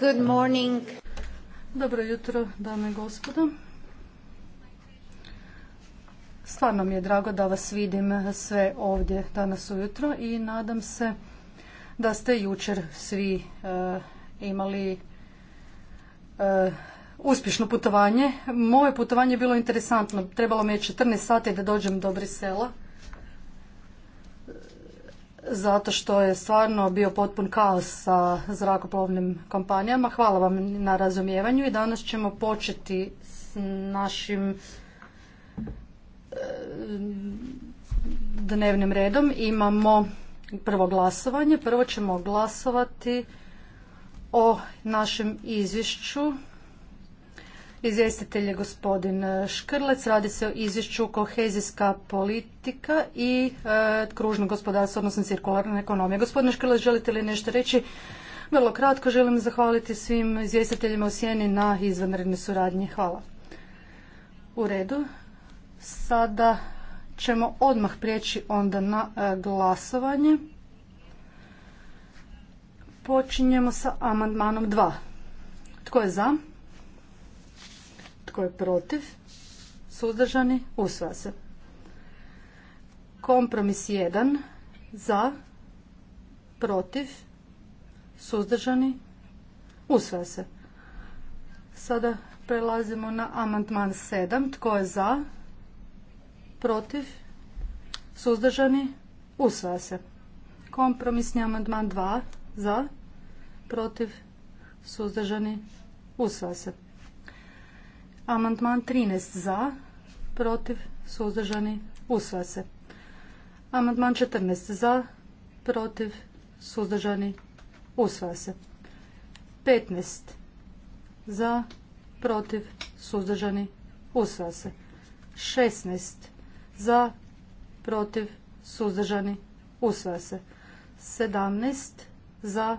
Good morning. Dobro jutro, dame i gospodo. Stvarno mi je drago da vas vidim sve ovdje danas ujutro i nadam se da ste jučer svi e, imali e, uspješno putovanje. Moje putovanje je bilo interesantno. Trebalo mi je 14 sati da dođem do Brisela zato što je stvarno bio potpun kaos sa zrakoplovnim kompanijama. Hvala vam na razumijevanju i danas ćemo početi s našim eh, dnevnim redom. Imamo prvo glasovanje. Prvo ćemo glasovati o našem izvješću Izvjestitelj je gospodin e, Škrlec. Radi se o izvješću kohezijska politika i e, kružno gospodarstvo, odnosno cirkularna ekonomija. Gospodin Škrlec, želite li nešto reći? Vrlo kratko želim zahvaliti svim izvjestiteljima u Sjeni na izvanredne suradnje. Hvala. U redu. Sada ćemo odmah prijeći onda na e, glasovanje. Počinjemo sa amandmanom 2. Tko je za? Tko je protiv? Suzdržani? usva se. Kompromis 1. Za? Protiv? Suzdržani? usva se. Sada prelazimo na amantman 7. Tko je za? Protiv? Suzdržani? Usvaja se. Kompromisni amandman 2. Za? Protiv? Suzdržani? Usva se. Amandman 13 za, protiv, suzdržani, usvaja se. Amandman 14 za, protiv, suzdržani, usvaja se. 15 za, protiv, suzdržani, usvaja se. 16 za, protiv, suzdržani, usvaja se. 17 za,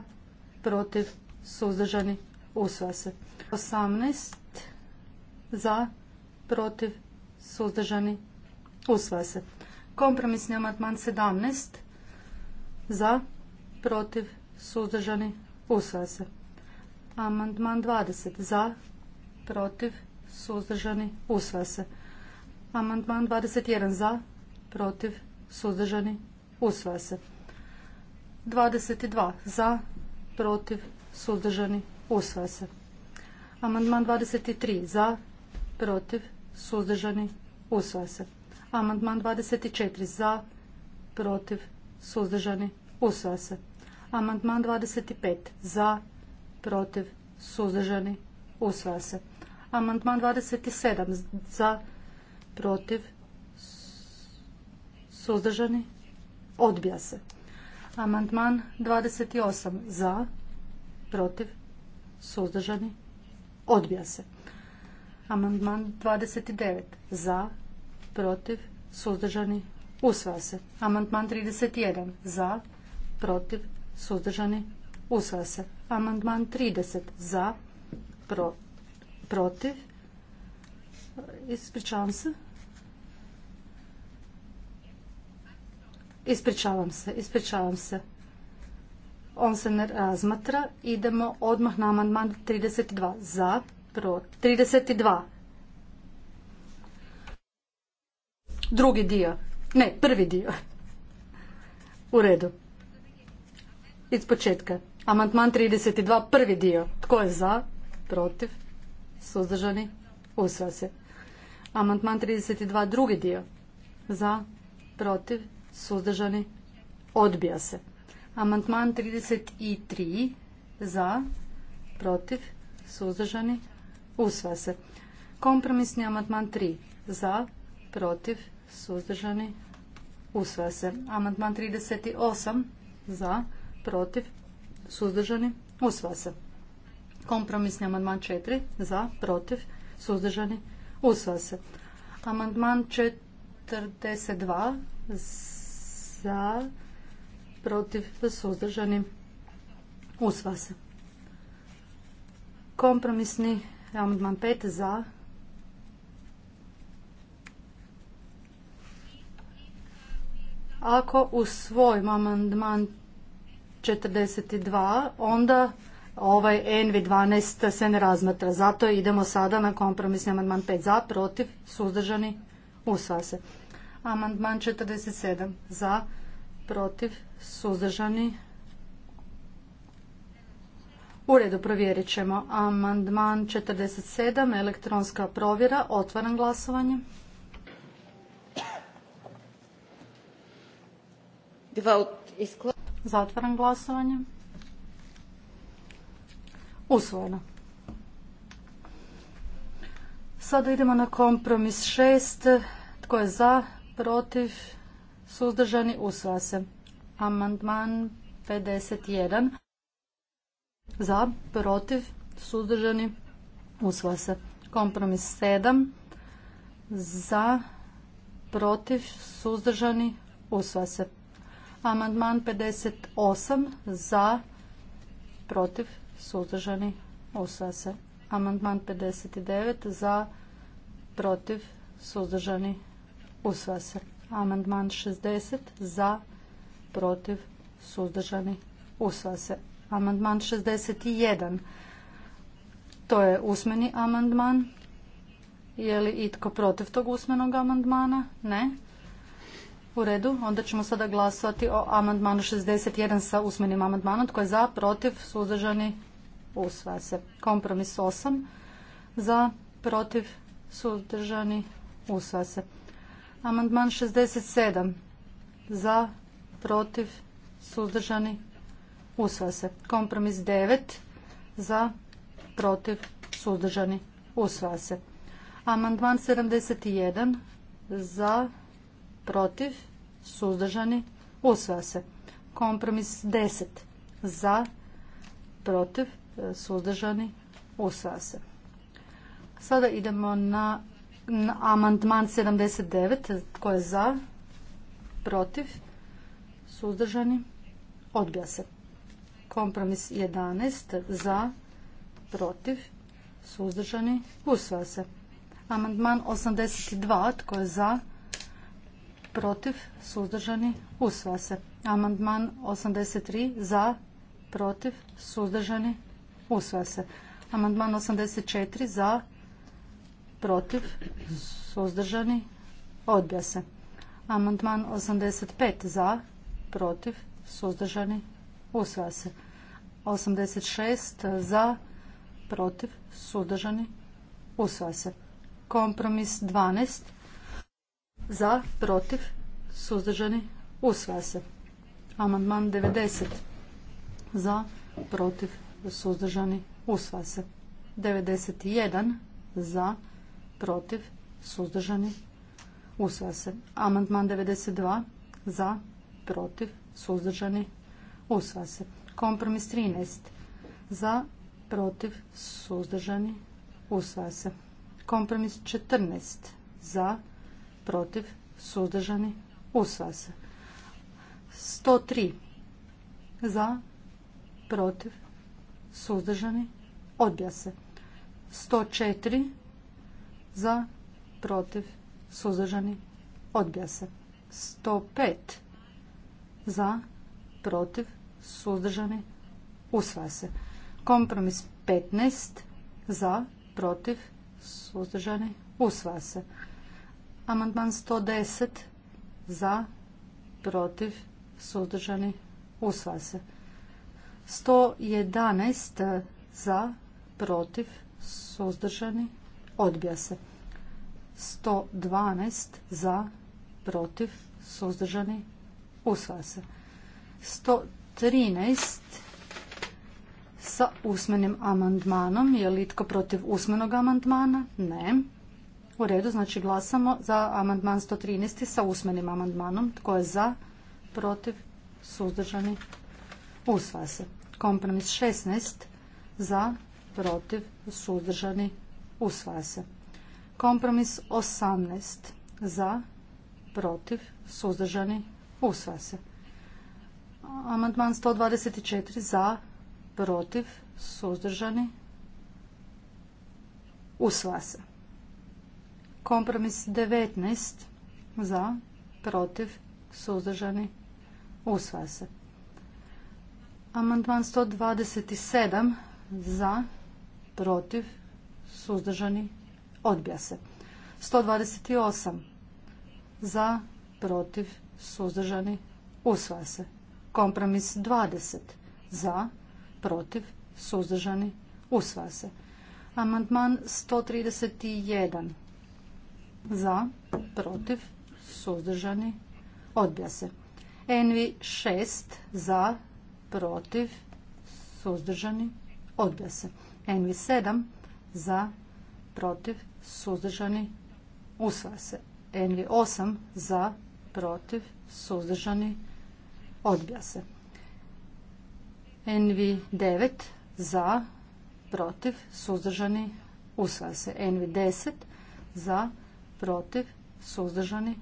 protiv, suzdržani, usvaja se. 18 za, protiv, suzdržani, usvaja se. Kompromisni amandman 17 za, protiv, suzdržani, usvaja se. Amandman 20 za, protiv, suzdržani, usvaja se. Amandman 21 za, protiv, suzdržani, usvaja se. 22 za, protiv, suzdržani, usvaja se. Amandman 23 za, protiv, suzdržani, usvaja se. Amandman 24 za, protiv, suzdržani, usvaja se. Amandman 25 za, protiv, suzdržani, usvaja se. Amandman 27 za, protiv, suzdržani, odbija se. Amandman 28 za, protiv, suzdržani, odbija se. Amandman 29. Za, protiv, suzdržani, usvaja se. Amandman 31. Za, protiv, suzdržani, usvaja se. Amandman 30. Za, protiv, ispričavam se. Ispričavam se, ispričavam se. On se ne razmatra. Idemo odmah na amandman 32. Za, Pro 32. Drugi dio. Ne, prvi dio. U redu. Iz početka. Amantman 32, prvi dio. Tko je za? Protiv? Suzdržani? osva se. Amantman 32, drugi dio. Za? Protiv? Suzdržani? Odbija se. Amantman 33, za? Protiv? Suzdržani? Usva se. Kompromisni amandman 3. Za, protiv, suzdržani, usva se. Amandman 38. Za, protiv, suzdržani, usva se. Kompromisni amandman 4. Za, protiv, suzdržani, usva se. Amandman 42. Za, protiv, suzdržani, usva se. Kompromisni Amandman 5 za. Ako usvojimo amandman 42, onda ovaj nv 12 se ne razmatra. Zato idemo sada na kompromisni amandman 5 za, protiv, suzdržani, usva se. Amandman 47 za, protiv, suzdržani, u redu provjerit ćemo. Amandman 47, elektronska provjera, otvaram glasovanje. Zatvaram glasovanje. Usvojeno. Sada idemo na kompromis 6. Tko je za, protiv, suzdržani, usvaja se. Amandman 51. Za, protiv, suzdržani, usvaja se. Kompromis 7. Za, protiv, suzdržani, usvaja se. Amandman 58. Za, protiv, suzdržani, usvaja se. Amandman 59. Za, protiv, suzdržani, usvaja se. Amandman 60. Za, protiv, suzdržani, usvaja se amandman 61. To je usmeni amandman. Je li itko protiv tog usmenog amandmana? Ne. U redu, onda ćemo sada glasovati o amandmanu 61 sa usmenim amandmanom. Tko je za, protiv, suzdržani, usvaja se. Kompromis 8. Za, protiv, suzdržani, usvaja se. Amandman 67. Za, protiv, suzdržani, usvaja se. Kompromis 9 za, protiv, suzdržani, usvaja se. Amandman 71 za, protiv, suzdržani, usvaja se. Kompromis 10 za, protiv, suzdržani, usvaja se. Sada idemo na, amandman 79. Tko je za? Protiv? Suzdržani? Odbija se. Kompromis 11 za, protiv, suzdržani, usvaja se. Amandman 82 tko je za, protiv, suzdržani, usvaja se. Amandman 83 za, protiv, suzdržani, usvaja se. Amandman 84 za, protiv, suzdržani, odbija se. Amandman 85 za, protiv, suzdržani, Usvaja se. 86 za, protiv, suzdržani, usvaja se. Kompromis 12 za, protiv, suzdržani, usvaja se. Amandman 90 za, protiv, suzdržani, usvaja se. 91 za, protiv, suzdržani, usvaja se. Amandman 92 za, protiv, suzdržani, Usva se. Kompromis 13. Za, protiv, suzdržani. Usva se. Kompromis 14. Za, protiv, suzdržani. Usva se. 103. Za, protiv, suzdržani. Odbija se. 104. Za, protiv, suzdržani. Odbija se. 105. Za, protiv, suzdržani, usvaja se. Kompromis 15 za, protiv, suzdržani, usvaja se. Amandman 110 za, protiv, suzdržani, usvaja se. 111 za, protiv, suzdržani, odbija se. 112 za, protiv, suzdržani, usvaja se. 113 13 sa usmenim amandmanom. Je li itko protiv usmenog amandmana? Ne. U redu, znači glasamo za amandman 113 sa usmenim amandmanom. Tko je za? Protiv? Suzdržani? Usvaja se. Kompromis 16 za? Protiv? Suzdržani? Usvaja se. Kompromis 18 za? Protiv? Suzdržani? Usvaja se. Amandman 124 za, protiv, suzdržani, usva se. Kompromis 19 za, protiv, suzdržani, usva se. Amandman 127 za, protiv, suzdržani, odbija se. 128 za, protiv, suzdržani, usva se. Kompromis 20 za, protiv, suzdržani, usvaja se. Amandman 131 za, protiv, suzdržani, odbija se. Envi 6 za, protiv, suzdržani, odbija se. Envi 7 za, protiv, suzdržani, usvaja se. Envi 8 za, protiv, suzdržani, odbija se. Odbija se. NV 9 za, protiv, suzdržani, usvaja se. NV 10 za, protiv, suzdržani,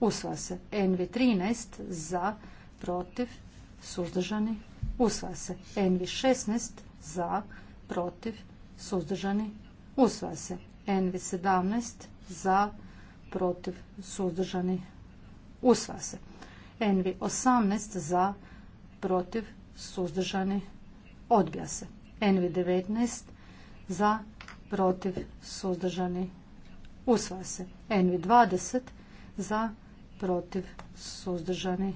usvaja se. NV 13 za, protiv, suzdržani, usvaja se. NV 16 za, protiv, suzdržani, usvaja se. NV 17 za, protiv, suzdržani, usvaja Envi 18 za, protiv, suzdržani, odbija se. Envi 19 za, protiv, suzdržani, usvaja se. Envi 20 za, protiv, suzdržani,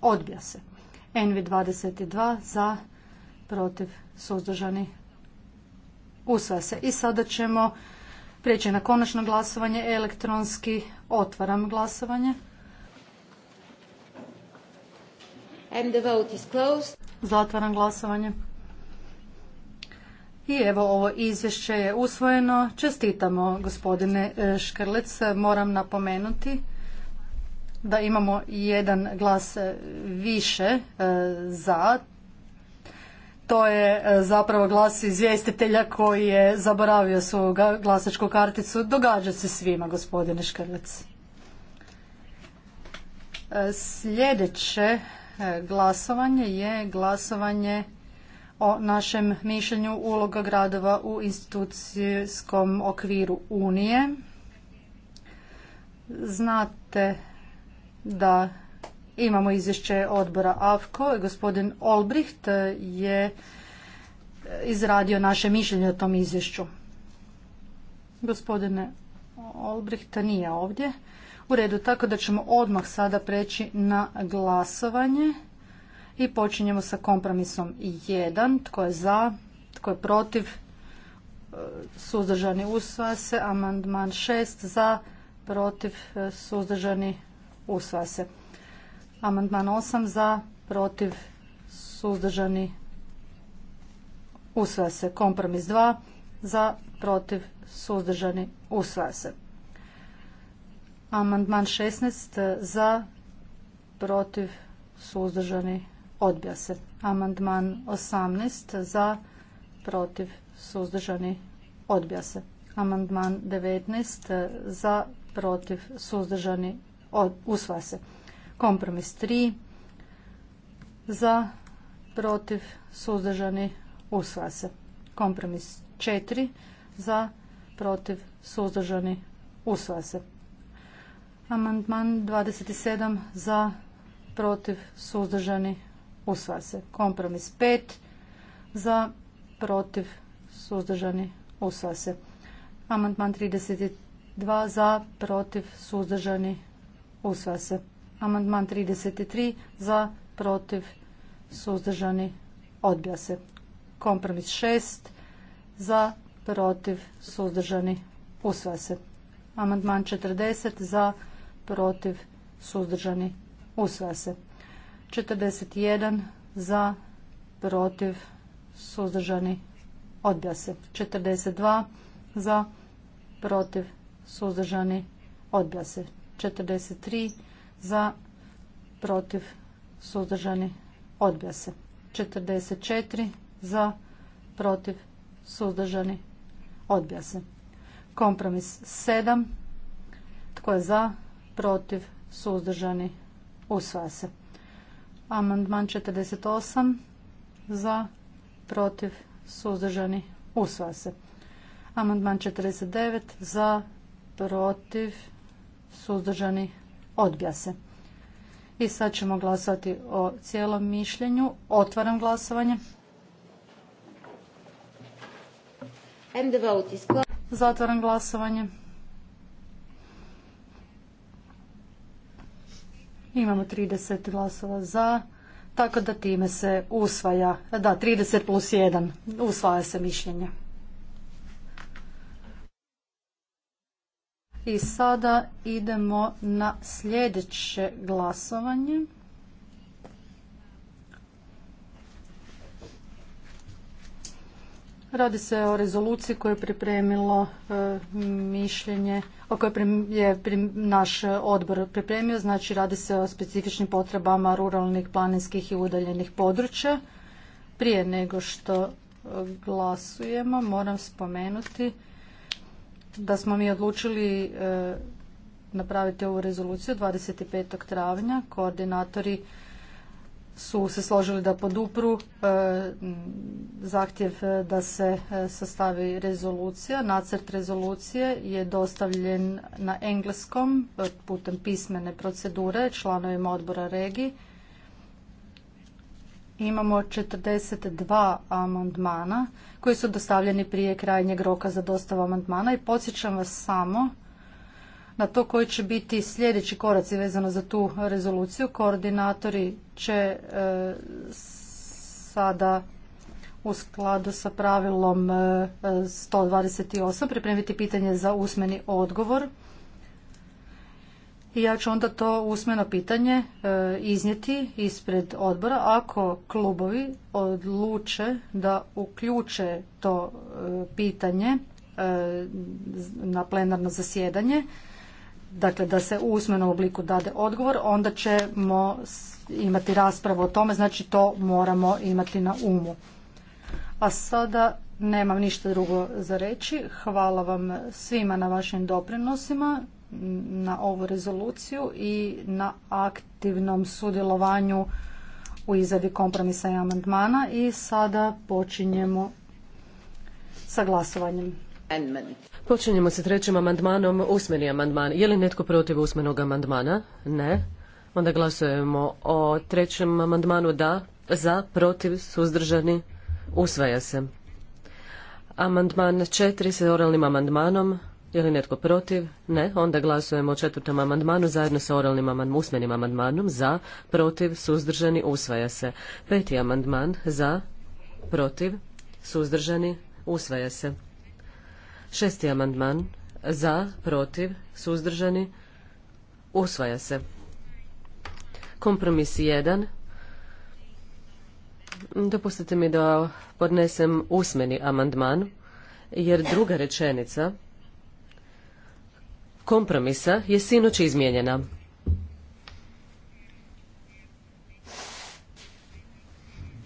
odbija se. Envi 22 za, protiv, suzdržani, usvaja se. I sada ćemo prijeći na konačno glasovanje elektronski. Otvaram glasovanje. And Zatvaram glasovanje. I evo ovo izvješće je usvojeno. Čestitamo gospodine e, Škrlec. Moram napomenuti da imamo jedan glas e, više e, za. To je zapravo glas izvjestitelja koji je zaboravio svoju glasačku karticu. Događa se svima gospodine Škrlec. Sljedeće glasovanje je glasovanje o našem mišljenju uloga gradova u institucijskom okviru Unije. Znate da imamo izvješće odbora AFKO i gospodin Olbricht je izradio naše mišljenje o tom izvješću. Gospodine Olbricht nije ovdje. U redu, tako da ćemo odmah sada preći na glasovanje i počinjemo sa kompromisom 1. Tko je za, tko je protiv, e, suzdržani usvaja se. Amandman 6 za, protiv, e, suzdržani usvaja se. Amandman 8 za, protiv, suzdržani usvaja se. Kompromis 2 za, protiv, suzdržani usvaja se. Amandman 16 e, za, protiv, suzdržani, odbija se. Amandman 18 za, protiv, suzdržani, odbija se. Amandman 19 e, za, protiv, suzdržani, usvaja se. Kompromis 3 za, protiv, suzdržani, usvaja se. Kompromis 4 za, protiv, suzdržani, usvaja se. Amandman 27 za, protiv, suzdržani, usvaja se. Kompromis 5 za, protiv, suzdržani, usvaja se. Amandman 32 za, protiv, suzdržani, usvaja se. Amandman 33 za, protiv, suzdržani, odbija se. Kompromis 6 za, protiv, suzdržani, usvaja se. Amandman 40 za, protiv, suzdržani, usvaja se. 41 za, protiv, suzdržani, odbija se. 42 za, protiv, suzdržani, odbija se. 43 za, protiv, suzdržani, odbija se. 44 za, protiv, suzdržani, odbija se. Kompromis 7. Tko je za? protiv, suzdržani, usvaja se. Amandman 48 za, protiv, suzdržani, usvaja se. Amandman 49 za, protiv, suzdržani, odbija se. I sad ćemo glasovati o cijelom mišljenju. Otvaram glasovanje. Zatvaram glasovanje. Imamo 30 glasova za, tako da time se usvaja, da 30 plus 1, usvaja se mišljenje. I sada idemo na sljedeće glasovanje. Radi se o rezoluciji koju je pripremilo e, mišljenje, o kojoj je naš odbor pripremio, znači radi se o specifičnim potrebama ruralnih, planinskih i udaljenih područja. Prije nego što glasujemo, moram spomenuti da smo mi odlučili e, napraviti ovu rezoluciju 25. travnja. Koordinatori su se složili da podupru e, zahtjev e, da se e, sastavi rezolucija. Nacrt rezolucije je dostavljen na engleskom putem pismene procedure članovima odbora regi. Imamo 42 amandmana koji su dostavljeni prije krajnjeg roka za dostavu amandmana i podsjećam vas samo na to koji će biti sljedeći koraci vezano za tu rezoluciju. Koordinatori će e, sada u skladu sa pravilom 128 e, pripremiti pitanje za usmeni odgovor. I ja ću onda to usmeno pitanje e, iznijeti ispred odbora ako klubovi odluče da uključe to e, pitanje na plenarno zasjedanje dakle da se u usmenom obliku dade odgovor, onda ćemo imati raspravu o tome, znači to moramo imati na umu. A sada nemam ništa drugo za reći. Hvala vam svima na vašim doprinosima na ovu rezoluciju i na aktivnom sudjelovanju u izradi kompromisa i amandmana i sada počinjemo sa glasovanjem. Počinjemo sa trećim amandmanom, usmeni amandman. Je li netko protiv usmenog amandmana? Ne. Onda glasujemo o trećem amandmanu da, za, protiv, suzdržani, usvaja se. Amandman četiri sa oralnim amandmanom. Je li netko protiv? Ne. Onda glasujemo o četvrtom amandmanu zajedno sa oralnim amandman, usmenim amandmanom. Za, protiv, suzdržani, usvaja se. Peti amandman. Za, protiv, suzdržani, usvaja se. Šesti amandman za, protiv, suzdržani, usvaja se. Kompromis 1. Dopustite mi da podnesem usmeni amandman, jer druga rečenica kompromisa je sinoć izmijenjena.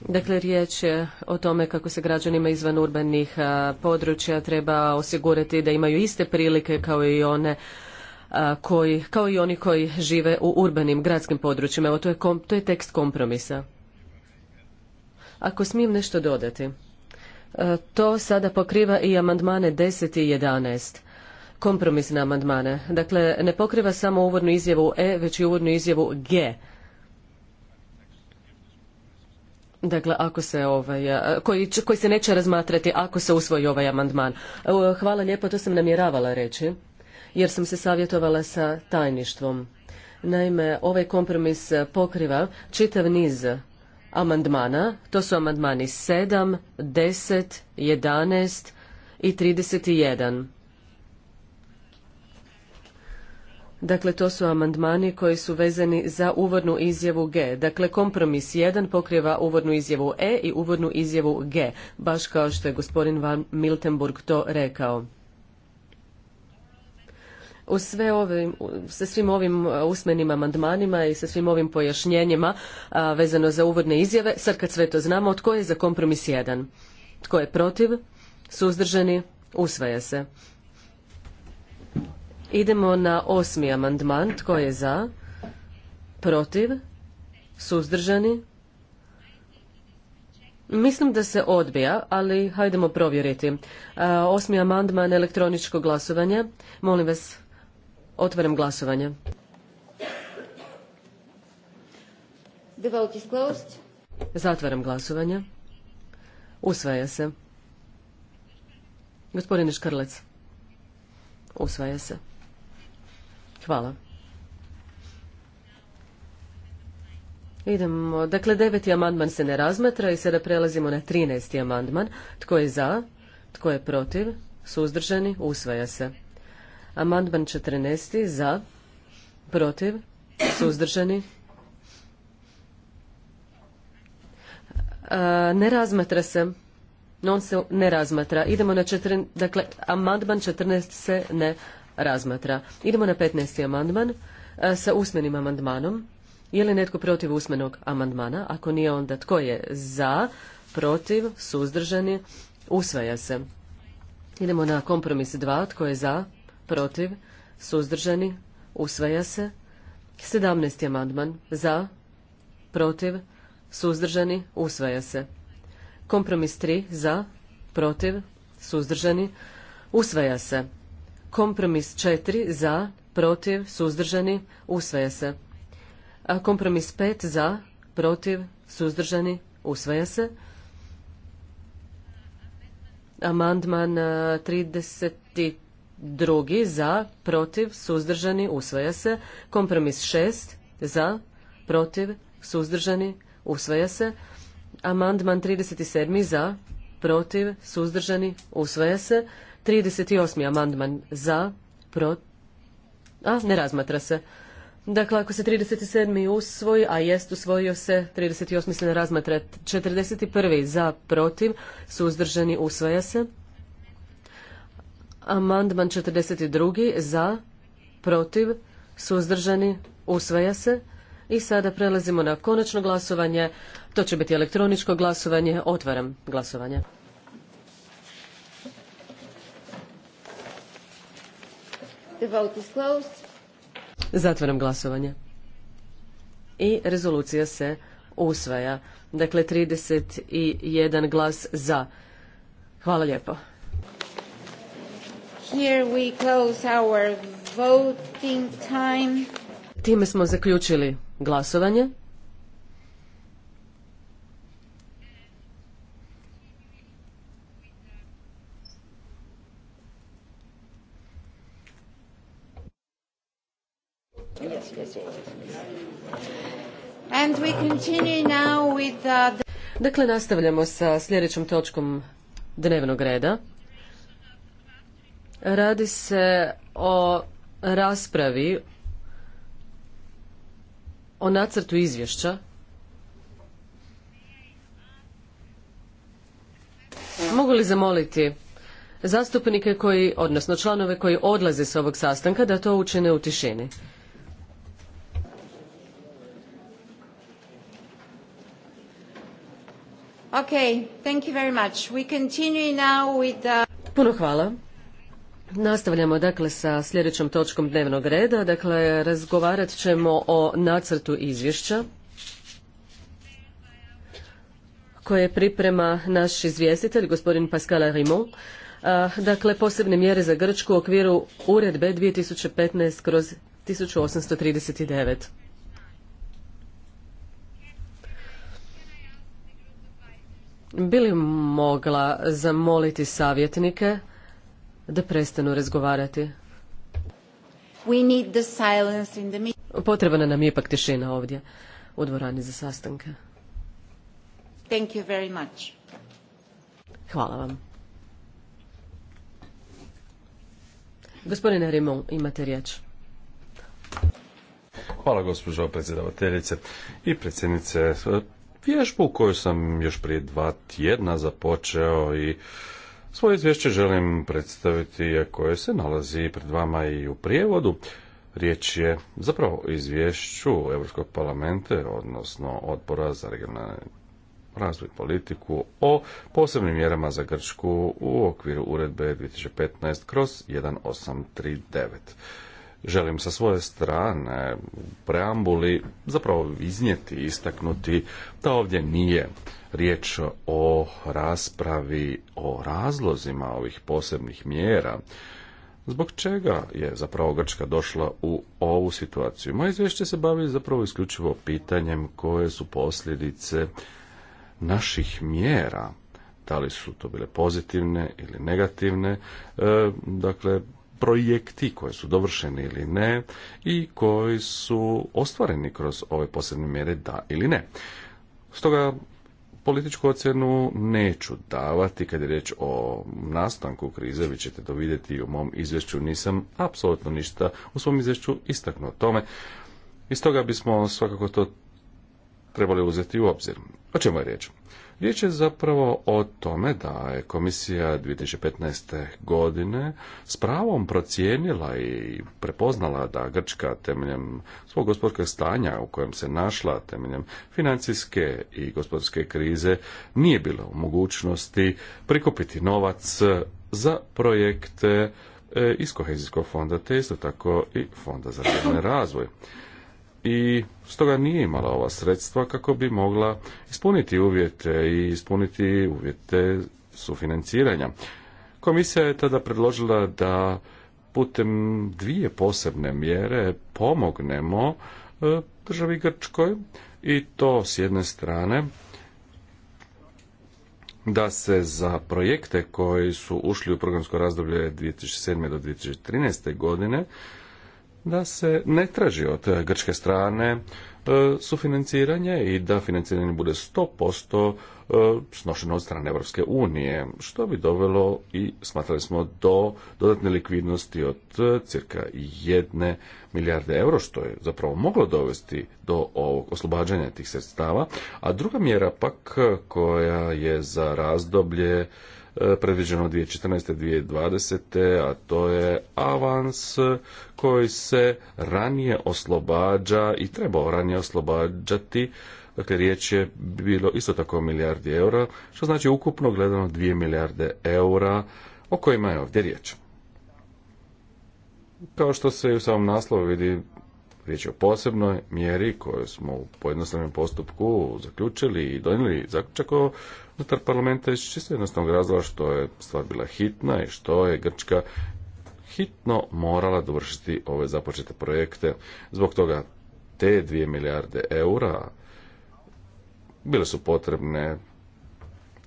Dakle, riječ je o tome kako se građanima izvan urbanih područja treba osigurati da imaju iste prilike kao i one koji, kao i oni koji žive u urbanim gradskim područjima. Evo, to je, kom, to je tekst kompromisa. Ako smijem nešto dodati, to sada pokriva i amandmane 10 i 11 kompromisne amandmane. Dakle, ne pokriva samo uvodnu izjavu E, već i uvodnu izjavu G. Dakle, ako se ovaj, e, koji, koji se neće razmatrati ako se usvoji ovaj amandman. Hvala lijepo, to sam namjeravala reći, jer sam se savjetovala sa tajništvom. Naime, ovaj kompromis pokriva čitav niz amandmana. To su amandmani 7, 10, 11 i 31. Dakle, to su amandmani koji su vezani za uvodnu izjavu G. Dakle, kompromis 1 pokriva uvodnu izjavu E i uvodnu izjavu G, baš kao što je gospodin Van Miltenburg to rekao. U sve ovim, sa svim ovim uh, usmenim amandmanima i sa svim ovim pojašnjenjima uh, vezano za uvodne izjave, sad kad sve to znamo, tko je za kompromis 1? Tko je protiv? Suzdržani? Usvaja se. Idemo na osmi amandman. Tko je za? Protiv? Suzdržani? Mislim da se odbija, ali hajdemo provjeriti. E, osmi amandman elektroničko glasovanje. Molim vas, otvaram glasovanje. Zatvaram glasovanje. Usvaja se. Gospodine Škrlec. Usvaja se. Hvala. Idemo, dakle, deveti amandman se ne razmatra i sada prelazimo na trinesti amandman. Tko je za? Tko je protiv? Suzdržani? Usvaja se. Amandman četrnaest za? Protiv? Suzdržani? ne razmatra se. On se ne razmatra. Idemo na dakle, amandman 14 se ne razmatra. Idemo na 15. amandman e, sa usmenim amandmanom. Je li netko protiv usmenog amandmana? Ako nije, onda tko je za, protiv, suzdržani? Usvaja se. Idemo na kompromis 2. Tko je za, protiv, suzdržani? Usvaja se. 17. amandman. Za, protiv, suzdržani? Usvaja se. Kompromis 3. Za, protiv, suzdržani? Usvaja se. Kompromis 4 za, protiv, suzdržani, usvaja se. A kompromis pet za, protiv, suzdržani, usvaja se. Amandman 32 za, protiv, suzdržani, usvaja se. Kompromis šest za, protiv, suzdržani, usvaja se. Amandman 37 za, protiv, suzdržani, usvaja se. 38. amandman za, protiv, a ne razmatra se. Dakle, ako se 37. usvoji, a jest usvojio se, 38. se ne razmatra. 41. za, protiv, suzdržani, usvaja se. Amandman 42. za, protiv, suzdržani, usvaja se. I sada prelazimo na konačno glasovanje. To će biti elektroničko glasovanje. Otvaram glasovanje. The Zatvaram glasovanje. I rezolucija se usvaja. Dakle, 31 glas za. Hvala lijepo. time. Time smo zaključili glasovanje. And we continue uh, Dakle, nastavljamo sa sljedećom točkom dnevnog reda. Radi se o raspravi o nacrtu izvješća. Mogu li zamoliti zastupnike koji, odnosno članove koji odlaze s ovog sastanka da to učine u tišini? Puno hvala. Nastavljamo dakle sa sljedećom točkom dnevnog reda. Dakle, razgovarat ćemo o nacrtu izvješća koje priprema naš izvjestitelj, gospodin Pascal Arimont. Dakle, posebne mjere za Grčku u okviru uredbe 2015 kroz 1839. bili mogla zamoliti savjetnike da prestanu razgovarati? Potrebna nam je ipak tišina ovdje u dvorani za sastanke. Thank you Hvala vam. Gospodine Rimon, imate riječ. Hvala gospođo predsjedavateljice i predsjednice vježbu koju sam još prije dva tjedna započeo i svoje izvješće želim predstaviti koje se nalazi pred vama i u prijevodu. Riječ je zapravo o izvješću Europskog parlamenta, odnosno odbora za regionalne razvoj politiku o posebnim mjerama za Grčku u okviru uredbe 2015 kroz 1839 želim sa svoje strane u preambuli zapravo iznijeti, i istaknuti da ovdje nije riječ o raspravi o razlozima ovih posebnih mjera. Zbog čega je zapravo Grčka došla u ovu situaciju? Moje izvješće se bavi zapravo isključivo pitanjem koje su posljedice naših mjera. Da li su to bile pozitivne ili negativne? E, dakle, projekti koji su dovršeni ili ne i koji su ostvareni kroz ove posebne mjere da ili ne. Stoga političku ocjenu neću davati kad je riječ o nastanku krize, vi ćete to vidjeti u mom izvješću, nisam apsolutno ništa u svom izvješću istaknuo tome. Iz toga bismo svakako to trebali uzeti u obzir. O čemu je riječ? Riječ je zapravo o tome da je komisija 2015. godine s pravom procijenila i prepoznala da Grčka temeljem svog gospodarskog stanja u kojem se našla temeljem financijske i gospodarske krize nije bila u mogućnosti prikupiti novac za projekte e, iz kohezijskog fonda te isto tako i fonda za razvoj i stoga nije imala ova sredstva kako bi mogla ispuniti uvjete i ispuniti uvjete sufinanciranja. Komisija je tada predložila da putem dvije posebne mjere pomognemo e, državi Grčkoj i to s jedne strane da se za projekte koji su ušli u programsko razdoblje 2007. do 2013. godine da se ne traži od eh, grčke strane eh, sufinanciranje i da financiranje bude 100% eh, snošeno od strane Europske unije, što bi dovelo i smatrali smo do dodatne likvidnosti od cirka jedne milijarde euro, što je zapravo moglo dovesti do ovog oslobađanja tih sredstava. A druga mjera pak koja je za razdoblje E, predviđeno 2014. 2020. a to je avans koji se ranije oslobađa i trebao ranije oslobađati Dakle, riječ je bilo isto tako o milijardi eura, što znači ukupno gledano 2 milijarde eura o kojima je ovdje riječ. Kao što se i u samom naslovu vidi, riječ je o posebnoj mjeri koju smo u pojednostavnom postupku zaključili i donijeli zaključak o unutar parlamenta iz čisto jednostavnog razloga što je stvar bila hitna i što je Grčka hitno morala dovršiti ove započete projekte. Zbog toga te dvije milijarde eura bile su potrebne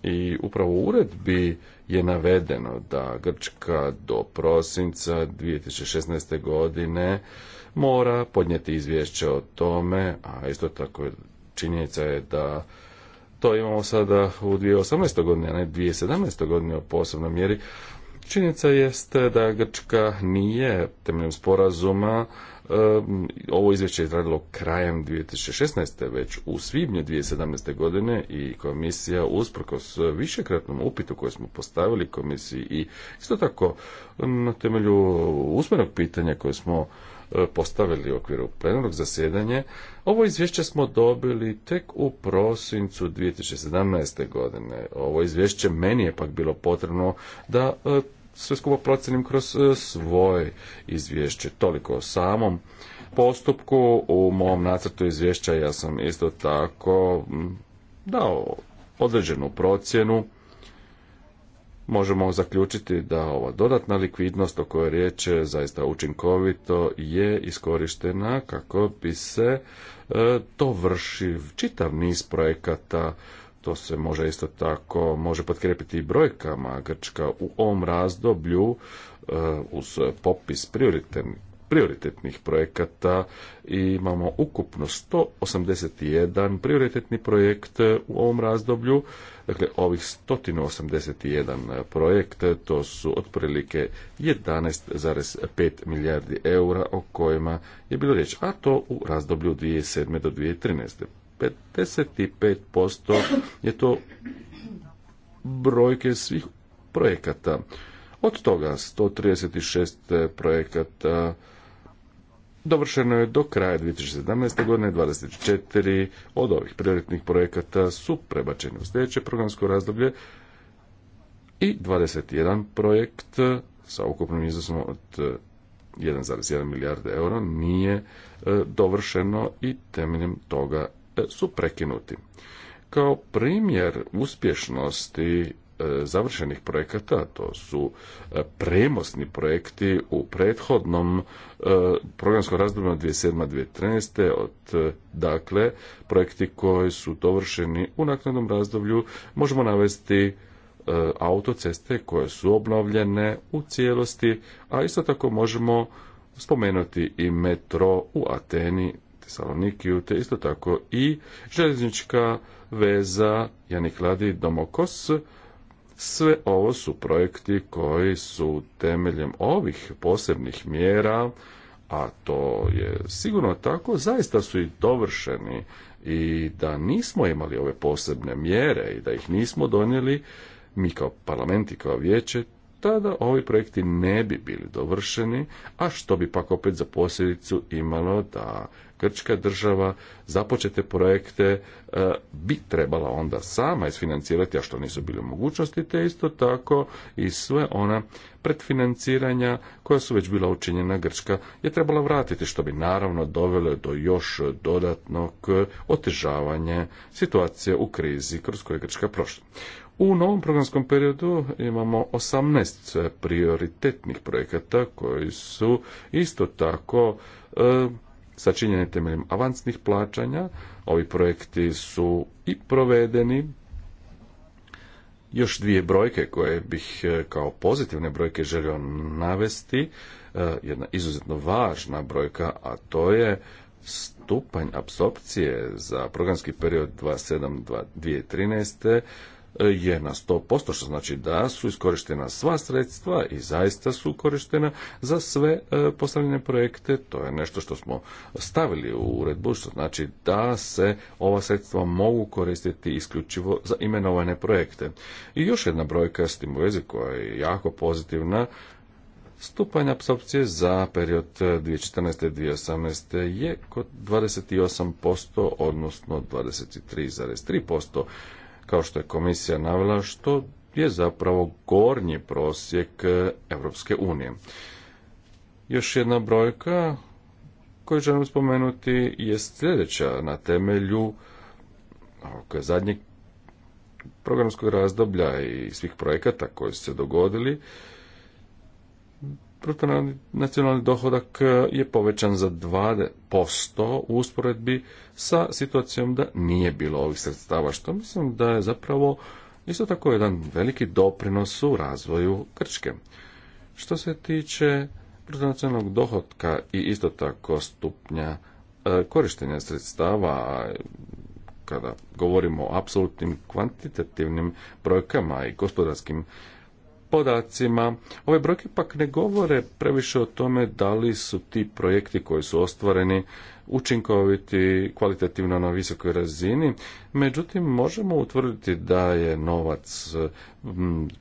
i upravo u uredbi je navedeno da Grčka do prosinca 2016. godine mora podnijeti izvješće o tome, a isto tako činjenica je da to imamo sada u 2018. godini, a ne 2017. godini o posebnoj mjeri. Činjenica jeste da Grčka nije temeljem sporazuma ovo izvješće je izradilo krajem 2016. već u svibnju 2017. godine i komisija usprkos višekratnom upitu koji smo postavili komisiji i isto tako na temelju usmenog pitanja koje smo e, postavili u okviru plenarnog zasjedanja ovo izvješće smo dobili tek u prosincu 2017. godine. Ovo izvješće meni je pak bilo potrebno da e, sve skupo procenim kroz e, svoje izvješće. Toliko o samom postupku. U mom nacrtu izvješća ja sam isto tako dao određenu procjenu možemo zaključiti da ova dodatna likvidnost o kojoj riječ je zaista učinkovito je iskorištena kako bi se e, to vrši čitav niz projekata to se može isto tako može potkrepiti i brojkama Grčka u ovom razdoblju e, uz popis prioritetnih prioritetnih projekata i imamo ukupno 181 prioritetni projekt u ovom razdoblju. Dakle, ovih 181 projekt, to su otprilike 11,5 milijardi eura o kojima je bilo riječ, a to u razdoblju 2007. do 2013. 55% je to brojke svih projekata. Od toga 136 projekata Dovršeno je do kraja 2017. godine 24 od ovih prioritnih projekata su prebačeni u sljedeće programsko razdoblje i 21 projekt sa ukupnim iznosom od 1,1 milijarde eura nije e, dovršeno i temeljem toga e, su prekinuti. Kao primjer uspješnosti E, završenih projekata, to su e, premosni projekti u prethodnom e, programskom razdoblju 2007-2013. od dakle projekti koji su dovršeni u naknadnom razdoblju možemo navesti autoceste koje su obnovljene u cijelosti, a isto tako možemo spomenuti i metro u Ateni, Tesalonikiju, te isto tako i željeznička veza Janikladi Domokos, sve ovo su projekti koji su temeljem ovih posebnih mjera, a to je sigurno tako, zaista su i dovršeni i da nismo imali ove posebne mjere i da ih nismo donijeli, mi kao parlament i kao vijeće tada ovi projekti ne bi bili dovršeni, a što bi pak opet za posljedicu imalo da Grčka država započete projekte e, bi trebala onda sama isfinancirati, a što nisu bile mogućnosti, te isto tako i sve ona pretfinanciranja koja su već bila učinjena Grčka je trebala vratiti, što bi naravno dovelo do još dodatnog otežavanja situacije u krizi kroz koje Grčka prošla. U novom programskom periodu imamo 18 prioritetnih projekata koji su isto tako e, sačinjeni temeljem avansnih plaćanja. Ovi projekti su i provedeni. Još dvije brojke koje bih e, kao pozitivne brojke želio navesti. E, jedna izuzetno važna brojka, a to je stupanj apsorpcije za programski period 2007 je na 100%, što znači da su iskorištena sva sredstva i zaista su korištena za sve e, postavljene projekte. To je nešto što smo stavili u uredbu, što znači da se ova sredstva mogu koristiti isključivo za imenovane projekte. I još jedna brojka s tim u koja je jako pozitivna, Stupanj apsorpcije za period 2014. 2018. je kod 28%, odnosno 23,3% kao što je komisija navela, što je zapravo gornji prosjek Europske unije. Još jedna brojka koju želim spomenuti je sljedeća na temelju zadnjeg programskog razdoblja i svih projekata koji su se dogodili nacionalni dohodak e, je povećan za 2% u usporedbi sa situacijom da nije bilo ovih sredstava, što mislim da je zapravo isto tako jedan veliki doprinos u razvoju Grčke. Što se tiče nacionalnog dohodka i isto tako stupnja e, korištenja sredstava, kada govorimo o apsolutnim kvantitativnim brojkama i gospodarskim podacima. Ove brojke pak ne govore previše o tome da li su ti projekti koji su ostvareni učinkoviti kvalitativno na visokoj razini. Međutim, možemo utvrditi da je novac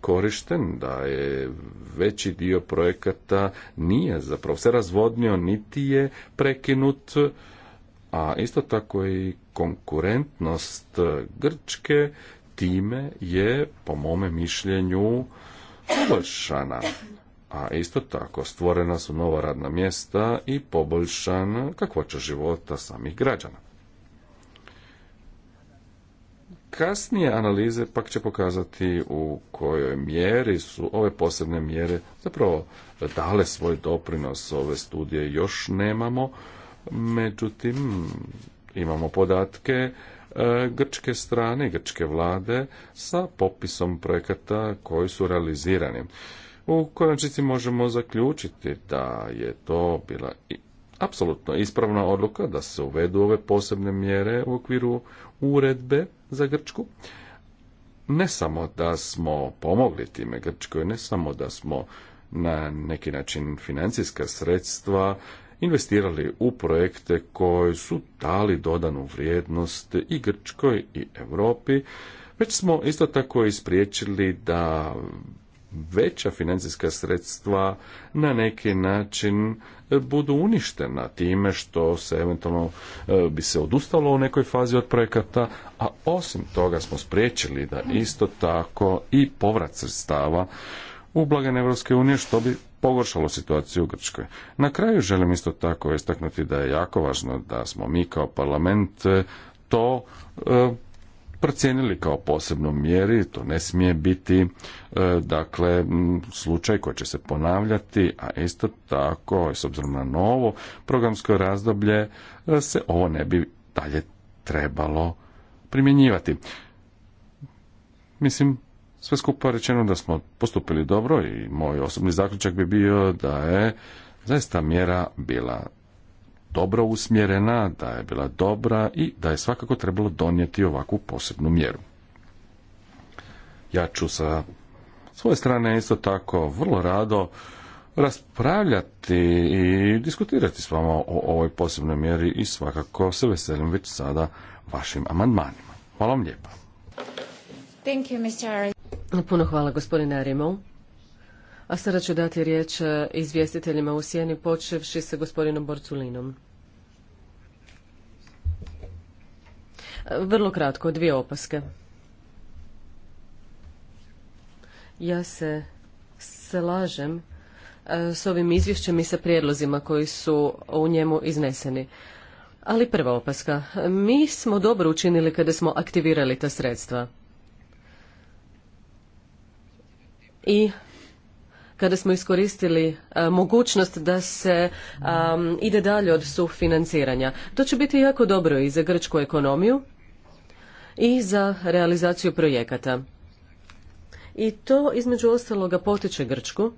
korišten, da je veći dio projekata nije zapravo se razvodnio, niti je prekinut, a isto tako i konkurentnost Grčke time je, po mome mišljenju, poboljšana. A isto tako stvorena su nova radna mjesta i poboljšana kakvoća života samih građana. Kasnije analize pak će pokazati u kojoj mjeri su ove posebne mjere zapravo dale svoj doprinos. Ove studije još nemamo, međutim imamo podatke E, grčke strane, grčke vlade sa popisom projekata koji su realizirani. U konačnici možemo zaključiti da je to bila apsolutno ispravna odluka da se uvedu ove posebne mjere u okviru uredbe za Grčku. Ne samo da smo pomogli time Grčkoj, ne samo da smo na neki način financijska sredstva investirali u projekte koji su dali dodanu vrijednost i Grčkoj i Europi, već smo isto tako ispriječili da veća financijska sredstva na neki način e, budu uništena time što se eventualno e, bi se odustalo u nekoj fazi od projekata, a osim toga smo spriječili da isto tako i povrat sredstava u blagajne Europske unije, što bi pogoršalo situaciju u Grčkoj. Na kraju želim isto tako istaknuti da je jako važno da smo mi kao parlament e, to e, procijenili kao posebno mjeri, to ne smije biti e, dakle slučaj koji će se ponavljati, a isto tako s obzirom na novo programsko razdoblje se ovo ne bi dalje trebalo primjenjivati. Mislim sve skupa rečeno da smo postupili dobro i moj osobni zaključak bi bio da je zaista mjera bila dobro usmjerena, da je bila dobra i da je svakako trebalo donijeti ovakvu posebnu mjeru. Ja ću sa svoje strane isto tako vrlo rado raspravljati i diskutirati s vama o ovoj posebnoj mjeri i svakako se veselim već sada vašim amandmanima. Hvala vam lijepa. Thank Puno hvala gospodine Arimov. A sada ću dati riječ e, izvjestiteljima u sjeni počevši sa gospodinom Borculinom. Vrlo kratko, dvije opaske. Ja se slažem e, s ovim izvješćem i sa prijedlozima koji su u njemu izneseni. Ali prva opaska, mi smo dobro učinili kada smo aktivirali ta sredstva. i kada smo iskoristili e, mogućnost da se ide dalje od sufinanciranja. To će biti jako dobro i za grčku ekonomiju i za realizaciju projekata. I to između ostaloga potiče Grčku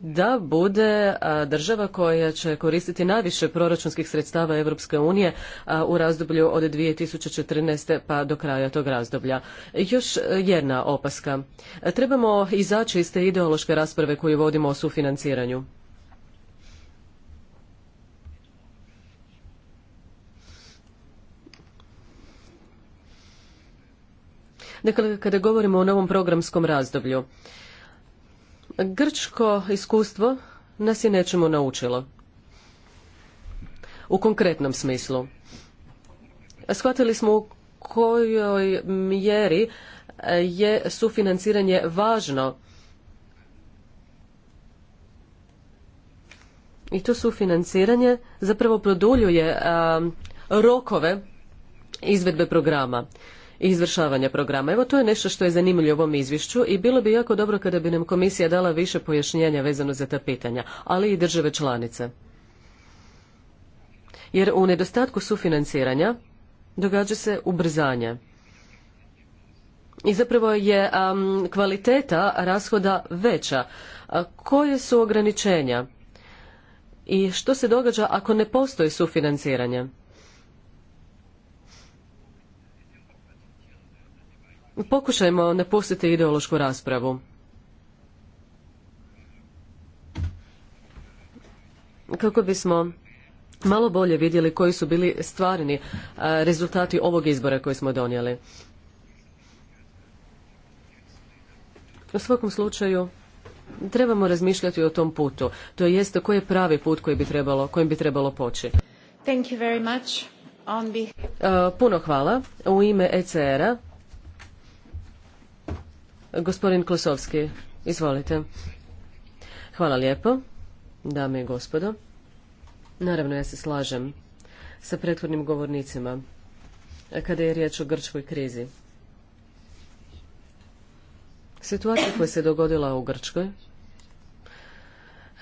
da bude država koja će koristiti najviše proračunskih sredstava Europske unije u razdoblju od 2014. pa do kraja tog razdoblja. Još e, jedna opaska. Trebamo izaći iz te ideološke rasprave koju vodimo o sufinanciranju. Dakle, kada govorimo o novom programskom razdoblju, Grčko iskustvo nas je nečemu naučilo. U konkretnom smislu. Shvatili smo u kojoj mjeri eh, je sufinanciranje važno. I to sufinanciranje zapravo produljuje eh, rokove izvedbe programa izvršavanja programa. Evo to je nešto što je zanimljivo u ovom izvješću i bilo bi jako dobro kada bi nam komisija dala više pojašnjenja vezano za ta pitanja, ali i države članice. Jer u nedostatku sufinanciranja događa se ubrzanje. I zapravo je kvaliteta rashoda veća. koje su ograničenja? I što se događa ako ne postoji sufinanciranje? Pokušajmo napustiti ideološku raspravu. Kako bismo malo bolje vidjeli koji su bili stvarni rezultati ovog izbora koji smo donijeli. U svakom slučaju trebamo razmišljati o tom putu. To jest koji je pravi put koji bi trebalo, kojim bi trebalo poći. Thank you very much. Puno hvala. U ime ECR-a Gospodin Klosovski, izvolite. Hvala lijepo, dame i gospodo. Naravno, ja se slažem sa prethodnim govornicima kada je riječ o grčkoj krizi. Situacija koja se dogodila u Grčkoj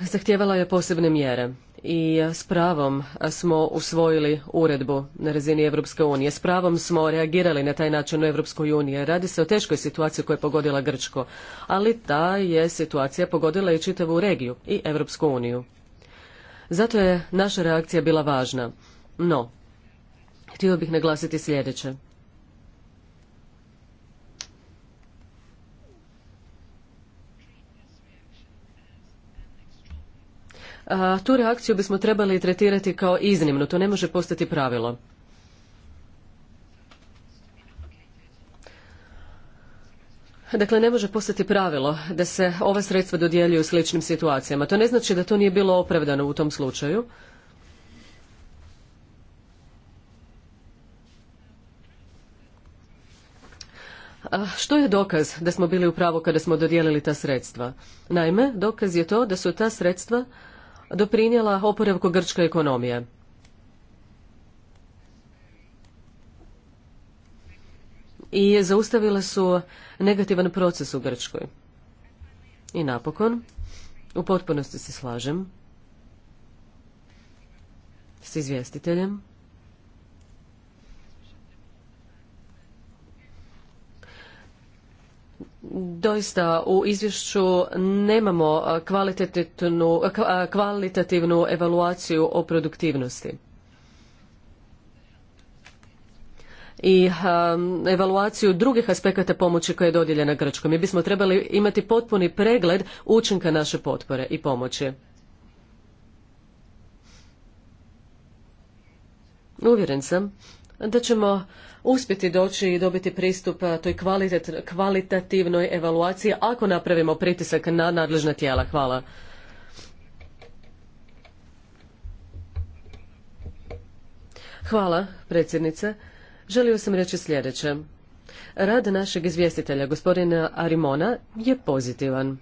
zahtijevala je posebne mjere i s pravom smo usvojili uredbu na razini Europske unije. S pravom smo reagirali na taj način u Europskoj uniji. Radi se o teškoj situaciji koja je pogodila Grčko, ali ta je situacija pogodila i čitavu regiju i Europsku uniju. Zato je naša reakcija bila važna. No, htio bih naglasiti sljedeće. a, tu reakciju bismo trebali tretirati kao iznimno, to ne može postati pravilo. Dakle, ne može postati pravilo da se ova sredstva dodjeljuju u sličnim situacijama. To ne znači da to nije bilo opravdano u tom slučaju. A što je dokaz da smo bili u pravu kada smo dodijelili ta sredstva? Naime, dokaz je to da su ta sredstva doprinijela oporavku grčke ekonomije. I zaustavile su negativan proces u Grčkoj. I napokon, u potpunosti se slažem s izvjestiteljem Doista u izvješću nemamo kvalitativnu, kvalitativnu evaluaciju o produktivnosti. i evaluaciju drugih aspekata pomoći koja je dodijeljena Grčkom. Mi bismo trebali imati potpuni pregled učinka naše potpore i pomoći. Uvjeren sam da ćemo uspjeti doći i dobiti pristup toj kvalitativnoj evaluaciji ako napravimo pritisak na nadležna tijela. Hvala. Hvala, predsjednice. Želio sam reći sljedeće. Rad našeg izvjestitelja, gospodina Arimona, je pozitivan.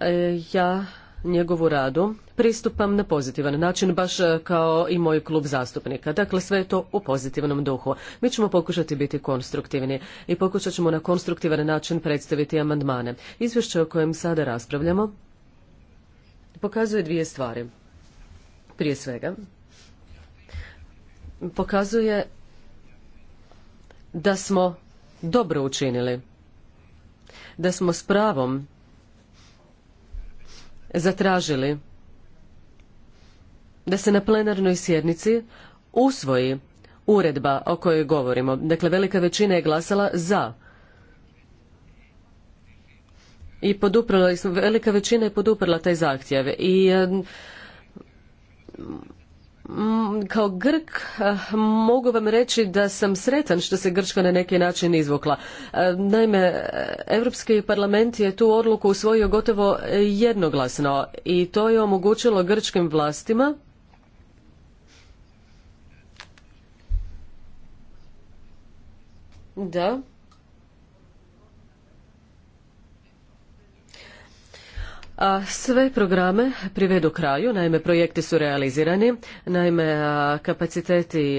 E, ja njegovu radu pristupam na pozitivan način, baš e, kao i moj klub zastupnika. Dakle, sve je to u pozitivnom duhu. Mi ćemo pokušati biti konstruktivni i pokušat ćemo na konstruktivan način predstaviti amandmane. Izvješće o kojem sada raspravljamo pokazuje dvije stvari. Prije svega, pokazuje da smo dobro učinili, da smo s pravom zatražili da se na plenarnoj sjednici usvoji uredba o kojoj govorimo. Dakle, velika većina je glasala za. I poduprla, velika većina je poduprla taj zahtjev. I Mm, kao Grk eh, mogu vam reći da sam sretan što se Grčka na neki način izvukla. Eh, naime, eh, Europski parlament je tu odluku usvojio gotovo jednoglasno i to je omogućilo grčkim vlastima da sve programe privedu kraju, naime projekti su realizirani, naime kapaciteti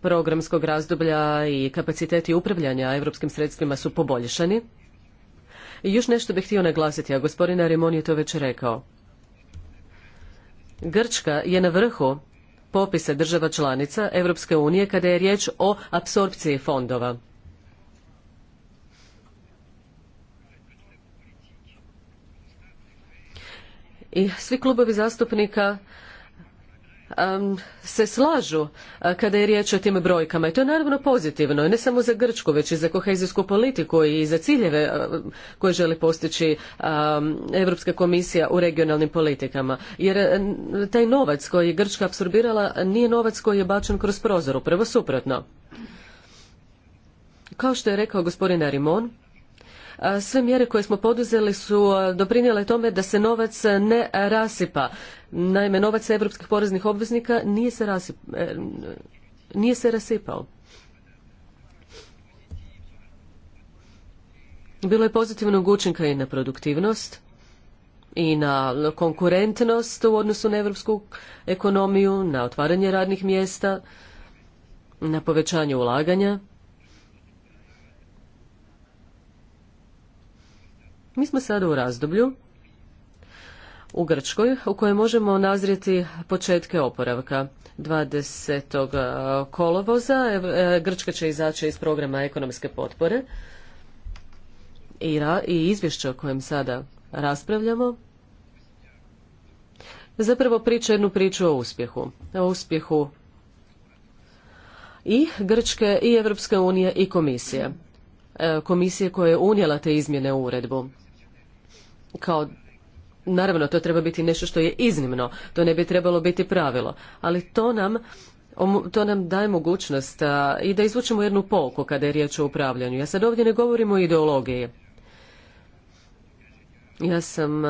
programskog razdoblja i kapaciteti upravljanja europskim sredstvima su poboljšani. I još nešto bih htio naglasiti, a gospodin Arimon je to već rekao. Grčka je na vrhu popisa država članica Europske unije kada je riječ o apsorpciji fondova. i svi klubovi zastupnika se slažu e, kada je riječ o tim brojkama i to je naravno pozitivno ne samo za Grčku već i za kohezijsku politiku i za ciljeve e, koje želi postići Evropska komisija u regionalnim politikama jer e, taj novac koji je Grčka apsorbirala nije novac koji je bačen kroz prozor upravo suprotno kao što je rekao gospodin Arimon sve mjere koje smo poduzeli su e, doprinijele tome da se novac ne rasipa. Naime, novac europskih poreznih obveznika nije se, rasip, e, nije se rasipao. Bilo je pozitivnog učinka i na produktivnost i na konkurentnost u odnosu na evropsku ekonomiju, na otvaranje radnih mjesta, na povećanje ulaganja. Mi smo sada u razdoblju u Grčkoj u kojoj možemo nazrijeti početke oporavka. 20. E, kolovoza e, Grčka će izaći iz programa ekonomske potpore i, izvješća izvješće o kojem sada raspravljamo zapravo priča jednu priču o uspjehu. O uspjehu i Grčke i Europske unije i komisije. E, komisije koja je unijela te izmjene u uredbu kao naravno to treba biti nešto što je iznimno, to ne bi trebalo biti pravilo, ali to nam to nam daje mogućnost i da izvučemo jednu polku kada je riječ o upravljanju. Ja sad ovdje ne govorim o ideologiji. Ja sam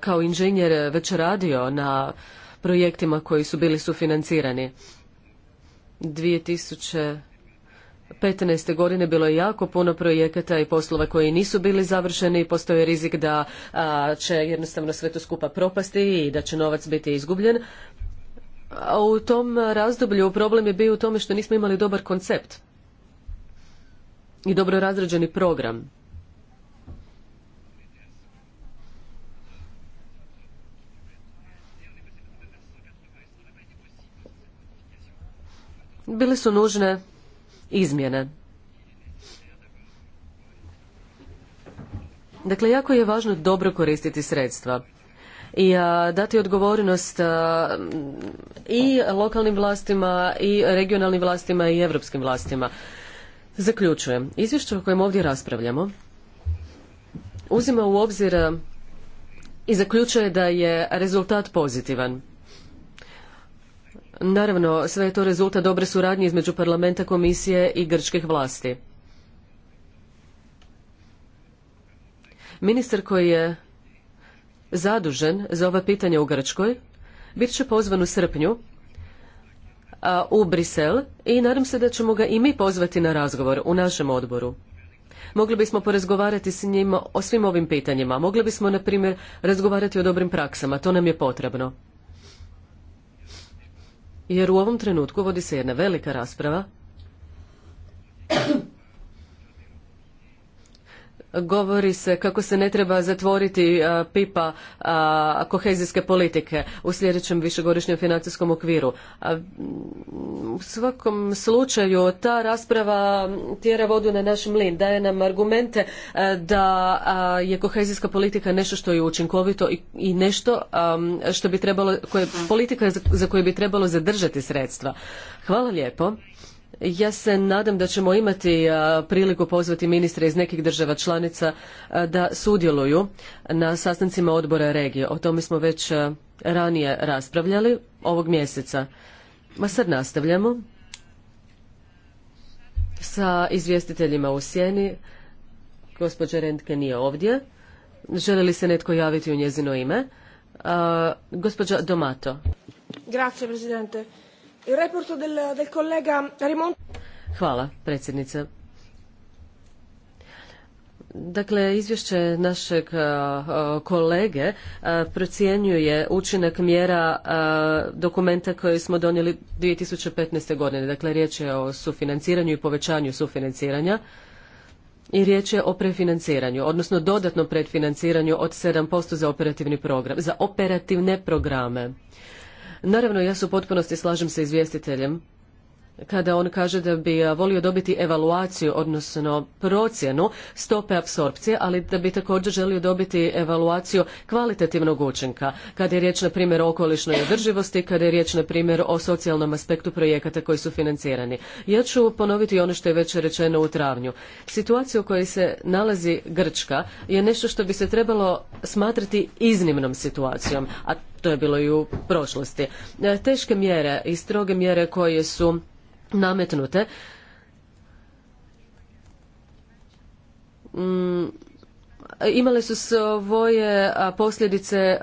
kao inženjer već radio na projektima koji su bili sufinancirani. 2000 2015. godine bilo je jako puno projekata i poslova koji nisu bili završeni i postoji rizik da će jednostavno sve to skupa propasti i da će novac biti izgubljen. A u tom razdoblju problem je bio u tome što nismo imali dobar koncept i dobro razrađeni program. Bile su nužne izmjene. Dakle, jako je važno dobro koristiti sredstva i dati odgovornost i lokalnim vlastima i regionalnim vlastima i europskim vlastima. Zaključujem. Izvješće o kojem ovdje raspravljamo uzima u obzir i zaključuje da je rezultat pozitivan. Naravno, sve je to rezultat dobre suradnje između parlamenta, komisije i grčkih vlasti. Ministar koji je zadužen za ova pitanja u Grčkoj bit će pozvan u srpnju u Brisel i nadam se da ćemo ga i mi pozvati na razgovor u našem odboru. Mogli bismo porazgovarati s njim o svim ovim pitanjima. Mogli bismo, na primjer, razgovarati o dobrim praksama. To nam je potrebno jer u ovom trenutku vodi se jedna velika rasprava govori se kako se ne treba zatvoriti pipa kohezijske politike u sljedećem višegodišnjem financijskom okviru. u svakom slučaju ta rasprava tjera vodu na naš mlin, daje nam argumente da je kohezijska politika nešto što je učinkovito i, nešto što bi trebalo, politika za, za koju bi trebalo zadržati sredstva. Hvala lijepo. Ja se nadam da ćemo imati priliku pozvati ministre iz nekih država članica da sudjeluju na sastancima odbora regije. O tome smo već ranije raspravljali ovog mjeseca. Ma sad nastavljamo sa izvjestiteljima u sjeni. Gospođa Rentke nije ovdje. Želi li se netko javiti u njezino ime? gospođa Domato. Grazie, Hvala, predsjednica. Dakle, izvješće našeg kolege procjenjuje učinak mjera dokumenta koje smo donijeli 2015. godine. Dakle, riječ je o sufinanciranju i povećanju sufinanciranja i riječ je o prefinanciranju, odnosno dodatnom predfinanciranju od 7% za operativni program, za operativne programe. Naravno, ja se u potpunosti slažem sa izvjestiteljem kada on kaže da bi volio dobiti evaluaciju, odnosno procjenu stope apsorpcije, ali da bi također želio dobiti evaluaciju kvalitativnog učinka, kada je riječ na primjer o okolišnoj održivosti, kada je riječ na primjer o socijalnom aspektu projekata koji su financirani. Ja ću ponoviti ono što je već rečeno u travnju. Situacija u kojoj se nalazi Grčka je nešto što bi se trebalo smatrati iznimnom situacijom, a to je bilo i u prošlosti. E, teške mjere i stroge mjere koje su nametnute mm, imale su svoje posljedice e,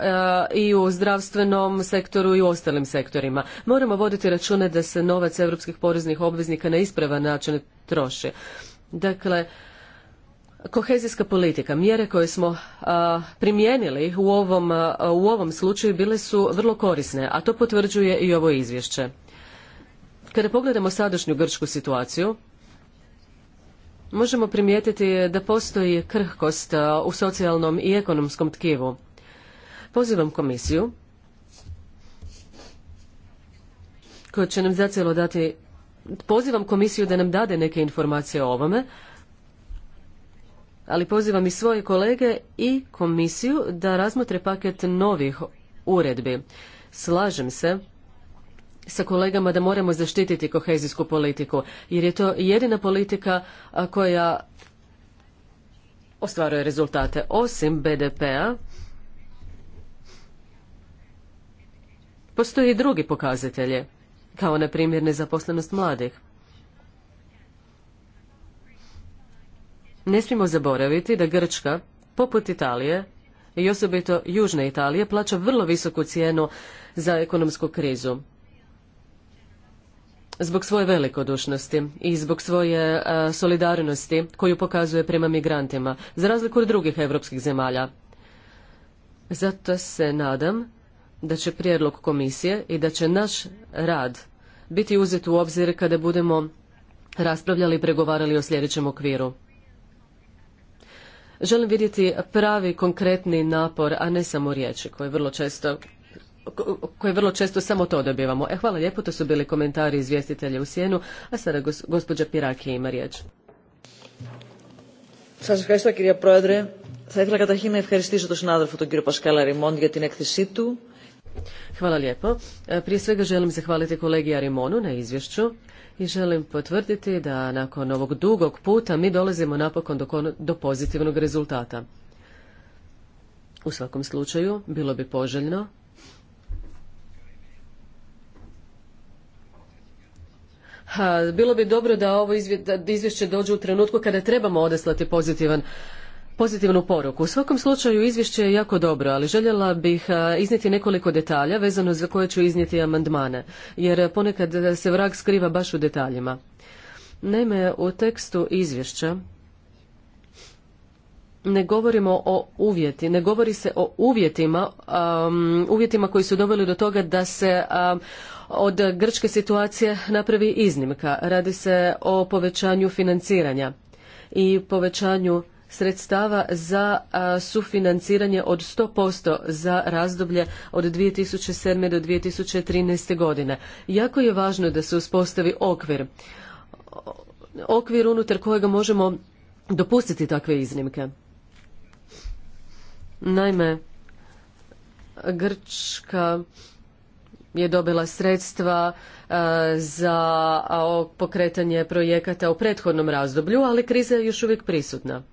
i u zdravstvenom sektoru i u ostalim sektorima. Moramo voditi račune da se novac europskih poreznih obveznika na ispravan način troši. Dakle, kohezijska politika mjere koje smo primijenili u ovom, u ovom slučaju bile su vrlo korisne a to potvrđuje i ovo izvješće kada pogledamo sadašnju grčku situaciju možemo primijetiti da postoji krhkost u socijalnom i ekonomskom tkivu pozivam komisiju koja će nam zacijelo dati pozivam komisiju da nam dade neke informacije o ovome ali pozivam i svoje kolege i komisiju da razmotre paket novih uredbi. Slažem se sa kolegama da moramo zaštititi kohezijsku politiku, jer je to jedina politika koja ostvaruje rezultate. Osim BDP-a, postoji i drugi pokazatelje, kao na primjer nezaposlenost mladih. Ne smijemo zaboraviti da Grčka, poput Italije i osobito Južne Italije, plaća vrlo visoku cijenu za ekonomsku krizu. Zbog svoje velikodušnosti i zbog svoje e, solidarnosti koju pokazuje prema migrantima, za razliku od drugih europskih zemalja. Zato se nadam da će prijedlog komisije i da će naš rad biti uzet u obzir kada budemo raspravljali i pregovarali o sljedećem okviru. Želim vidjeti pravi konkretni napor, a ne samo riječi koje vrlo često koje vrlo često samo to dobivamo. E, hvala lijepo, to su bili komentari izvjestitelja u sjenu, a sada gospođa Piraki ima riječ. Σας ευχαριστώ κυρία Πρόεδρε. Θα ήθελα καταρχήν να ευχαριστήσω τον συνάδελφο τον κύριο Πασκάλα Ριμόν για την έκθεσή Hvala lijepo. Prije svega želim zahvaliti kolegi Arimonu na izvješću i želim potvrditi da nakon ovog dugog puta mi dolazimo napokon do, pozitivnog rezultata. U svakom slučaju bilo bi poželjno bilo bi dobro da ovo da izvješće dođe u trenutku kada trebamo odeslati pozitivan pozitivnu poruku. U svakom slučaju izvješće je jako dobro, ali željela bih iznijeti nekoliko detalja vezano za koje ću iznijeti amandmane, jer ponekad se vrag skriva baš u detaljima. Naime, u tekstu izvješća ne govorimo o uvjeti, ne govori se o uvjetima, uvjetima koji su doveli do toga da se od grčke situacije napravi iznimka. Radi se o povećanju financiranja i povećanju sredstava za sufinanciranje od 100% za razdoblje od 2007. do 2013. godine. Jako je važno da se uspostavi okvir, okvir unutar kojega možemo dopustiti takve iznimke. Naime, Grčka je dobila sredstva za pokretanje projekata u prethodnom razdoblju, ali kriza je još uvijek prisutna.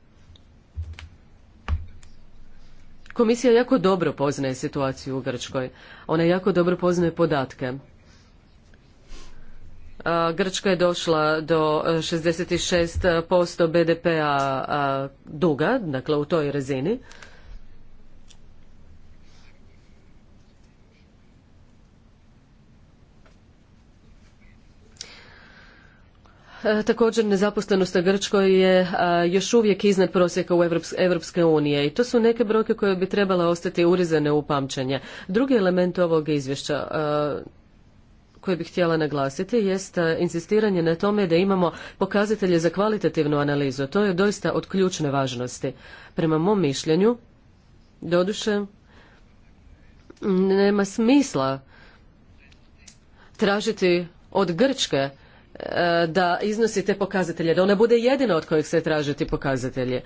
Komisija jako dobro poznaje situaciju u Grčkoj. Ona jako dobro poznaje podatke. Grčka je došla do 66% e, BDP-a duga, dakle u toj razini. E, također nezaposlenost u Grčkoj je e, još uvijek iznad prosjeka u Europske unije i to su neke brojke koje bi trebale ostati urezane u pamćenje. Drugi element ovog izvješća e, koji bih htjela naglasiti jest insistiranje na tome da imamo pokazatelje za kvalitativnu analizu. To je doista od ključne važnosti. Prema mom mišljenju, doduše, nema smisla tražiti od Grčke E, da iznosi te pokazatelje, da ona bude jedina od kojih se traže ti pokazatelje.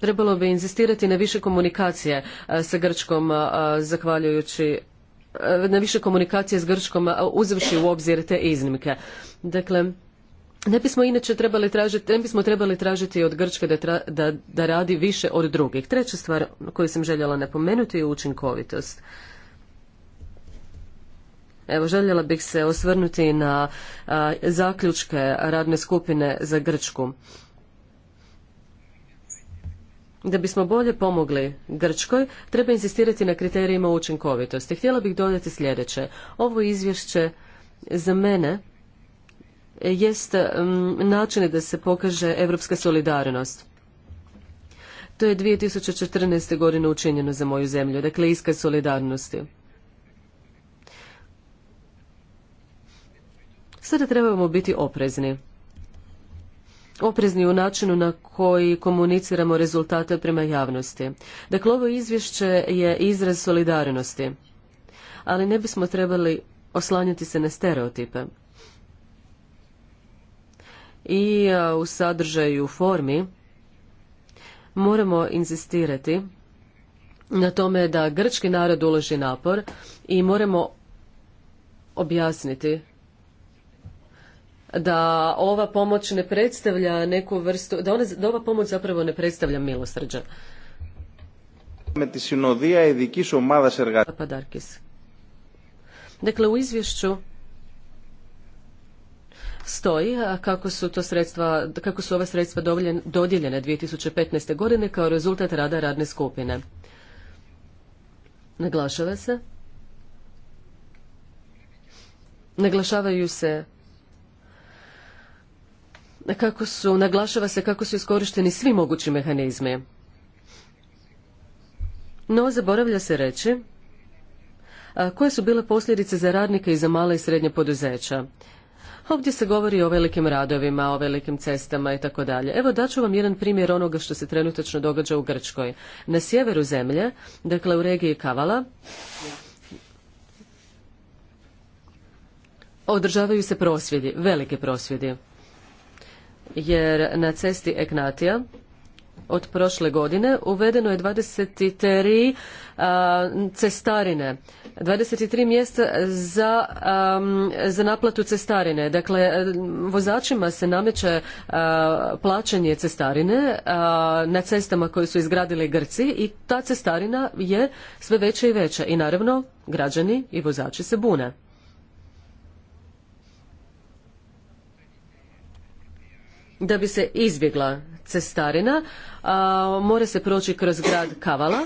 Trebalo bi inzistirati na više komunikacije e, sa Grčkom, e, zahvaljujući na više komunikacije s Grčkom, uzevši u obzir te iznimke. Dakle, ne bismo inače trebali tražiti, ne bismo trebali tražiti od Grčke da, da, radi više od drugih. Treća stvar koju sam željela napomenuti je učinkovitost. Evo, željela bih se osvrnuti na zaključke radne skupine za Grčku. Da bismo bolje pomogli Grčkoj, treba insistirati na kriterijima učinkovitosti. Htjela bih dodati sljedeće. Ovo izvješće za mene jest mm, način da se pokaže europska solidarnost. To je 2014. godine učinjeno za moju zemlju, dakle iskaz solidarnosti. Sada trebamo biti oprezni. Oprezni u načinu na koji komuniciramo rezultate prema javnosti. Dakle, ovo izvješće je izraz solidarnosti, ali ne bismo trebali oslanjati se na stereotipe i e, u sadržaju u formi moramo inzistirati na tome da grčki narod uloži napor i moramo objasniti da ova pomoć ne predstavlja neku vrstu, da, ona, da ova pomoć zapravo ne predstavlja milosrđe. Dakle, u izvješću stoji kako su to sredstva, kako su ova sredstva dodijeljena 2015. godine kao rezultat rada radne skupine. Naglašava se naglašavaju se kako su, naglašava se kako su iskorišteni svi mogući mehanizmi. No, zaboravlja se reći koje su bile posljedice za radnike i za mala i srednje poduzeća. Ovdje se govori o velikim radovima, o velikim cestama i tako dalje. Evo daću vam jedan primjer onoga što se trenutačno događa u Grčkoj. Na sjeveru zemlje, dakle u regiji Kavala, održavaju se prosvjedi, velike prosvjedi. Jer na cesti Eknatija od prošle godine uvedeno je 23 a, cestarine 23 mjesta um, za, naplatu cestarine. Dakle, vozačima se nameće uh, plaćanje cestarine uh, na cestama koje su izgradili Grci i ta cestarina je sve veća i veća. I naravno, građani i vozači se bune. Da bi se izbjegla cestarina, uh, mora se proći kroz grad Kavala,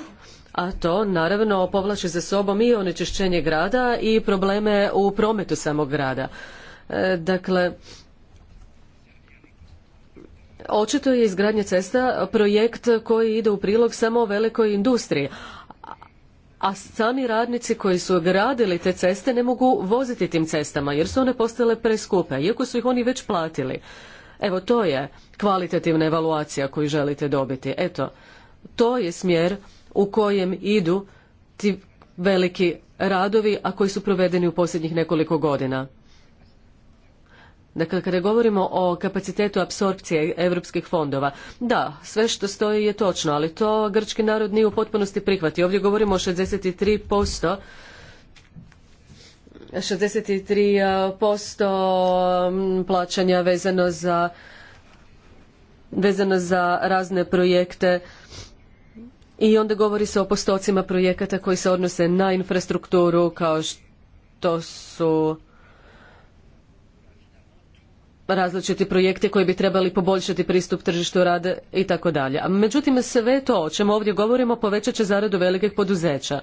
a to naravno povlači za sobom i onečišćenje grada i probleme u prometu samog grada. E, dakle, očito je izgradnja cesta projekt koji ide u prilog samo velikoj industriji, a sami radnici koji su gradili te ceste ne mogu voziti tim cestama jer su one postale preskupe, iako su ih oni već platili. Evo to je kvalitativna evaluacija koju želite dobiti. Eto, to je smjer u kojem idu ti veliki radovi, a koji su provedeni u posljednjih nekoliko godina. Dakle, kada govorimo o kapacitetu apsorpcije europskih fondova, da, sve što stoji je točno, ali to grčki narod nije u potpunosti prihvatio. Ovdje govorimo o 63%, 63% um, plaćanja vezano za, vezano za razne projekte i onda govori se o postocima projekata koji se odnose na infrastrukturu kao što su različiti projekti koji bi trebali poboljšati pristup tržištu rada i tako dalje. Međutim, sve to o čemu ovdje govorimo povećat će zaradu velikih poduzeća.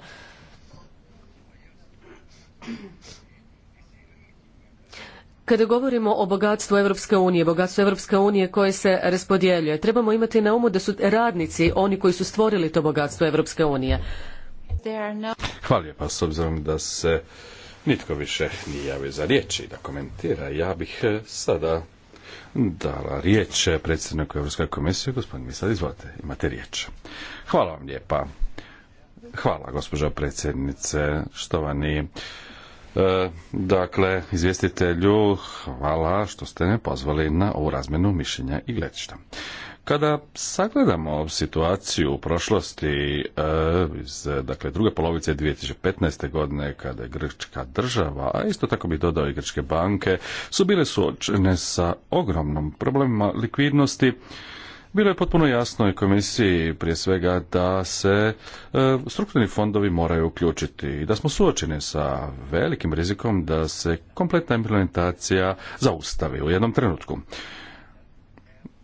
Kada govorimo o bogatstvu Europske unije, bogatstvu Europske unije koje se raspodjeljuje, trebamo imati na umu da su radnici oni koji su stvorili to bogatstvo Europske unije. Hvala lijepa, s obzirom da se nitko više nije javio za riječ i da komentira, ja bih eh, sada dala riječ predsjedniku Europske komisije, gospodin sad izvolite, imate riječ. Hvala vam lijepa. Hvala, gospođo predsjednice, štovani E, dakle, izvjestitelju, hvala što ste me pozvali na ovu razmenu mišljenja i gledišta. Kada sagledamo situaciju u prošlosti e, iz dakle, druge polovice 2015. godine kada je grčka država, a isto tako bi dodao i grčke banke, su bile suočene sa ogromnom problemima likvidnosti, bilo je potpuno jasno i komisiji prije svega da se e, strukturni fondovi moraju uključiti i da smo suočeni sa velikim rizikom da se kompletna implementacija zaustavi u jednom trenutku.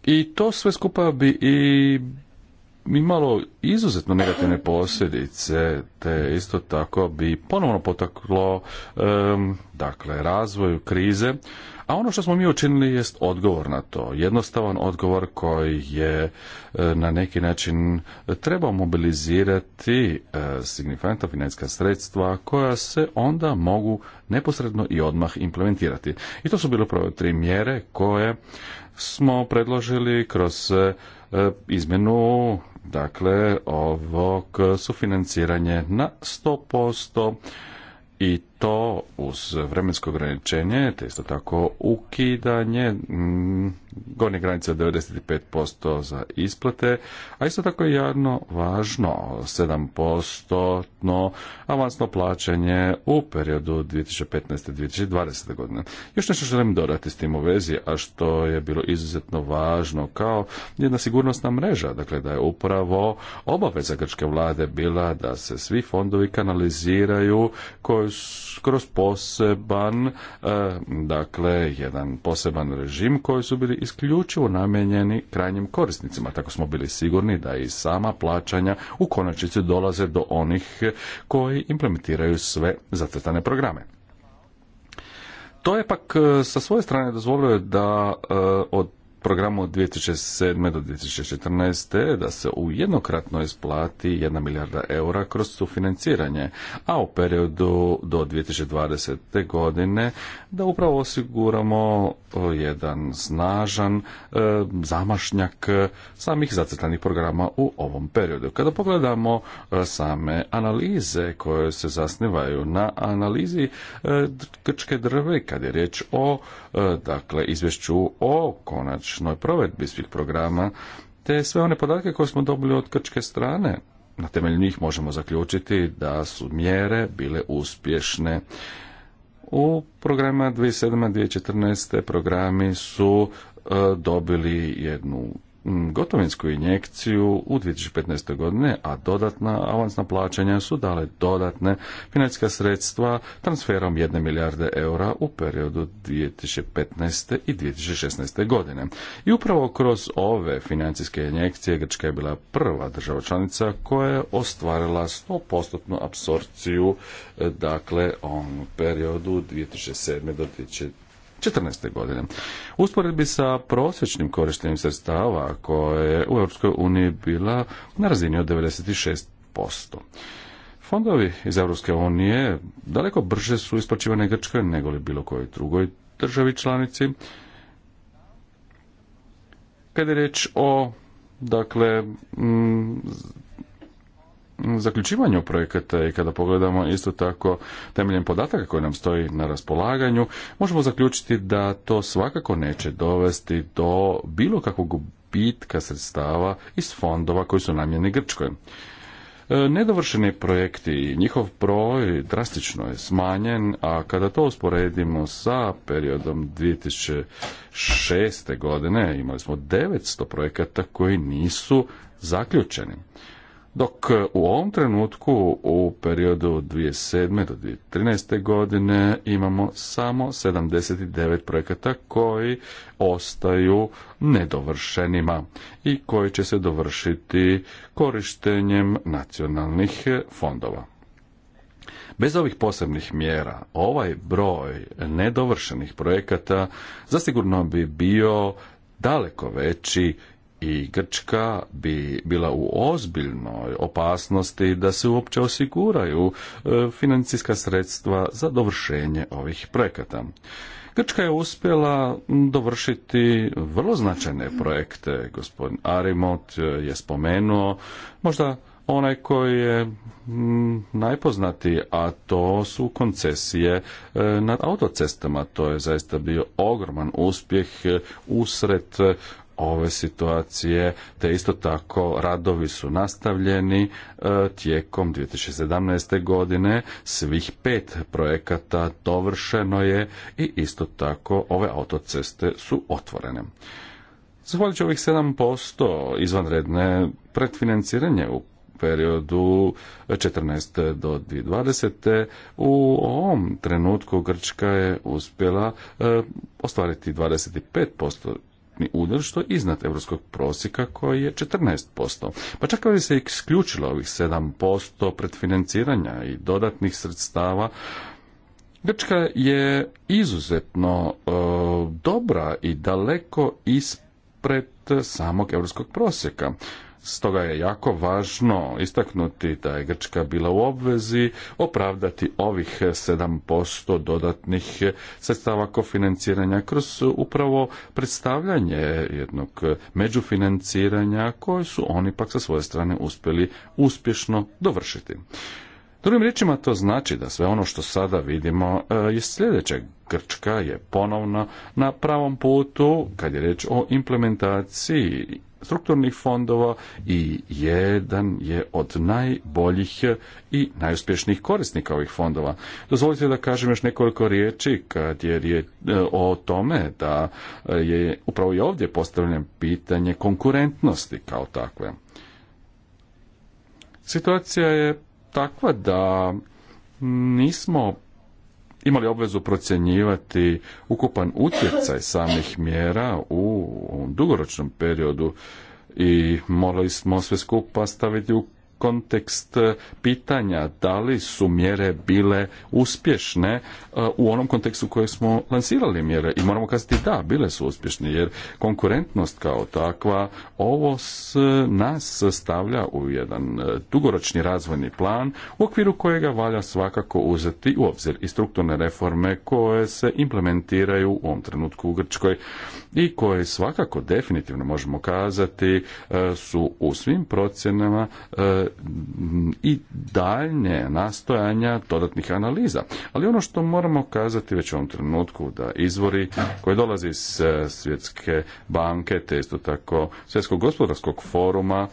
I to sve skupa bi i imalo izuzetno negativne posljedice, te isto tako bi ponovno potaklo e, dakle razvoju krize, a ono što smo mi učinili jest odgovor na to. Jednostavan odgovor koji je e, na neki način trebao mobilizirati e, signifikantna financijska sredstva koja se onda mogu neposredno i odmah implementirati. I to su bile prve tri mjere koje smo predložili kroz e, izmjenu dakle ovog sufinanciranje na 100% i to uz vremensko ograničenje, te isto tako ukidanje mm, gornje granice od 95% za isplate, a isto tako je javno važno 7% no, avansno plaćanje u periodu 2015-2020. godine. Još nešto želim dodati s tim u vezi, a što je bilo izuzetno važno kao jedna sigurnosna mreža, dakle da je upravo obaveza grčke vlade bila da se svi fondovi kanaliziraju koji su kroz poseban, e, dakle, jedan poseban režim koji su bili isključivo namijenjeni krajnjim korisnicima. Tako smo bili sigurni da i sama plaćanja u konačnici dolaze do onih koji implementiraju sve zacrtane programe. To je pak e, sa svoje strane dozvolio da e, od programu od 2007. do 2014. da se u jednokratno isplati 1 milijarda eura kroz sufinanciranje, a u periodu do 2020. godine da upravo osiguramo e, jedan snažan e, zamašnjak samih zacrtanih programa u ovom periodu. Kada pogledamo e, same analize koje se zasnivaju na analizi krčke drve, kad je riječ o dakle, izvješću o konač provedbi svih programa, te sve one podatke koje smo dobili od krčke strane, na temelju njih možemo zaključiti da su mjere bile uspješne. U programa 2007-2014 programi su e, dobili jednu Mm, gotovinsku injekciju u 2015. godine, a dodatna avansna plaćanja su dale dodatne financijska sredstva transferom 1 milijarde eura u periodu 2015. i 2016. godine. I upravo kroz ove financijske injekcije Grčka je bila prva država članica koja je ostvarila 100% apsorpciju e, dakle on periodu 2007. do 2014. godine. Usporedbi sa prosječnim korištenjem sredstava koje je u EU bila na razini od 96%. Fondovi iz Europske unije daleko brže su isplaćivane Grčkoj nego li bilo kojoj drugoj državi članici. Kada je riječ o dakle, zaključivanju projekata i kada pogledamo isto tako temeljem podataka koji nam stoji na raspolaganju, možemo zaključiti da to svakako neće dovesti do bilo kakvog gubitka sredstava iz fondova koji su namjeni Grčkoj. E, nedovršeni projekti, i njihov broj drastično je smanjen, a kada to usporedimo sa periodom 2006. godine, imali smo 900 projekata koji nisu zaključeni dok e, u ovom trenutku u periodu 2007. do 2013. godine imamo samo 79 projekata koji ostaju nedovršenima i koji će se dovršiti korištenjem nacionalnih e, fondova. Bez ovih posebnih mjera, ovaj broj nedovršenih projekata zasigurno bi bio daleko veći i Grčka bi bila u ozbiljnoj opasnosti da se uopće osiguraju e, financijska sredstva za dovršenje ovih projekata. Grčka je uspjela dovršiti vrlo značajne projekte. Gospodin Arimot je spomenuo možda onaj koji je najpoznatiji, a to su koncesije e, nad autocestama. To je zaista bio ogroman uspjeh usred ove situacije, te isto tako radovi su nastavljeni e, tijekom 2017. godine, svih pet projekata dovršeno je i isto tako ove autoceste su otvorene. Zahvaljujući ovih 7% izvanredne pretfinanciranje u periodu 14. do 2020. U ovom trenutku Grčka je uspjela e, ostvariti 25% udjel što je iznad europskog prosjeka koji je 14%. Pa čak bi se isključilo ovih 7% predfinanciranja i dodatnih sredstava, Grčka je izuzetno e, dobra i daleko ispred samog europskog prosjeka. Stoga je jako važno istaknuti da je Grčka bila u obvezi opravdati ovih 7% dodatnih sredstava kofinanciranja kroz upravo predstavljanje jednog međufinanciranja koje su oni pak sa svoje strane uspjeli uspješno dovršiti. Drugim riječima to znači da sve ono što sada vidimo e, je sljedeće. Grčka je ponovno na pravom putu kad je riječ o implementaciji strukturnih fondova i jedan je od najboljih i najuspješnijih korisnika ovih fondova. Dozvolite da kažem još nekoliko riječi kad je e, o tome da e, je upravo i ovdje postavljeno pitanje konkurentnosti kao takve. Situacija je takva da nismo imali obvezu procjenjivati ukupan utjecaj samih mjera u dugoročnom periodu i morali smo sve skupa staviti u kontekst e, pitanja da li su mjere bile uspješne e, u onom kontekstu koje smo lansirali mjere i moramo kazati da, bile su uspješne jer konkurentnost kao takva ovo nas stavlja u jedan e, dugoročni razvojni plan u okviru kojega valja svakako uzeti u obzir i strukturne reforme koje se implementiraju u ovom trenutku u Grčkoj i koje svakako definitivno možemo kazati su u svim procjenama i daljnje nastojanja dodatnih analiza. Ali ono što moramo kazati već u ovom trenutku da izvori koji dolazi iz e, Svjetske banke, te isto tako Svjetskog gospodarskog foruma,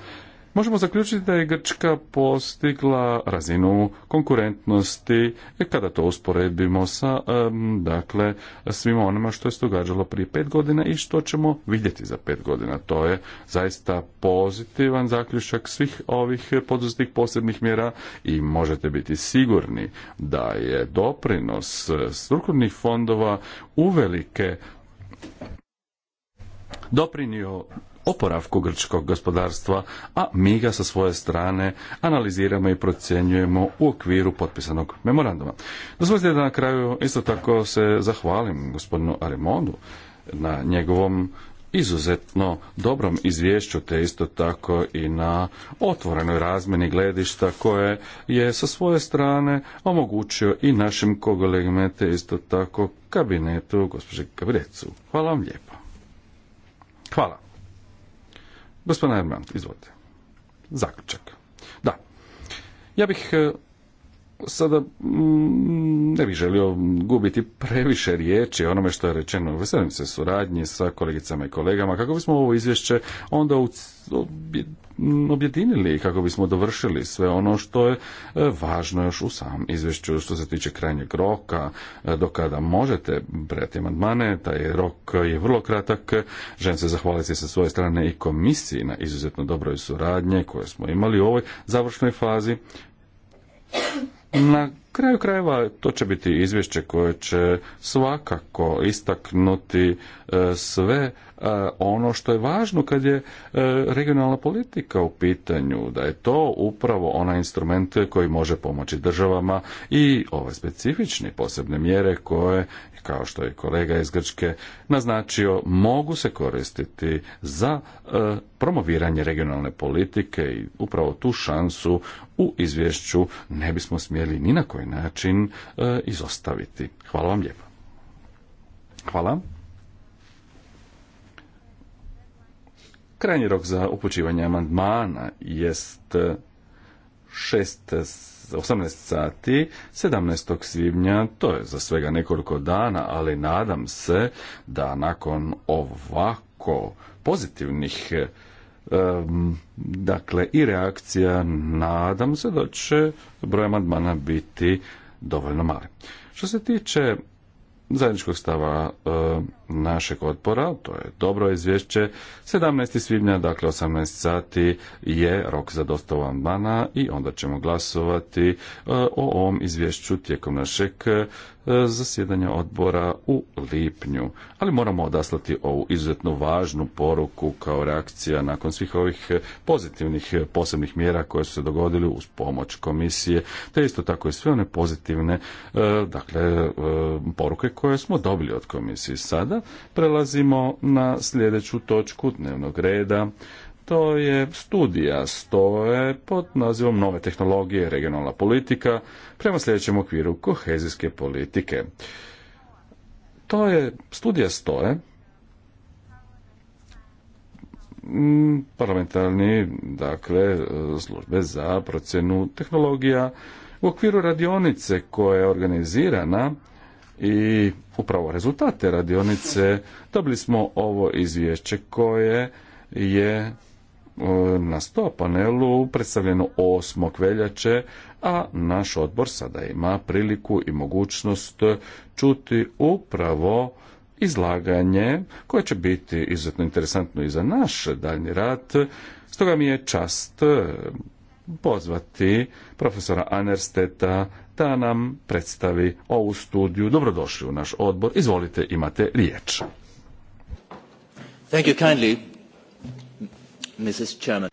možemo zaključiti da je Grčka postigla razinu konkurentnosti e, kada to usporedimo sa dakle svima onima što je se događalo prije pet godina i što ćemo vidjeti za pet godina. To je zaista pozitivan zaključak svih ovih poduzetih posebnih mjera i možete biti sigurni da je doprinos strukturnih fondova uvelike doprinio oporavku grčkog gospodarstva, a mi ga sa svoje strane analiziramo i procjenjujemo u okviru potpisanog memoranduma. Dozvolite da na kraju isto tako se zahvalim gospodinu Arimondu na njegovom izuzetno dobrom izvješću, te isto tako i na otvorenoj razmjeni gledišta koje je sa svoje strane omogućio i našim kolegima, isto tako kabinetu gospođe kabrecu Hvala vam lijepo. Hvala gospodine Armand, izvolite. Zaključak. Da. Ja bih e, Sada mm, ne bih želio gubiti previše riječi onome što je rečeno. Veselim se suradnji sa kolegicama i kolegama kako bismo ovo izvješće onda u objedinili kako bismo dovršili sve ono što je e, važno još u samom izvješću što se tiče krajnjeg roka e, do kada možete predati amandmane taj rok je vrlo kratak želim se zahvaliti sa svoje strane i komisiji na izuzetno dobroj suradnje koje smo imali u ovoj završnoj fazi na kraju krajeva to će biti izvješće koje će svakako istaknuti e, sve e, ono što je važno kad je e, regionalna politika u pitanju, da je to upravo onaj instrument koji može pomoći državama i ove specifične posebne mjere koje, kao što je kolega iz Grčke naznačio, mogu se koristiti za promoviranje regionalne politike i upravo tu šansu u izvješću ne bismo smjeli ni na koji koji način e, izostaviti. Hvala vam lijepo. Hvala. Krajnji rok za upućivanje amandmana jest 6 e, 18 sati 17. svibnja, to je za svega nekoliko dana, ali nadam se da nakon ovako pozitivnih dakle i reakcija nadam se da će broj amandmana biti dovoljno mali. Što se tiče zajedničkog stava našeg odbora, to je dobro izvješće. 17. svibnja, dakle 18 sati je rok za dostavu amandmana i onda ćemo glasovati e, o ovom izvješću tijekom našeg e, zasjedanja odbora u lipnju. Ali moramo odaslati ovu izuzetno važnu poruku kao reakcija nakon svih ovih e, pozitivnih posebnih mjera koje su se dogodile uz pomoć komisije, te isto tako i sve one pozitivne dakle, poruke koje smo dobili od komisije sada prelazimo na sljedeću točku dnevnog reda. To je studija stoje pod nazivom Nove tehnologije, regionalna politika prema sljedećem okviru kohezijske politike. To je studija stoje mm, parlamentarni dakle službe za procjenu tehnologija u okviru radionice koja je organizirana i upravo rezultate radionice dobili smo ovo izvješće koje je e, na sto panelu predstavljeno 8. veljače, a naš odbor sada ima priliku i mogućnost čuti upravo izlaganje koje će biti izuzetno interesantno i za naš daljnji rad. Stoga mi je čast e, pozvati profesora Anersteta da nam predstavi ovu studiju. Dobrodošli u naš odbor. Izvolite, imate riječ. Thank you kindly, Mrs. Chairman.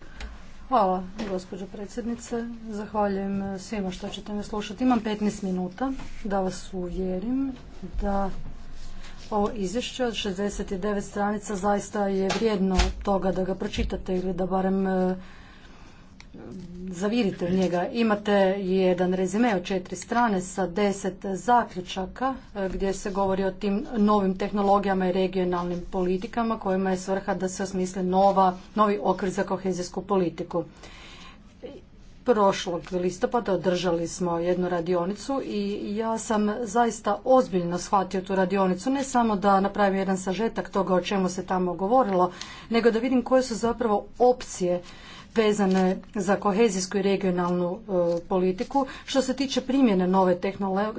Hvala, gospođo predsjednice. Zahvaljujem svima što ćete me slušati. Imam 15 minuta da vas uvjerim da ovo izvješće od 69 stranica zaista je vrijedno toga da ga pročitate ili da barem eh, zavirite u njega. Imate jedan rezime od četiri strane sa deset zaključaka e, gdje se govori o tim novim tehnologijama i regionalnim politikama kojima je svrha da se osmisle nova, novi okvir za kohezijsku politiku. Prošlog listopada održali smo jednu radionicu i ja sam zaista ozbiljno shvatio tu radionicu. Ne samo da napravim jedan sažetak toga o čemu se tamo govorilo, nego da vidim koje su zapravo opcije vezane za kohezijsku i regionalnu e, politiku. Što se tiče primjene nove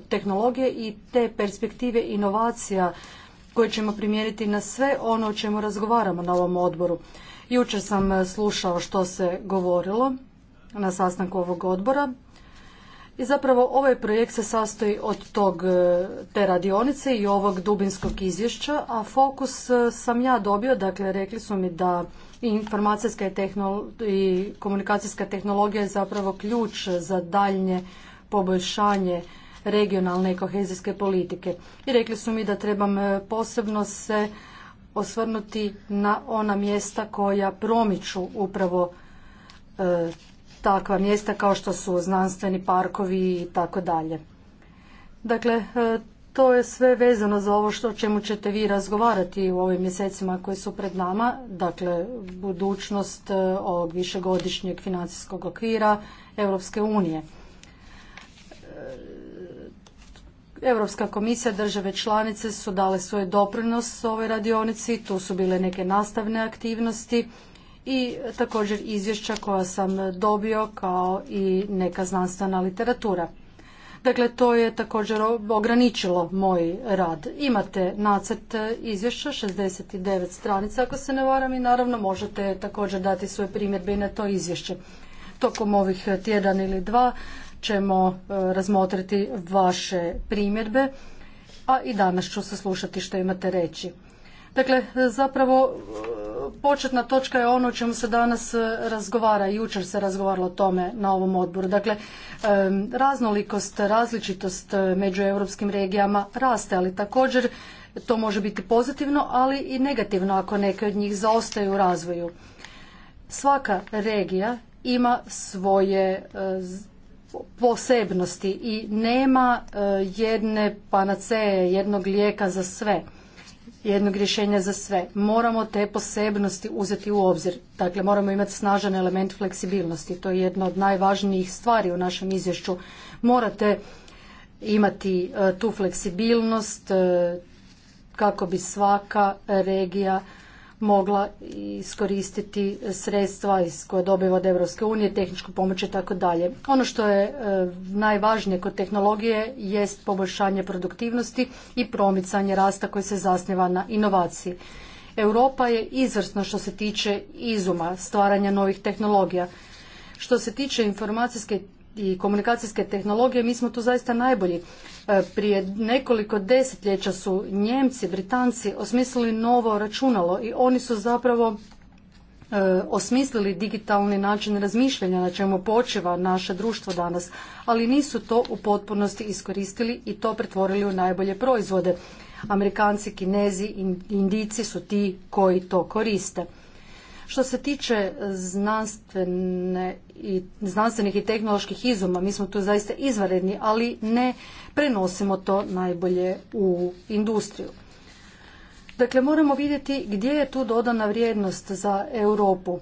tehnologije i te perspektive inovacija koje ćemo primijeniti na sve ono o čemu razgovaramo na ovom odboru. Jučer sam e, slušao što se govorilo na sastanku ovog odbora. I zapravo ovaj projekt se sastoji od tog, e, te radionice i ovog dubinskog izvješća, a fokus sam ja dobio, dakle rekli su mi da informacijska i komunikacijska tehnologija je zapravo ključ za daljnje poboljšanje regionalne i kohezijske politike. I rekli su mi da trebam e, posebno se osvrnuti na ona mjesta koja promiču upravo e, takva mjesta kao što su znanstveni parkovi i tako dalje. Dakle, e, to je sve vezano za ovo što čemu ćete vi razgovarati u ovim mjesecima koji su pred nama, dakle budućnost e, ovog višegodišnjeg financijskog okvira Europske unije. E, Europska komisija, države članice su dale svoj doprinos ovoj radionici, tu su bile neke nastavne aktivnosti i također izvješća koja sam dobio kao i neka znanstvena literatura. Dakle, to je također ograničilo moj rad. Imate nacrt izvješća, 69 stranica ako se ne varam i naravno možete također dati svoje primjedbe i na to izvješće. Tokom ovih tjedan ili dva ćemo e, razmotriti vaše primjedbe, a i danas ću slušati što imate reći. Dakle, zapravo početna točka je ono o čemu se danas e, razgovara. Jučer se razgovaralo o tome na ovom odboru. Dakle, e, raznolikost, različitost e, među europskim regijama raste, ali također to može biti pozitivno, ali i negativno ako neke od njih zaostaju u razvoju. Svaka regija ima svoje posebnosti i nema jedne panaceje, jednog lijeka za sve jednog rješenja za sve. Moramo te posebnosti uzeti u obzir. Dakle, moramo imati snažan element fleksibilnosti. To je jedna od najvažnijih stvari u našem izvješću. Morate imati e, tu fleksibilnost e, kako bi svaka regija mogla iskoristiti sredstva koje dobiva od Europske unije, tehničku pomoć i tako dalje. Ono što je e, najvažnije kod tehnologije jest poboljšanje produktivnosti i promicanje rasta koji se zasniva na inovaciji. Europa je izvrsna što se tiče izuma, stvaranja novih tehnologija. Što se tiče informacijske i komunikacijske tehnologije, mi smo tu zaista najbolji. E, prije nekoliko desetljeća su Njemci, Britanci osmislili novo računalo i oni su zapravo e, osmislili digitalni način razmišljanja na čemu počiva naše društvo danas, ali nisu to u potpunosti iskoristili i to pretvorili u najbolje proizvode. Amerikanci, Kinezi, Indici su ti koji to koriste. Što se tiče znanstvene i, znanstvenih i tehnoloških izuma, mi smo tu zaista izvaredni, ali ne prenosimo to najbolje u industriju. Dakle, moramo vidjeti gdje je tu dodana vrijednost za Europu.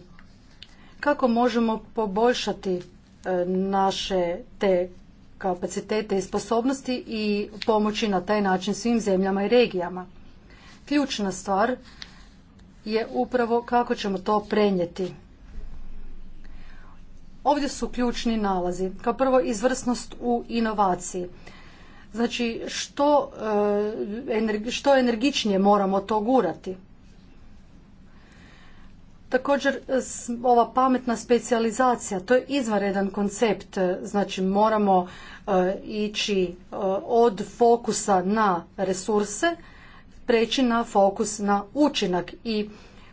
Kako možemo poboljšati e, naše te kapacitete i sposobnosti i pomoći na taj način svim zemljama i regijama. Ključna stvar je upravo kako ćemo to prenijeti. Ovdje su ključni nalazi. Kao prvo, izvrsnost u inovaciji. Znači, što, e, što energičnije moramo to gurati. Također, ova pametna specijalizacija, to je izvanredan koncept. Znači, moramo e, ići e, od fokusa na resurse, preći na fokus na učinak i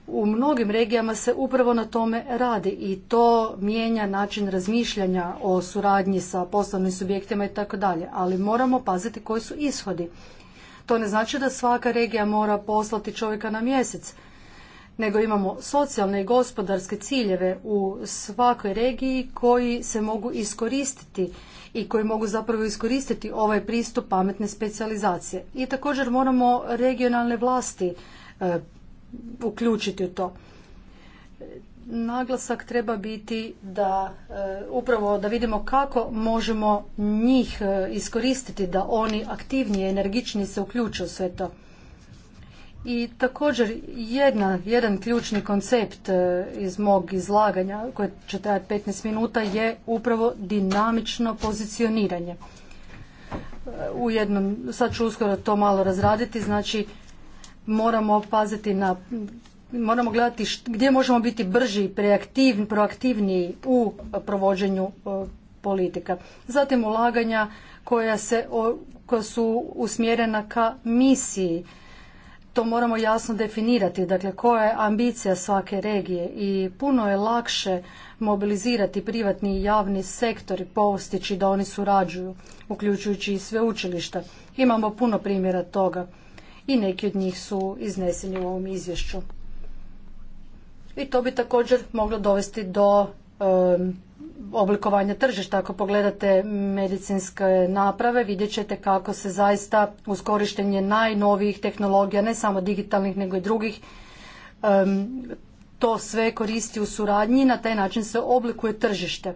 u mnogim regijama se upravo na tome radi i to mijenja način razmišljanja o suradnji sa poslovnim subjektima i tako dalje, ali moramo paziti koji su ishodi. To ne znači da svaka regija mora poslati čovjeka na mjesec, nego imamo socijalne i gospodarske ciljeve u svakoj regiji koji se mogu iskoristiti i koji mogu zapravo iskoristiti ovaj pristup pametne specijalizacije. I također moramo regionalne vlasti e, uključiti u to. Naglasak treba biti da e, upravo da vidimo kako možemo njih e, iskoristiti da oni aktivnije i energičnije se uključe u sve to. I također jedna, jedan ključni koncept e, iz mog izlaganja koje će trajati 15 minuta je upravo dinamično pozicioniranje. E, u jednom, sad ću uskoro to malo razraditi, znači moramo paziti na moramo gledati gdje možemo biti brži, preaktivni, proaktivniji u provođenju e, politika. Zatim ulaganja koja, se, koja su usmjerena ka misiji to moramo jasno definirati, dakle koja je ambicija svake regije i puno je lakše mobilizirati privatni i javni sektor i postići da oni surađuju, uključujući i učilišta. Imamo puno primjera toga i neki od njih su izneseni u ovom izvješću. I to bi također moglo dovesti do oblikovanja tržišta. Ako pogledate medicinske naprave, vidjet ćete kako se zaista uz korištenje najnovijih tehnologija, ne samo digitalnih nego i drugih, to sve koristi u suradnji i na taj način se oblikuje tržište.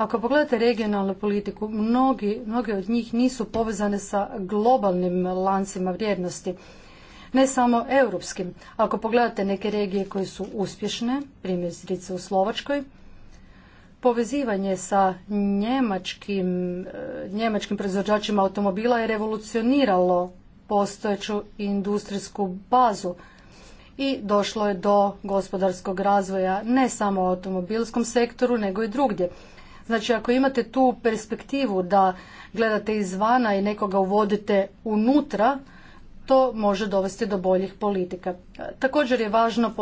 Ako pogledate regionalnu politiku, mnogi, mnoge od njih nisu povezane sa globalnim lancima vrijednosti, ne samo europskim. Ako pogledate neke regije koje su uspješne, primjerice u Slovačkoj, povezivanje sa njemačkim, e, njemačkim proizvođačima automobila je revolucioniralo postojeću industrijsku bazu i došlo je do gospodarskog razvoja ne samo u automobilskom sektoru nego i drugdje. Znači ako imate tu perspektivu da gledate izvana i nekoga uvodite unutra, to može dovesti do boljih politika. Također je važno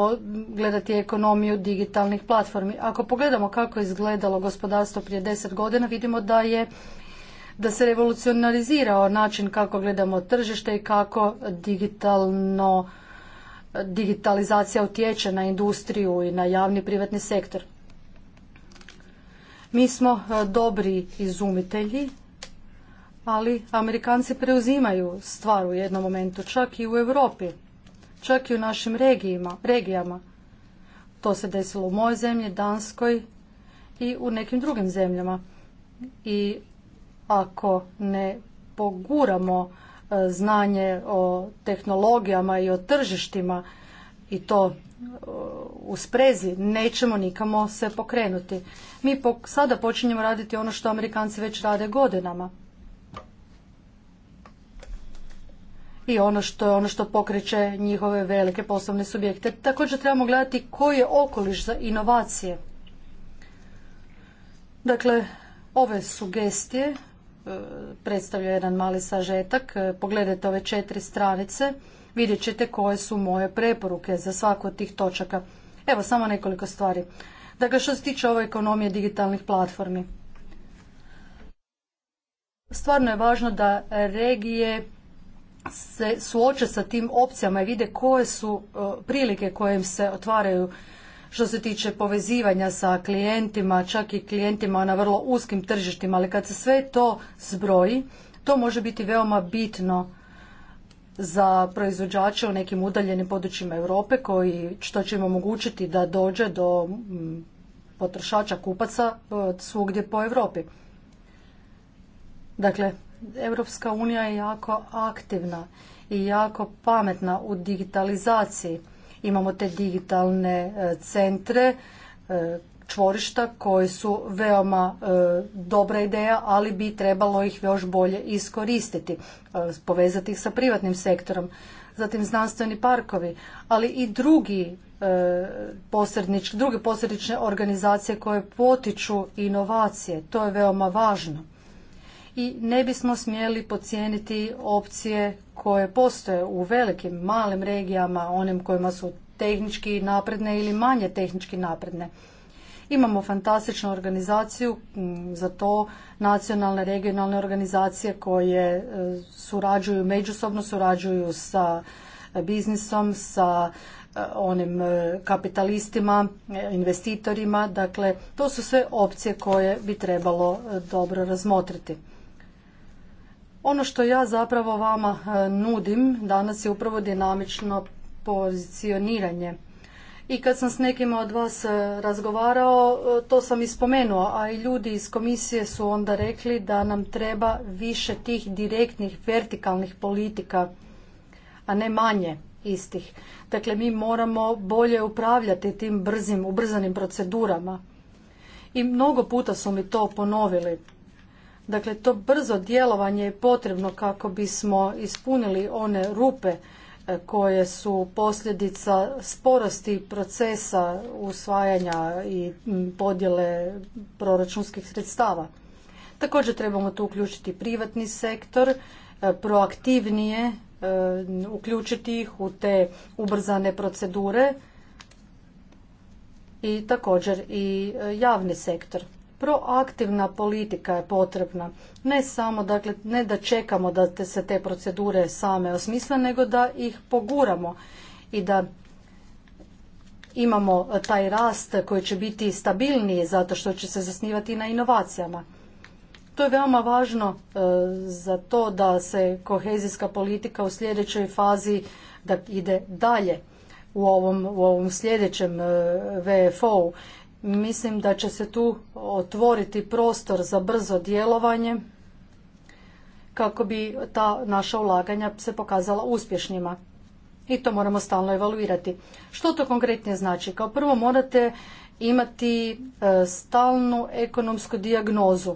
gledati ekonomiju digitalnih platformi. Ako pogledamo kako je izgledalo gospodarstvo prije deset godina, vidimo da je da se revolucionalizirao način kako gledamo tržište i kako digitalno digitalizacija utječe na industriju i na javni privatni sektor. Mi smo e, dobri izumitelji ali Amerikanci preuzimaju stvar u jednom momentu, čak i u Europi, čak i u našim regijama. To se desilo u mojoj zemlji, Danskoj i u nekim drugim zemljama. I ako ne poguramo e, znanje o tehnologijama i o tržištima i to e, u sprezi nećemo nikamo se pokrenuti. Mi sada počinjemo raditi ono što Amerikanci već rade godinama. i ono što, ono što pokreće njihove velike poslovne subjekte. Također trebamo gledati koji je okoliš za inovacije. Dakle, ove sugestije e, predstavljaju jedan mali sažetak. E, pogledajte ove četiri stranice, vidjet ćete koje su moje preporuke za svaku od tih točaka. Evo samo nekoliko stvari. Dakle, što se tiče ove ekonomije digitalnih platformi. Stvarno je važno da regije se suoče sa tim opcijama i vide koje su e, prilike koje im se otvaraju što se tiče povezivanja sa klijentima, čak i klijentima na vrlo uskim tržištima, ali kad se sve to zbroji, to može biti veoma bitno za proizvođače u nekim udaljenim područjima Europe koji što će im omogućiti da dođe do potrošača kupaca e, svugdje po Europi. Dakle, Europska unija je jako aktivna i jako pametna u digitalizaciji. Imamo te digitalne e, centre, e, čvorišta koji su veoma e, dobra ideja, ali bi trebalo ih još bolje iskoristiti, povezati ih sa privatnim sektorom. Zatim znanstveni parkovi, ali i drugi e, druge posrednične organizacije koje potiču inovacije. To je veoma važno i ne bismo smjeli podcijeniti opcije koje postoje u velikim, malim regijama, onim kojima su tehnički napredne ili manje tehnički napredne. Imamo fantastičnu organizaciju za to, nacionalne, regionalne organizacije koje e, surađuju, međusobno surađuju sa biznisom, sa e, onim e, kapitalistima, investitorima. Dakle, to su sve opcije koje bi trebalo dobro razmotriti. Ono što ja zapravo vama e, nudim danas je upravo dinamično pozicioniranje. I kad sam s nekim od vas e, razgovarao, e, to sam ispomenuo, a i ljudi iz komisije su onda rekli da nam treba više tih direktnih vertikalnih politika, a ne manje istih. Dakle, mi moramo bolje upravljati tim brzim, ubrzanim procedurama. I mnogo puta su mi to ponovili. Dakle, to brzo djelovanje je potrebno kako bismo ispunili one rupe e, koje su posljedica sporosti procesa usvajanja i podjele proračunskih sredstava. Također trebamo tu uključiti privatni sektor, e, proaktivnije e, uključiti ih u te ubrzane procedure i također i javni sektor proaktivna politika je potrebna. Ne samo, dakle, ne da čekamo da te se te procedure same osmisle, nego da ih poguramo i da imamo taj rast koji će biti stabilniji zato što će se zasnivati na inovacijama. To je veoma važno e, za to da se kohezijska politika u sljedećoj fazi da ide dalje u ovom, u ovom sljedećem e, VFO-u Mislim da će se tu otvoriti prostor za brzo djelovanje kako bi ta naša ulaganja se pokazala uspješnjima. I to moramo stalno evaluirati. Što to konkretnije znači? Kao prvo morate imati e, stalnu ekonomsku dijagnozu.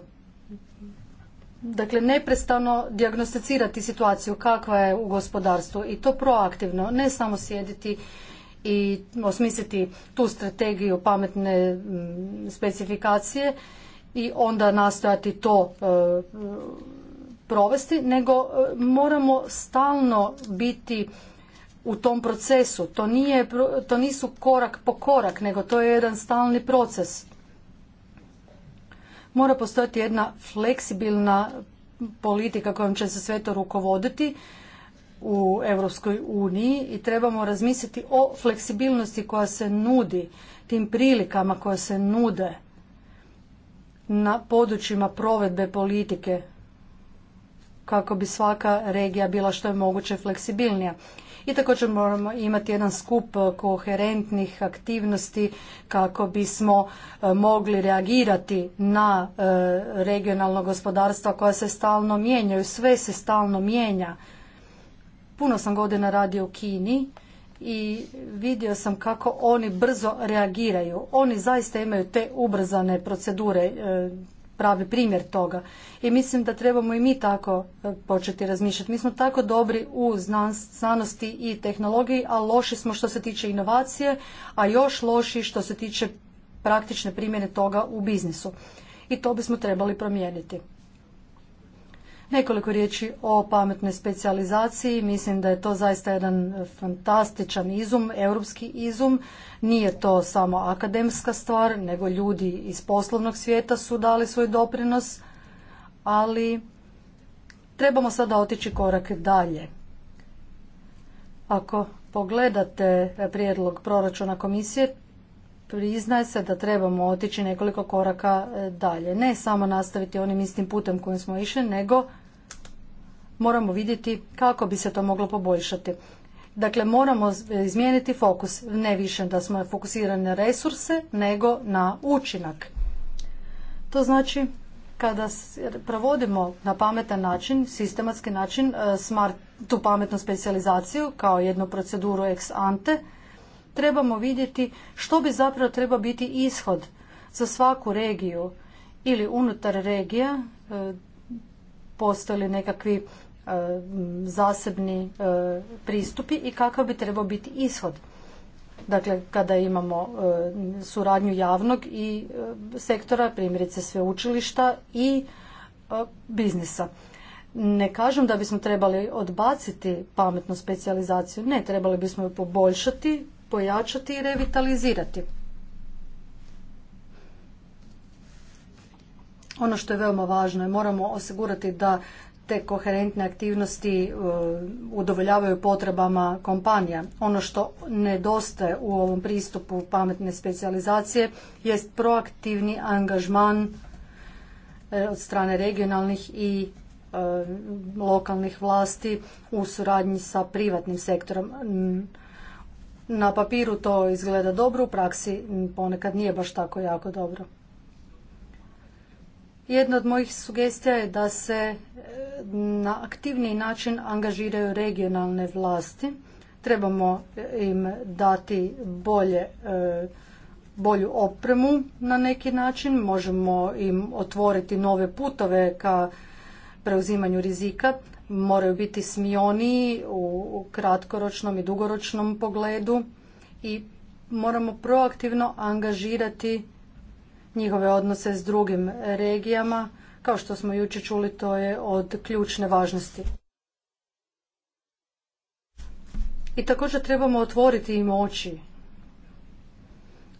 Dakle, neprestano dijagnosticirati situaciju kakva je u gospodarstvu i to proaktivno, ne samo sjediti i osmisliti tu strategiju pametne mm, specifikacije i onda nastojati to e, provesti, nego e, moramo stalno biti u tom procesu. To, nije, to nisu korak po korak, nego to je jedan stalni proces. Mora postojati jedna fleksibilna politika kojom će se sve to rukovoditi u Europskoj uniji i trebamo razmisliti o fleksibilnosti koja se nudi, tim prilikama koje se nude na područjima provedbe politike kako bi svaka regija bila što je moguće fleksibilnija. I također moramo imati jedan skup koherentnih aktivnosti kako bismo e, mogli reagirati na e, regionalno gospodarstva koja se stalno mijenjaju. Sve se stalno mijenja Puno sam godina radio u Kini i vidio sam kako oni brzo reagiraju. Oni zaista imaju te ubrzane procedure, e, pravi primjer toga. I mislim da trebamo i mi tako e, početi razmišljati. Mi smo tako dobri u znanosti i tehnologiji, a loši smo što se tiče inovacije, a još loši što se tiče praktične primjene toga u biznisu. I to bismo trebali promijeniti. Nekoliko riječi o pametnoj specijalizaciji. Mislim da je to zaista jedan fantastičan izum, europski izum. Nije to samo akademska stvar, nego ljudi iz poslovnog svijeta su dali svoj doprinos, ali trebamo sada otići korak dalje. Ako pogledate prijedlog proračuna komisije, priznaje se da trebamo otići nekoliko koraka dalje. Ne samo nastaviti onim istim putem kojim smo išli, nego moramo vidjeti kako bi se to moglo poboljšati. Dakle, moramo izmijeniti fokus, ne više da smo fokusirani na resurse, nego na učinak. To znači, kada provodimo na pametan način, sistematski način, e, smart, tu pametnu specijalizaciju kao jednu proceduru ex ante, trebamo vidjeti što bi zapravo treba biti ishod za svaku regiju ili unutar regija, e, postoje li nekakvi E, zasebni e, pristupi i kakav bi trebao biti ishod. Dakle, kada imamo e, suradnju javnog i sektora, primjerice sveučilišta i biznisa. Ne kažem da bismo trebali odbaciti pametnu specijalizaciju, ne, trebali bismo ju poboljšati, pojačati i revitalizirati. Ono što je veoma važno je moramo osigurati da te koherentne aktivnosti e, udovoljavaju potrebama kompanija. Ono što nedostaje u ovom pristupu pametne specijalizacije jest proaktivni angažman e, od strane regionalnih i e, lokalnih vlasti u suradnji sa privatnim sektorom. Na papiru to izgleda dobro, u praksi ponekad nije baš tako jako dobro. Jedna od mojih sugestija je da se e, na aktivniji način angažiraju regionalne vlasti. Trebamo e, im dati bolje, e, bolju opremu na neki način. Možemo im otvoriti nove putove ka preuzimanju rizika. Moraju biti smioniji u kratkoročnom i dugoročnom pogledu i moramo proaktivno angažirati njihove odnose s drugim regijama. Kao što smo jučer čuli, to je od ključne važnosti. I također trebamo otvoriti im oči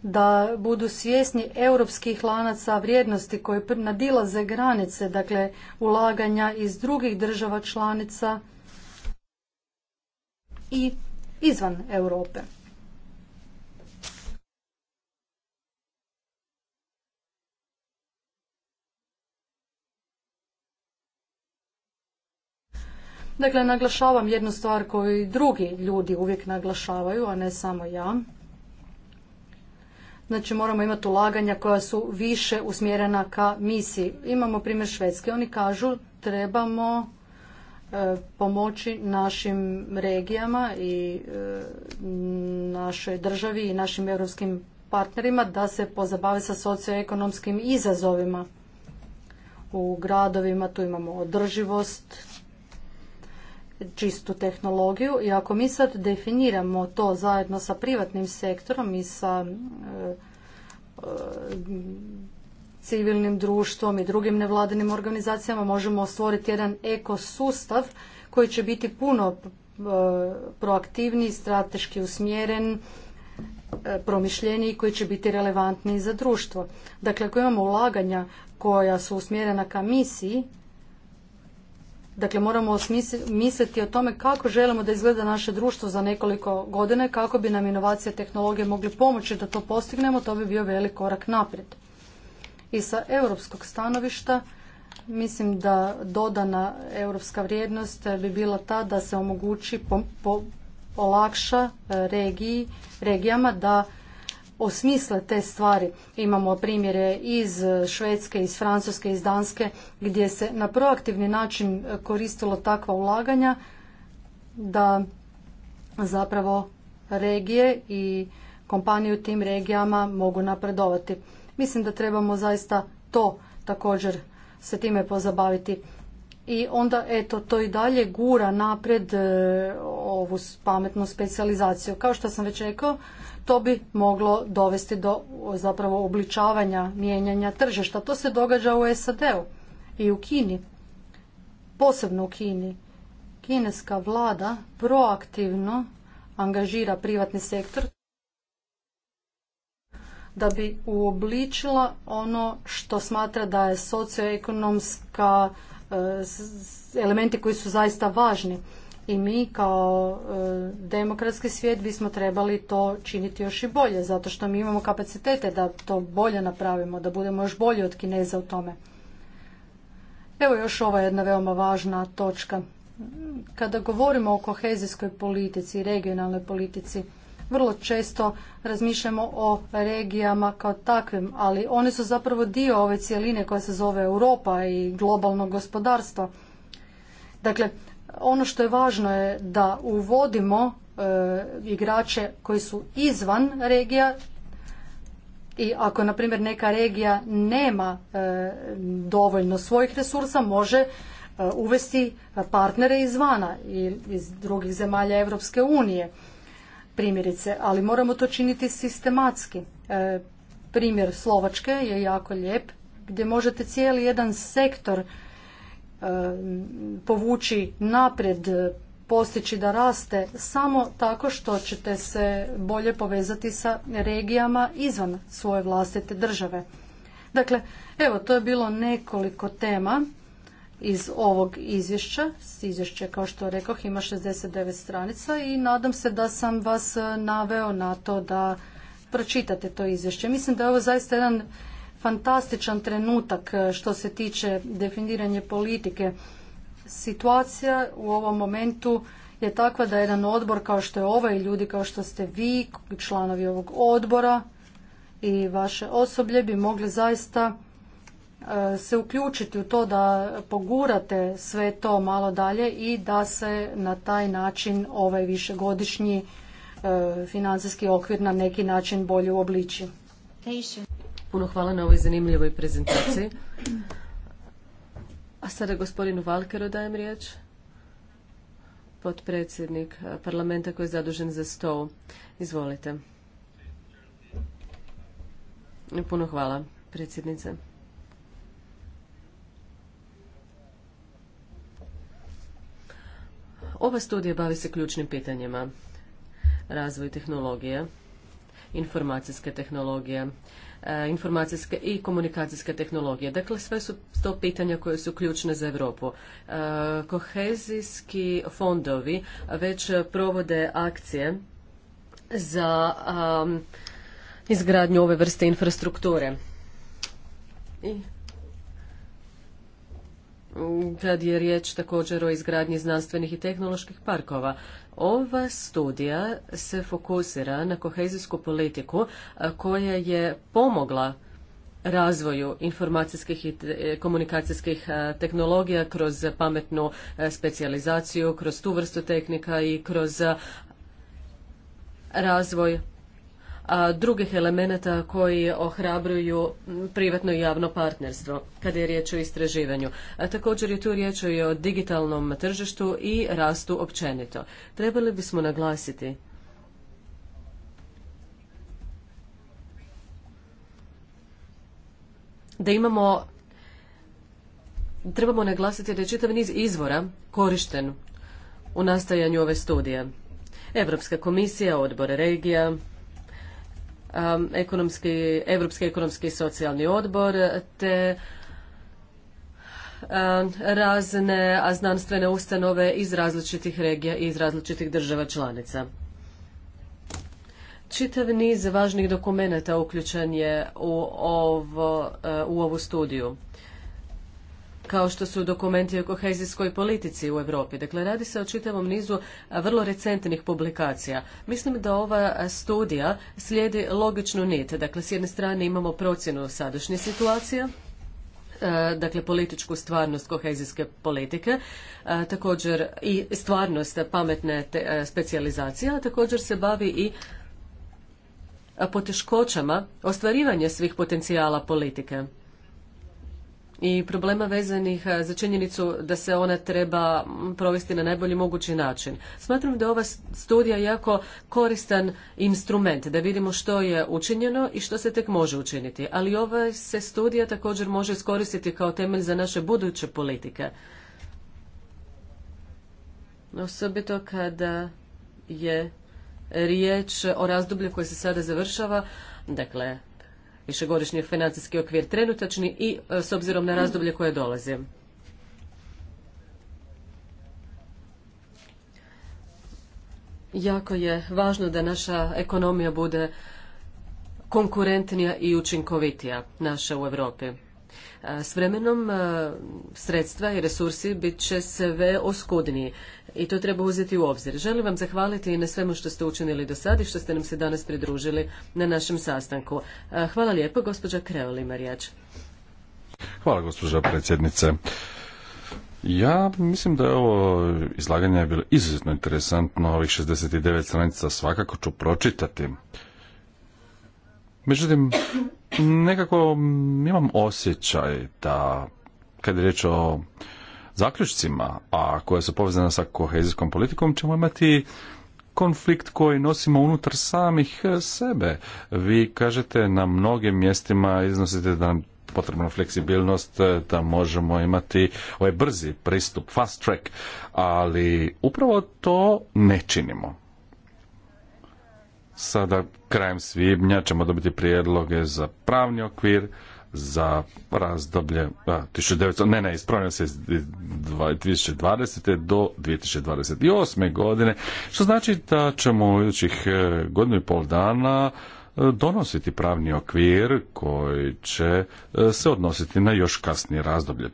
da budu svjesni europskih lanaca vrijednosti koje nadilaze granice, dakle ulaganja iz drugih država članica i izvan Europe. Dakle, naglašavam jednu stvar koju i drugi ljudi uvijek naglašavaju, a ne samo ja. Znači moramo imati ulaganja koja su više usmjerena ka misiji. Imamo primjer Švedske, oni kažu trebamo e, pomoći našim regijama i e, našoj državi i našim europskim partnerima da se pozabave sa socioekonomskim izazovima. U gradovima tu imamo održivost, čistu tehnologiju i ako mi sad definiramo to zajedno sa privatnim sektorom i sa e, e, civilnim društvom i drugim nevladinim organizacijama možemo stvoriti jedan ekosustav koji će biti puno e, proaktivniji, strateški usmjeren, promišljeniji koji će biti relevantniji za društvo. Dakle, ako imamo ulaganja koja su usmjerena ka misiji, Dakle, moramo misliti o tome kako želimo da izgleda naše društvo za nekoliko godine, kako bi nam inovacije tehnologije mogli pomoći da to postignemo, to bi bio velik korak naprijed. I sa europskog stanovišta mislim da dodana europska vrijednost bi bila ta da se omogući, olakša e, regiji, regijama da osmisle te stvari. Imamo primjere iz Švedske, iz Francuske, iz Danske gdje se na proaktivni način koristilo takva ulaganja da zapravo regije i kompanije u tim regijama mogu napredovati. Mislim da trebamo zaista to također se time pozabaviti. I onda eto to i dalje gura napred e, ovu pametnu specijalizaciju. Kao što sam već rekao, to bi moglo dovesti do zapravo obličavanja mijenjanja tržišta. To se događa u SAD-u i u Kini, posebno u Kini. Kineska vlada proaktivno angažira privatni sektor da bi uobličila ono što smatra da je socioekonomska e, elementi koji su zaista važni i mi kao e, demokratski svijet bismo trebali to činiti još i bolje zato što mi imamo kapacitete da to bolje napravimo, da budemo još bolji od Kineza u tome. Evo još ova jedna veoma važna točka. Kada govorimo o kohezijskoj politici i regionalnoj politici, vrlo često razmišljamo o regijama kao takvim, ali one su zapravo dio ove cijeline koja se zove Europa i globalno gospodarstvo. Dakle, ono što je važno je da uvodimo e, igrače koji su izvan regija i ako na primjer neka regija nema e, dovoljno svojih resursa može e, uvesti partnere izvana i iz drugih zemalja Europske unije primjerice, ali moramo to činiti sistematski. Primjer Slovačke je jako lijep gdje možete cijeli jedan sektor E, povući naprijed, postići da raste samo tako što ćete se bolje povezati sa regijama izvan svoje vlastite države. Dakle, evo, to je bilo nekoliko tema iz ovog izvješća. Izvješće, kao što rekoh, ima 69 stranica i nadam se da sam vas naveo na to da pročitate to izvješće. Mislim da je ovo zaista jedan fantastičan trenutak e, što se tiče definiranje politike. Situacija u ovom momentu je takva da jedan odbor kao što je ovaj, ljudi kao što ste vi, članovi ovog odbora i vaše osoblje bi mogli zaista e, se uključiti u to da pogurate sve to malo dalje i da se na taj način ovaj višegodišnji e, financijski okvir na neki način bolje uobliči. Puno hvala na ovoj zanimljivoj prezentaciji. A sada gospodinu Valkeru dajem riječ, potpredsjednik eh, parlamenta koji je zadužen za stol. Izvolite. Puno hvala, predsjednice. Ova studija bavi se ključnim pitanjima. Razvoj tehnologije, informacijske tehnologije, E, informacijske i komunikacijske tehnologije. Dakle, sve su to pitanja koje su ključne za Europu. E, kohezijski fondovi već provode akcije za izgradnju ove vrste infrastrukture. I kad je riječ također o izgradnji znanstvenih i tehnoloških parkova. Ova studija se fokusira na kohezijsku politiku koja je pomogla razvoju informacijskih i e, komunikacijskih tehnologija kroz pametnu e, specijalizaciju, kroz tu vrstu tehnika i kroz razvoj a drugih elemenata koji ohrabruju privatno i javno partnerstvo kada je riječ o istraživanju. A također je tu riječ i o digitalnom tržištu i rastu općenito. Trebali bismo naglasiti da imamo trebamo naglasiti da je čitav niz izvora korišten u nastajanju ove studije. Europska komisija, odbor regija, ekonomski, Europski ekonomski i socijalni odbor te razne znanstvene ustanove iz različitih regija i iz različitih država članica. Čitav niz važnih dokumenata uključen je u ovu studiju kao što su dokumenti o kohezijskoj politici u Europi. Dakle, radi se o čitavom nizu vrlo recentnih publikacija. Mislim da ova studija slijedi logičnu nit. Dakle, s jedne strane imamo procjenu sadašnje situacije, dakle političku stvarnost kohezijske politike, također i stvarnost pametne specijalizacije, a također se bavi i poteškoćama ostvarivanja svih potencijala politike i problema vezanih eh, za činjenicu da se ona treba provesti na najbolji mogući način. Smatram da je ova studija jako koristan instrument da vidimo što je učinjeno i što se tek može učiniti, ali ova se studija također može iskoristiti kao temelj za naše buduće politike. Osobito kada je riječ o razdoblju koje se sada završava, dakle višegodišnji financijski okvir trenutačni i e, s obzirom na razdoblje koje dolazi. Jako je važno da naša ekonomija bude konkurentnija i učinkovitija naša u Europi. E, s vremenom e, sredstva i resursi bit će sve oskudniji i to treba uzeti u obzir. Želim vam zahvaliti i na svemu što ste učinili do sada i što ste nam se danas pridružili na našem sastanku. E, hvala lijepo, gospođa Kreoli Marijač. Hvala, gospođa predsjednice. Ja mislim da je ovo izlaganje bilo izuzetno interesantno, ovih 69 stranica svakako ću pročitati. Međutim, nekako imam osjećaj da kad je riječ o zaključcima, a koje su povezane sa kohezijskom politikom, ćemo imati konflikt koji nosimo unutar samih e, sebe. Vi kažete na mnogim mjestima iznosite da nam potrebna fleksibilnost e, da možemo imati ovaj brzi pristup, fast track, ali upravo to ne činimo. Sada krajem svibnja ćemo dobiti prijedloge za pravni okvir, za razdoblje a, 1900, ne ne, ispravljam se iz 2020. do 2028. godine, što znači da ćemo u idućih e, godinu i pol dana e, donositi pravni okvir koji će e, se odnositi na još kasnije razdoblje.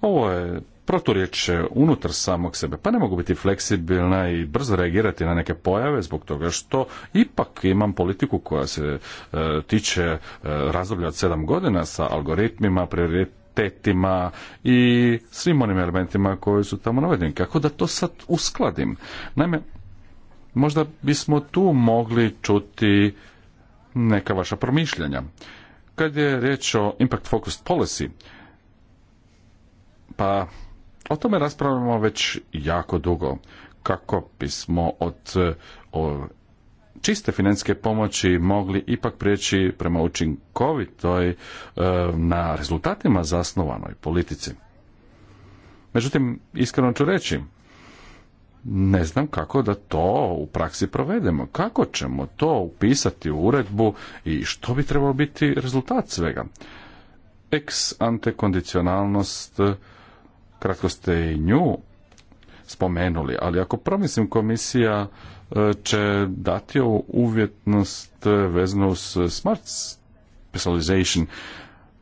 Ovo je proturječe unutar samog sebe, pa ne mogu biti fleksibilna i brzo reagirati na neke pojave zbog toga što ipak imam politiku koja se e, tiče e, razdoblja od sedam godina sa algoritmima, prioritetima i svim onim elementima koji su tamo navedeni. Kako da to sad uskladim? Naime, možda bismo tu mogli čuti neka vaša promišljanja. Kad je riječ o impact focused policy, pa o tome raspravljamo već jako dugo kako bismo od o, čiste financijske pomoći mogli ipak prijeći prema učinkovitoj e, na rezultatima zasnovanoj politici. Međutim, iskreno ću reći, ne znam kako da to u praksi provedemo. Kako ćemo to upisati u uredbu i što bi trebalo biti rezultat svega? Ex ante kondicionalnost kratko ste i nju spomenuli, ali ako promislim komisija e, će dati ovu uvjetnost e, vezanu s smart specialization,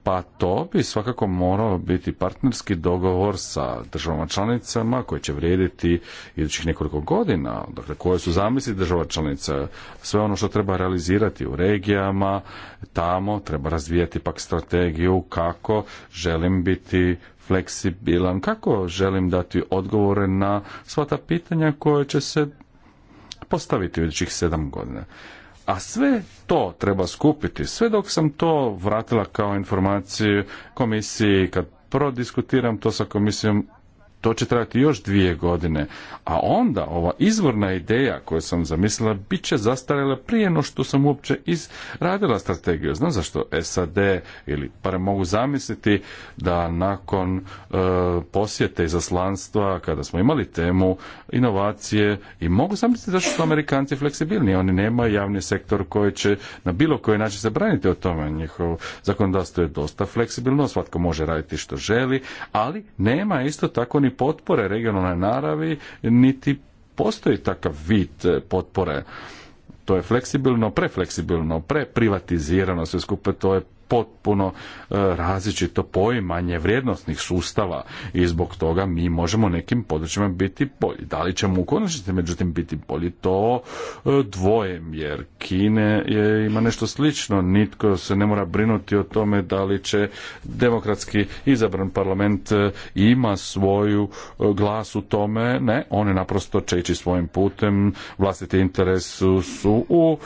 pa to bi svakako morao biti partnerski dogovor sa državama članicama koji će vrijediti idućih nekoliko godina. Dakle, koje su zamisli država članica, sve ono što treba realizirati u regijama, tamo treba razvijati pak strategiju kako želim biti fleksibilan, kako želim dati odgovore na sva ta pitanja koje će se postaviti u idućih sedam godina. A sve to treba skupiti, sve dok sam to vratila kao informaciju komisiji, kad prodiskutiram to sa komisijom, to će trajati još dvije godine, a onda ova izvorna ideja koju sam zamislila bit će zastarjela prije no što sam uopće izradila strategiju. Znam zašto SAD ili barem mogu zamisliti da nakon e, posjete izaslanstva kada smo imali temu inovacije i mogu zamisliti zašto su Amerikanci fleksibilni. Oni nemaju javni sektor koji će na bilo koji način se braniti o tome. Njihov zakonodavstvo je dosta fleksibilno, svatko može raditi što želi, ali nema isto tako ni potpore regionalne naravi niti postoji takav vid e, potpore to je fleksibilno, prefleksibilno, preprivatizirano sve skupa, to je potpuno e, različito poimanje vrijednostnih sustava i zbog toga mi možemo nekim područjima biti bolji. Da li ćemo u konačnici međutim biti bolji to e, dvojem jer Kine je, ima nešto slično. Nitko se ne mora brinuti o tome da li će demokratski izabran parlament e, ima svoju glas u tome. Ne, one naprosto će ići svojim putem. Vlastiti interes su u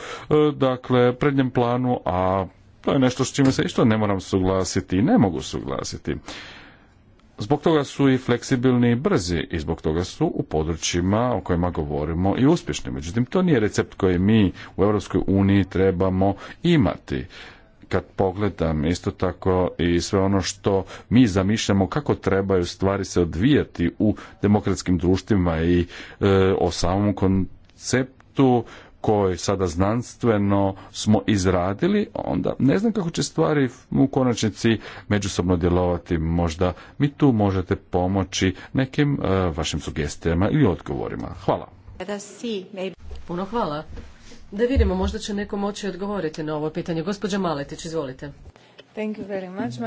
dakle prednjem planu, a to je nešto s čime se isto ne moram suglasiti i ne mogu suglasiti. Zbog toga su i fleksibilni i brzi i zbog toga su u područjima o kojima govorimo i uspješni. Međutim, to nije recept koji mi u Europskoj uniji trebamo imati. Kad pogledam isto tako i sve ono što mi zamišljamo kako trebaju stvari se odvijati u demokratskim društvima i e, o samom konceptu koji sada znanstveno smo izradili, onda ne znam kako će stvari u konačnici međusobno djelovati. Možda mi tu možete pomoći nekim e, vašim sugestijama ili odgovorima. Hvala. Puno hvala. Da vidimo, možda će neko moći odgovoriti na ovo pitanje. Gospođa Maletić, izvolite. Thank you very much,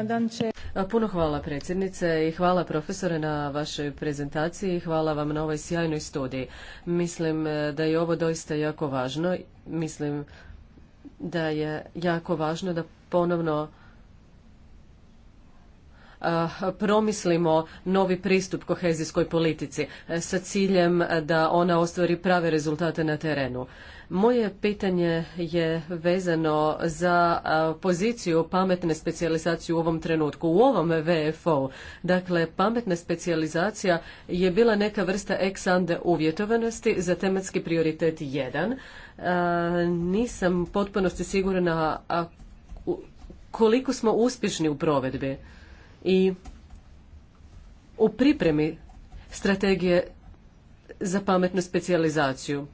Puno hvala predsjednice i hvala profesore na vašoj prezentaciji i hvala vam na ovoj sjajnoj studiji. Mislim e, da je ovo doista jako važno. Mislim da je jako važno da ponovno Eh, promislimo novi pristup kohezijskoj politici eh, sa ciljem eh, da ona ostvari prave rezultate na terenu. Moje pitanje je vezano za poziciju pametne specijalizacije u ovom trenutku, u ovom VFO. Dakle, pametna specijalizacija je bila neka vrsta ex ante uvjetovanosti za tematski prioritet 1. Nisam potpunosti sigurna koliko smo uspješni u provedbi i u pripremi strategije za pametnu specijalizaciju.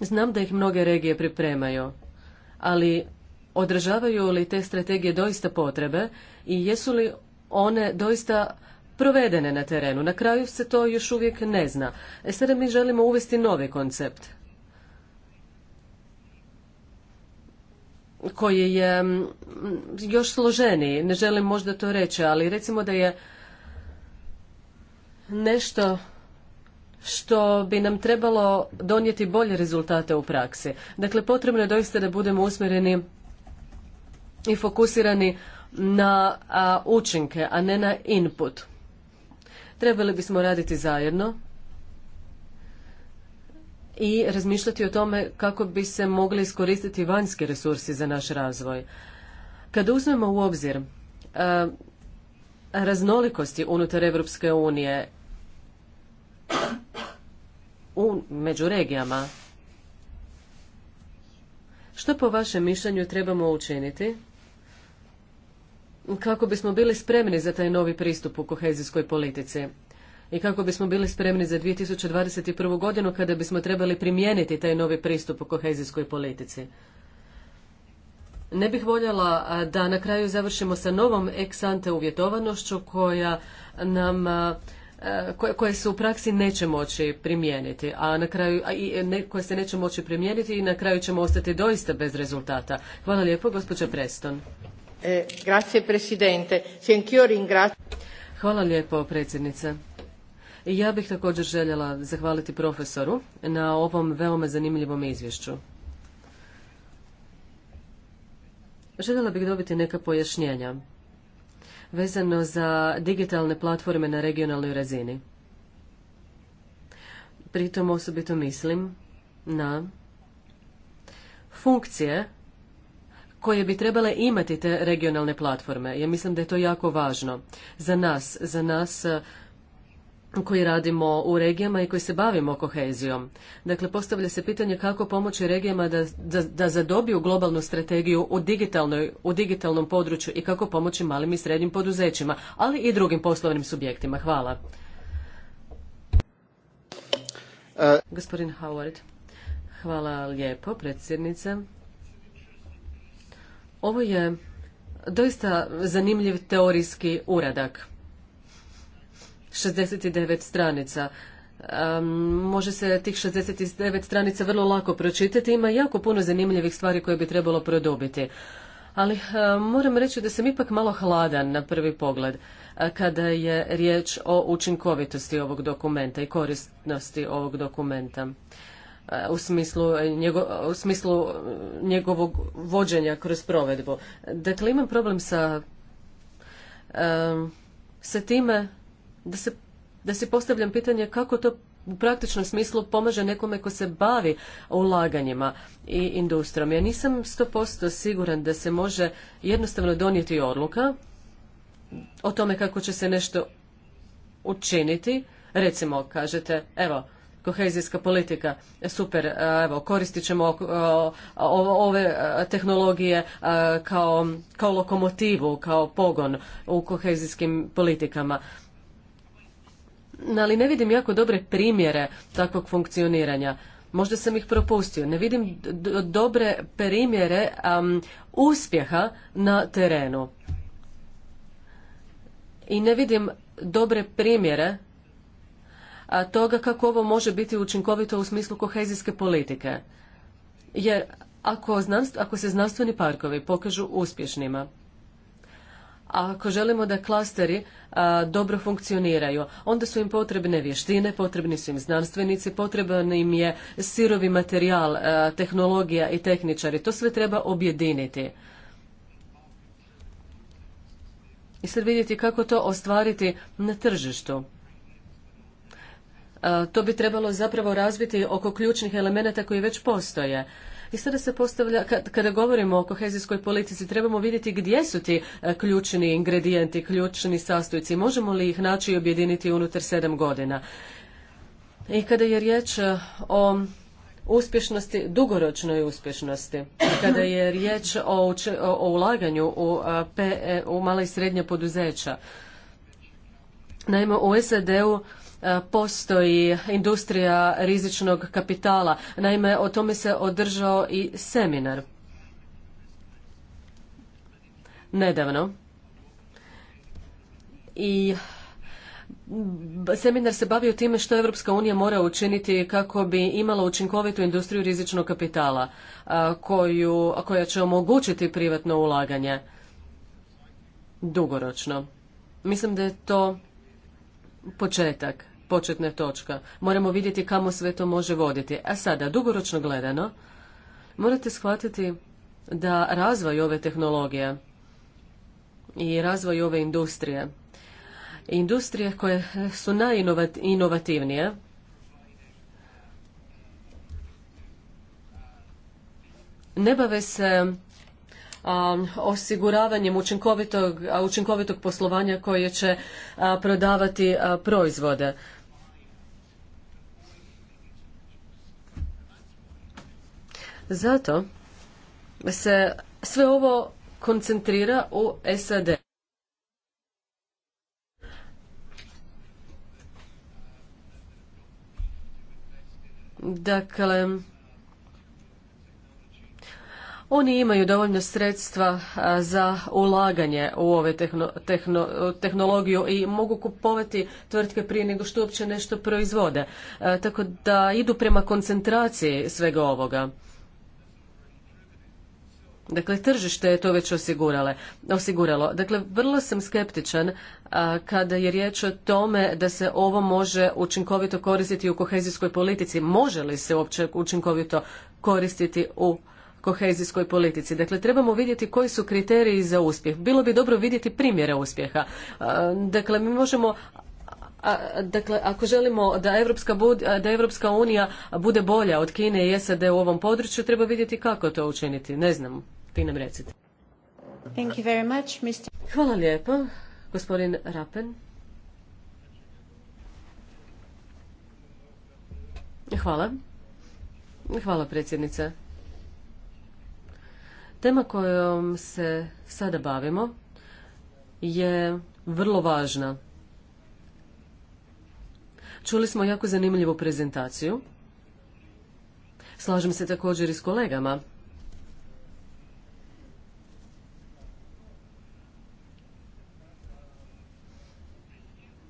Znam da ih mnoge regije pripremaju, ali održavaju li te strategije doista potrebe i jesu li one doista provedene na terenu? Na kraju se to još uvijek ne zna. E sada mi želimo uvesti novi koncept. koji je mm, još složeniji. Ne želim možda to reći, ali recimo da je nešto što bi nam trebalo donijeti bolje rezultate u praksi. Dakle, potrebno je doista da budemo usmjereni i fokusirani na učinke, a ne na input. Trebali bismo raditi zajedno i razmišljati o tome kako bi se mogli iskoristiti vanjski resursi za naš razvoj. Kada uzmemo u obzir e, raznolikosti unutar Europske unije među regijama, što po vašem mišljenju trebamo učiniti kako bismo bili spremni za taj novi pristup u kohezijskoj politici? i kako bismo bili spremni za 2021. godinu kada bismo trebali primijeniti taj novi pristup u kohezijskoj politici. Ne bih voljela da na kraju završimo sa novom ex ante uvjetovanošću koja nam koje, se u praksi neće moći primijeniti, a na kraju a i koje se neće moći primijeniti i na kraju ćemo ostati doista bez rezultata. Hvala lijepo, gospođa Preston. E, grazie, presidente. Hvala lijepo, predsjednice. Ja bih također željela zahvaliti profesoru na ovom veoma zanimljivom izvješću. Željela bih dobiti neka pojašnjenja vezano za digitalne platforme na regionalnoj razini. Pritom osobito mislim na funkcije koje bi trebale imati te regionalne platforme. Ja mislim da je to jako važno za nas, za nas koji radimo u regijama i koji se bavimo kohezijom. Dakle, postavlja se pitanje kako pomoći regijama da, da, da zadobiju globalnu strategiju u, u digitalnom području i kako pomoći malim i srednjim poduzećima, ali i drugim poslovnim subjektima. Hvala. Uh... Gospodin Howard. Hvala lijepo, predsjednice. Ovo je doista zanimljiv teorijski uradak. 69 stranica. može se tih 69 stranica vrlo lako pročitati, ima jako puno zanimljivih stvari koje bi trebalo produbiti. Ali eh, moram reći da sam ipak malo hladan na prvi pogled eh, kada je riječ o učinkovitosti ovog dokumenta i korisnosti ovog dokumenta eh, u smislu, u smislu njegovog vođenja kroz provedbu. Dakle, imam problem sa, sa time da se, da si postavljam pitanje kako to u praktičnom smislu pomaže nekome ko se bavi ulaganjima i industrijom. Ja nisam posto siguran da se može jednostavno donijeti odluka o tome kako će se nešto učiniti. Recimo, kažete, evo, kohezijska politika, super, evo, koristit ćemo ove tehnologije kao, kao lokomotivu, kao pogon u kohezijskim politikama ali ne vidim jako dobre primjere takvog funkcioniranja. Možda sam ih propustio. Ne vidim dobre primjere uspjeha na terenu. I ne vidim dobre primjere a toga kako ovo može biti učinkovito u smislu kohezijske politike. Jer ako, ako se znanstveni parkovi pokažu uspješnima, a ako želimo da klasteri dobro funkcioniraju, onda su im potrebne vještine, potrebni su im znanstvenici, potreban im je sirovi materijal, tehnologija i tehničari. To sve treba objediniti. I sad vidjeti kako to ostvariti na tržištu. to bi trebalo zapravo razviti oko ključnih elemenata koji već postoje. I sada se postavlja, kada govorimo o kohezijskoj politici, trebamo vidjeti gdje su ti e, ključni ingredijenti, ključni sastojci. Možemo li ih naći i objediniti unutar sedam godina? I kada je riječ e, o uspješnosti, dugoročnoj uspješnosti. Kada je riječ o, ulaganju u, e, u mala i srednja poduzeća. Naime, u SAD-u E, postoji industrija rizičnog kapitala. Naime, o tome se održao i seminar. Nedavno. I Seminar se bavio time što Evropska unija mora učiniti kako bi imala učinkovitu industriju rizičnog kapitala e, koju, koja će omogućiti privatno ulaganje dugoročno. Mislim da je to početak, početna točka. Moramo vidjeti kamo sve to može voditi. A sada, dugoročno gledano, morate shvatiti da razvoj ove tehnologije i razvoj ove industrije, industrije koje su najinovativnije, ne bave se osiguravanjem učinkovitog, poslovanja koje će prodavati proizvode. Zato se sve ovo koncentrira u SAD. Dakle, oni imaju dovoljno sredstva za ulaganje u ove tehnologiju i mogu kupovati tvrtke prije nego što uopće nešto proizvode. Tako da idu prema koncentraciji svega ovoga. Dakle, tržište je to već osigurale, osiguralo. Dakle, vrlo sam skeptičan kada je riječ o tome da se ovo može učinkovito koristiti u kohezijskoj politici. Može li se uopće učinkovito koristiti u kohezijskoj politici. Dakle, trebamo vidjeti koji su kriteriji za uspjeh. Bilo bi dobro vidjeti primjere uspjeha. Dakle, mi možemo dakle, ako želimo da Evropska, da Evropska unija bude bolja od Kine i SAD u ovom području, treba vidjeti kako to učiniti. Ne znam, ti nam recite. Thank you very much, Mr. Hvala lijepo, gospodin Rappen. Hvala. Hvala, predsjednica. Tema kojom se sada bavimo je vrlo važna. Čuli smo jako zanimljivu prezentaciju. Slažem se također i s kolegama.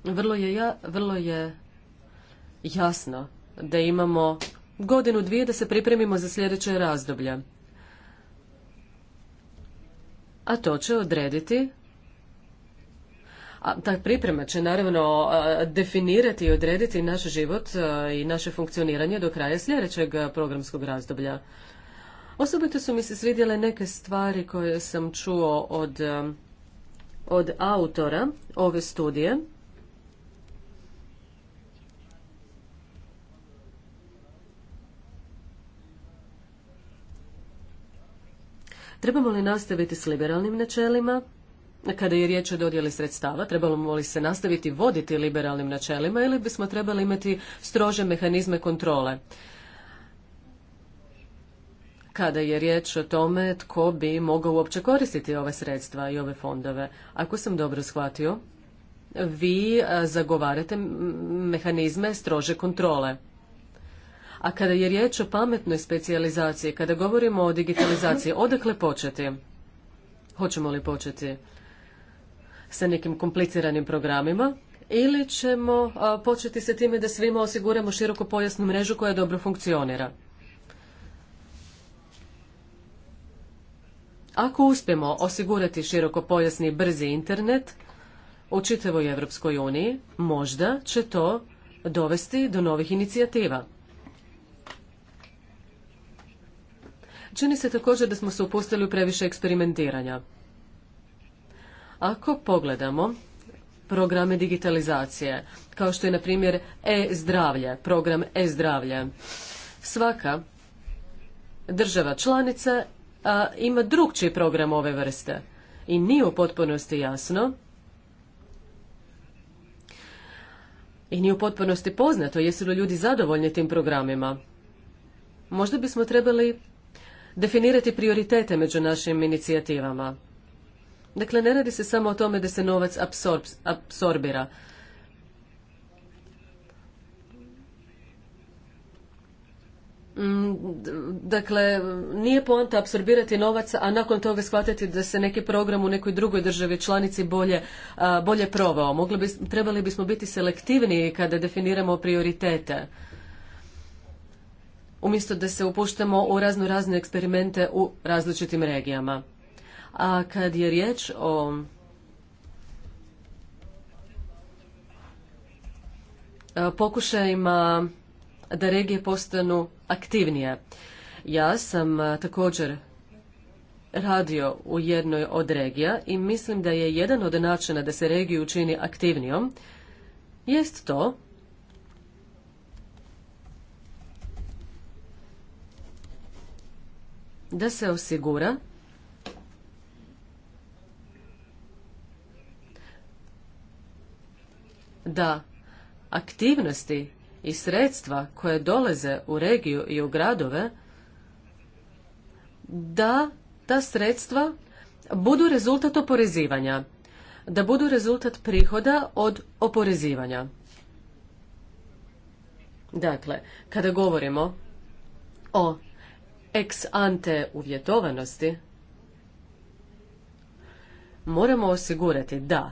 Vrlo je, ja, vrlo je jasno da imamo godinu dvije da se pripremimo za sljedeće razdoblje a to će odrediti a ta priprema će naravno definirati i odrediti naš život i naše funkcioniranje do kraja sljedećeg programskog razdoblja. Osobito su mi se svidjele neke stvari koje sam čuo od, od autora ove studije. Trebamo li nastaviti s liberalnim načelima? Kada je riječ o dodjeli sredstava, Trebalo li se nastaviti voditi liberalnim načelima ili bismo trebali imati strože mehanizme kontrole? kada je riječ o tome tko bi mogao uopće koristiti ove sredstva i ove fondove. Ako sam dobro shvatio, vi zagovarate mehanizme strože kontrole. A kada je riječ o pametnoj specijalizaciji, kada govorimo o digitalizaciji, odakle početi? Hoćemo li početi sa nekim kompliciranim programima ili ćemo početi sa time da svima osiguramo široko pojasnu mrežu koja dobro funkcionira? Ako uspijemo osigurati širokopojasni brzi internet u čitavoj Europskoj uniji, možda će to dovesti do novih inicijativa. Čini se također da smo se upustili u previše eksperimentiranja. Ako pogledamo programe digitalizacije, kao što je na primjer e-zdravlje, program e-zdravlje, svaka država članica ima drugčiji program ove vrste i nije u potpunosti jasno i nije u potpunosti poznato jesu li ljudi zadovoljni tim programima. Možda bismo trebali definirati prioritete među našim inicijativama. Dakle, ne radi se samo o tome da se novac absorb, apsorbira. Mm, dakle, nije poanta apsorbirati novac, a nakon toga shvatiti da se neki program u nekoj drugoj državi članici bolje, bolje provao. Mogli bi, trebali bismo biti selektivniji kada definiramo prioritete umjesto da se upuštamo u razno razne eksperimente u različitim regijama. A kad je riječ o pokušajima da regije postanu aktivnije. Ja sam također radio u jednoj od regija i mislim da je jedan od načina da se regiju učini aktivnijom jest to da se osigura da aktivnosti i sredstva koje dolaze u regiju i u gradove, da ta sredstva budu rezultat oporezivanja, da budu rezultat prihoda od oporezivanja. Dakle, kada govorimo o ex ante uvjetovanosti, moramo osigurati da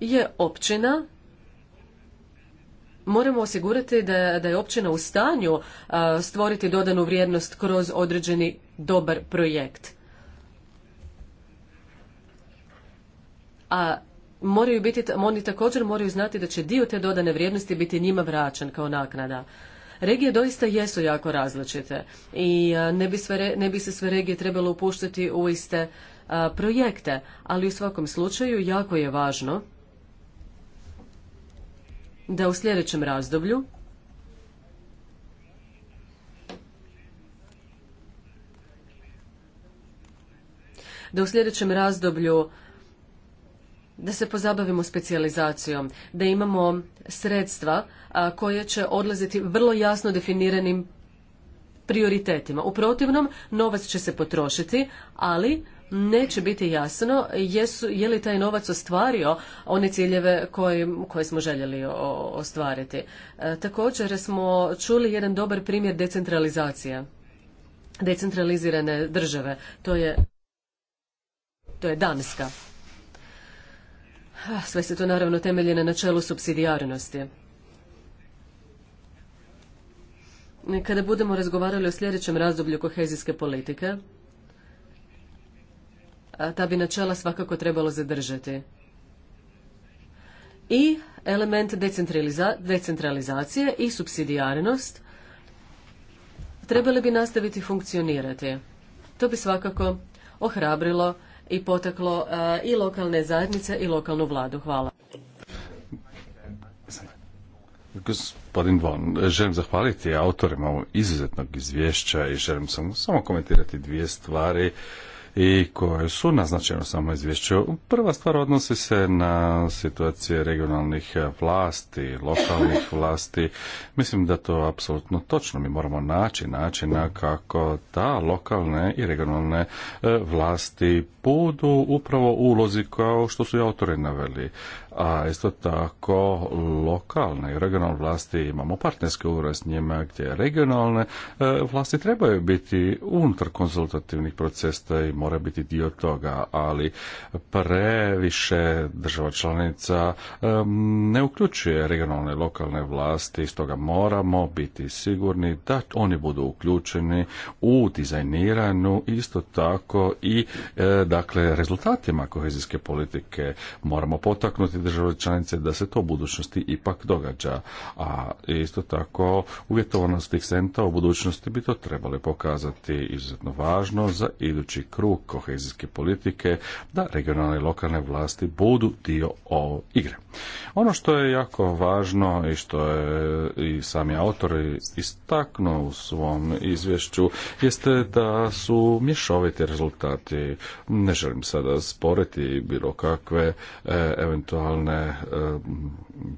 je općina moramo osigurati da, da je općina u stanju stvoriti dodanu vrijednost kroz određeni dobar projekt a moraju biti oni također moraju znati da će dio te dodane vrijednosti biti njima vraćen kao naknada Regije doista jesu jako različite i e, ne bi, sve, ne bi se sve regije trebalo upuštati u iste e, projekte, ali u svakom slučaju jako je važno da u sljedećem razdoblju da u sljedećem razdoblju da se pozabavimo specijalizacijom, da imamo sredstva koje će odlaziti vrlo jasno definiranim prioritetima. U protivnom, novac će se potrošiti, ali neće biti jasno jesu, je li taj novac ostvario one ciljeve koje, koje smo željeli ostvariti. E, također smo čuli jedan dobar primjer decentralizacije, decentralizirane države. To je, to je Danska. Sve se to naravno temelji na načelu subsidijarnosti. Kada budemo razgovarali o sljedećem razdoblju kohezijske politike, ta bi načela svakako trebalo zadržati. I element decentralizacije i subsidijarnost trebali bi nastaviti funkcionirati. To bi svakako ohrabrilo i potaklo e, i lokalne zajednice i lokalnu vladu. Hvala. Gospodin Von, želim zahvaliti autorima ovog izuzetnog izvješća i želim samo, samo komentirati dvije stvari i koje su naznačene u samom izvješću. Prva stvar odnosi se na situacije regionalnih vlasti, lokalnih vlasti. Mislim da to apsolutno točno. Mi moramo naći načina kako da lokalne i regionalne e, vlasti budu upravo ulozi kao što su i autori naveli a isto tako lokalne i regionalne vlasti imamo partnerske ugovore s njima gdje regionalne e, vlasti trebaju biti unutar konzultativnih procesa i mora biti dio toga, ali previše država članica e, ne uključuje regionalne i lokalne vlasti, stoga moramo biti sigurni da oni budu uključeni u dizajniranu isto tako i e, dakle rezultatima kohezijske politike moramo potaknuti države članice da se to u budućnosti ipak događa. A isto tako uvjetovanost tih senta u budućnosti bi to trebali pokazati izuzetno važno za idući krug kohezijske politike da regionalne i lokalne vlasti budu dio o igre. Ono što je jako važno i što je i sami autori istaknuo u svom izvješću jeste da su mješoviti rezultati. Ne želim sada sporiti bilo kakve e, eventualne e,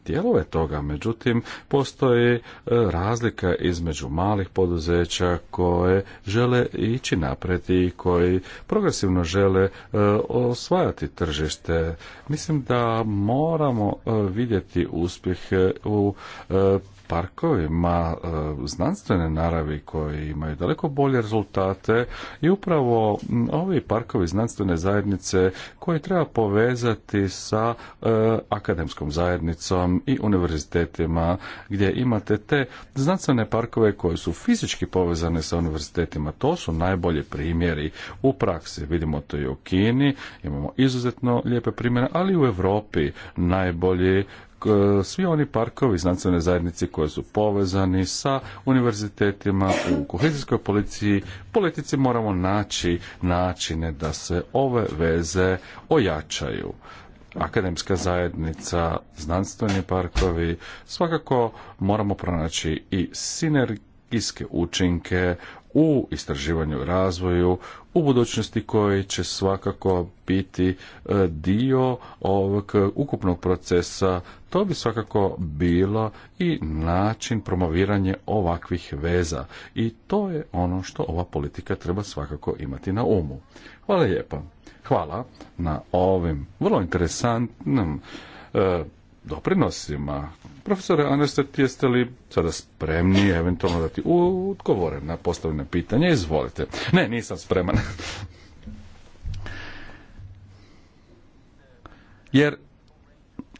dijelove toga, međutim postoji e, razlika između malih poduzeća koje žele ići napred i koji progresivno žele e, osvajati tržište. Mislim da moramo e, vidjeti uspjeh u parkovima e, znanstvene naravi koji imaju daleko bolje rezultate i upravo ovi parkovi znanstvene zajednice koje treba povezati sa e, akademskom zajednicom i univerzitetima gdje imate te znanstvene parkove koje su fizički povezane sa univerzitetima. To su najbolji primjeri u praksi. Vidimo to i u Kini, imamo izuzetno lijepe primjere, ali u Europi najbolji E, svi oni parkovi znanstvene zajednice koje su povezani sa univerzitetima u kohezijskoj policiji, politici moramo naći načine da se ove veze ojačaju akademska zajednica, znanstveni parkovi, svakako moramo pronaći i sinergijske učinke u istraživanju i razvoju u budućnosti koji će svakako biti e, dio ovog ukupnog procesa to bi svakako bilo i način promoviranje ovakvih veza i to je ono što ova politika treba svakako imati na umu. Hvala lijepo. Hvala na ovim vrlo interesantnim e, doprinosima. Profesore Anestet, jeste li sada spremni eventualno dati odgovore na postavljene pitanje? Izvolite. Ne, nisam spreman. Jer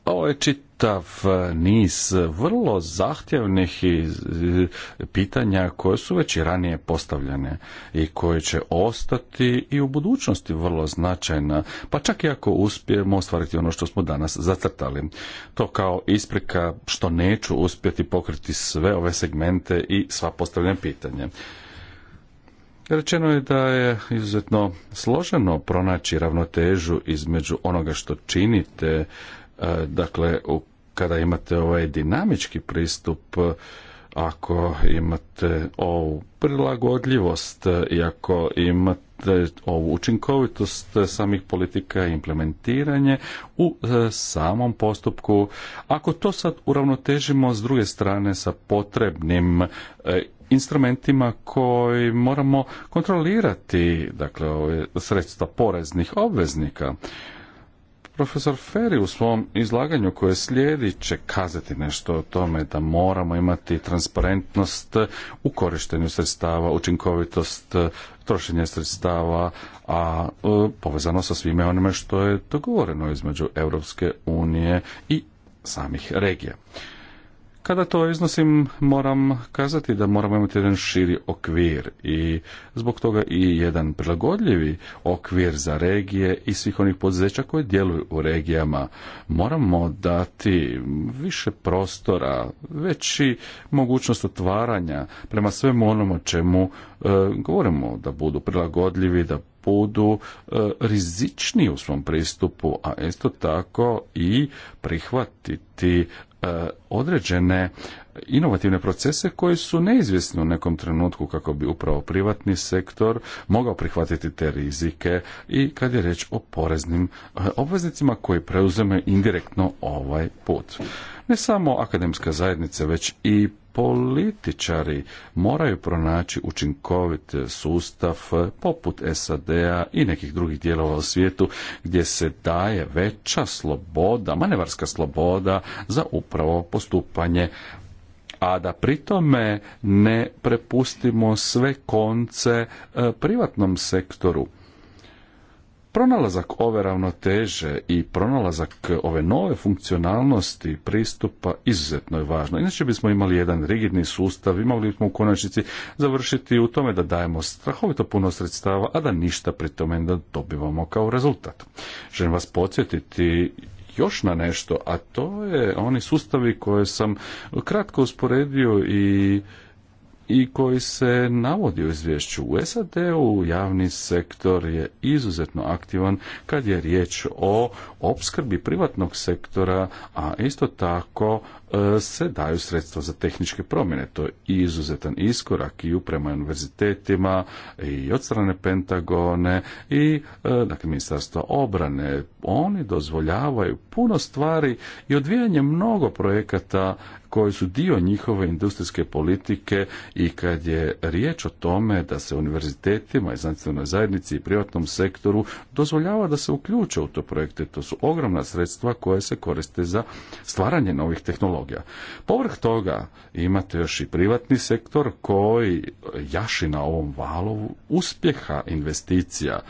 ovo je čitav e, niz vrlo zahtjevnih pitanja koje su već i ranije postavljene i koje će ostati i u budućnosti vrlo značajna, pa čak i ako uspijemo ostvariti ono što smo danas zacrtali. To kao isprika što neću uspjeti pokriti sve ove segmente i sva postavljena pitanja. Rečeno je da je izuzetno složeno pronaći ravnotežu između onoga što činite E, dakle, kada imate ovaj dinamički pristup, e, ako imate ovu prilagodljivost e, i ako imate ovu učinkovitost samih politika i implementiranje u samom postupku, ako to sad uravnotežimo s druge strane sa potrebnim instrumentima koji moramo kontrolirati dakle ove sredstva poreznih obveznika Profesor Ferry u svom izlaganju koje slijedi će kazati nešto o tome da moramo imati transparentnost u korištenju sredstava, učinkovitost e, trošenja sredstava, a e, povezano sa svime onime što je dogovoreno između Europske unije i samih regija. Kada to iznosim, moram kazati da moramo imati jedan širi okvir i zbog toga i jedan prilagodljivi okvir za regije i svih onih poduzeća koje djeluju u regijama. Moramo dati više prostora, veći mogućnost otvaranja prema svemu onome čemu e, govorimo, da budu prilagodljivi, da budu e, rizični u svom pristupu, a isto tako i prihvatiti E, određene inovativne procese koji su neizvjesni u nekom trenutku kako bi upravo privatni sektor mogao prihvatiti te rizike i kad je reč o poreznim e, obveznicima koji preuzeme indirektno ovaj put. Ne samo akademska zajednica, već i političari moraju pronaći učinkovit sustav poput SAD-a i nekih drugih dijelova u svijetu gdje se daje veća sloboda, manevarska sloboda za upravo postupanje a da pritome ne prepustimo sve konce e, privatnom sektoru Pronalazak ove ravnoteže i pronalazak ove nove funkcionalnosti pristupa izuzetno je važno. Inače bismo imali jedan rigidni sustav i mogli bismo u konačnici završiti u tome da dajemo strahovito puno sredstava, a da ništa pri tome da dobivamo kao rezultat. Želim vas podsjetiti još na nešto, a to je oni sustavi koje sam kratko usporedio i i koji se navodi u izvješću. U SAD-u javni sektor je izuzetno aktivan kad je riječ o opskrbi privatnog sektora, a isto tako e, se daju sredstva za tehničke promjene. To je izuzetan iskorak i uprema univerzitetima i od strane Pentagone i e, dakle, ministarstva obrane. Oni dozvoljavaju puno stvari i odvijanje mnogo projekata koji su dio njihove industrijske politike i kad je riječ o tome da se univerzitetima i znanstvenoj zajednici i privatnom sektoru dozvoljava da se uključe u to projekte. To su ogromna sredstva koje se koriste za stvaranje novih tehnologija. Povrh toga imate još i privatni sektor koji jaši na ovom valovu uspjeha investicija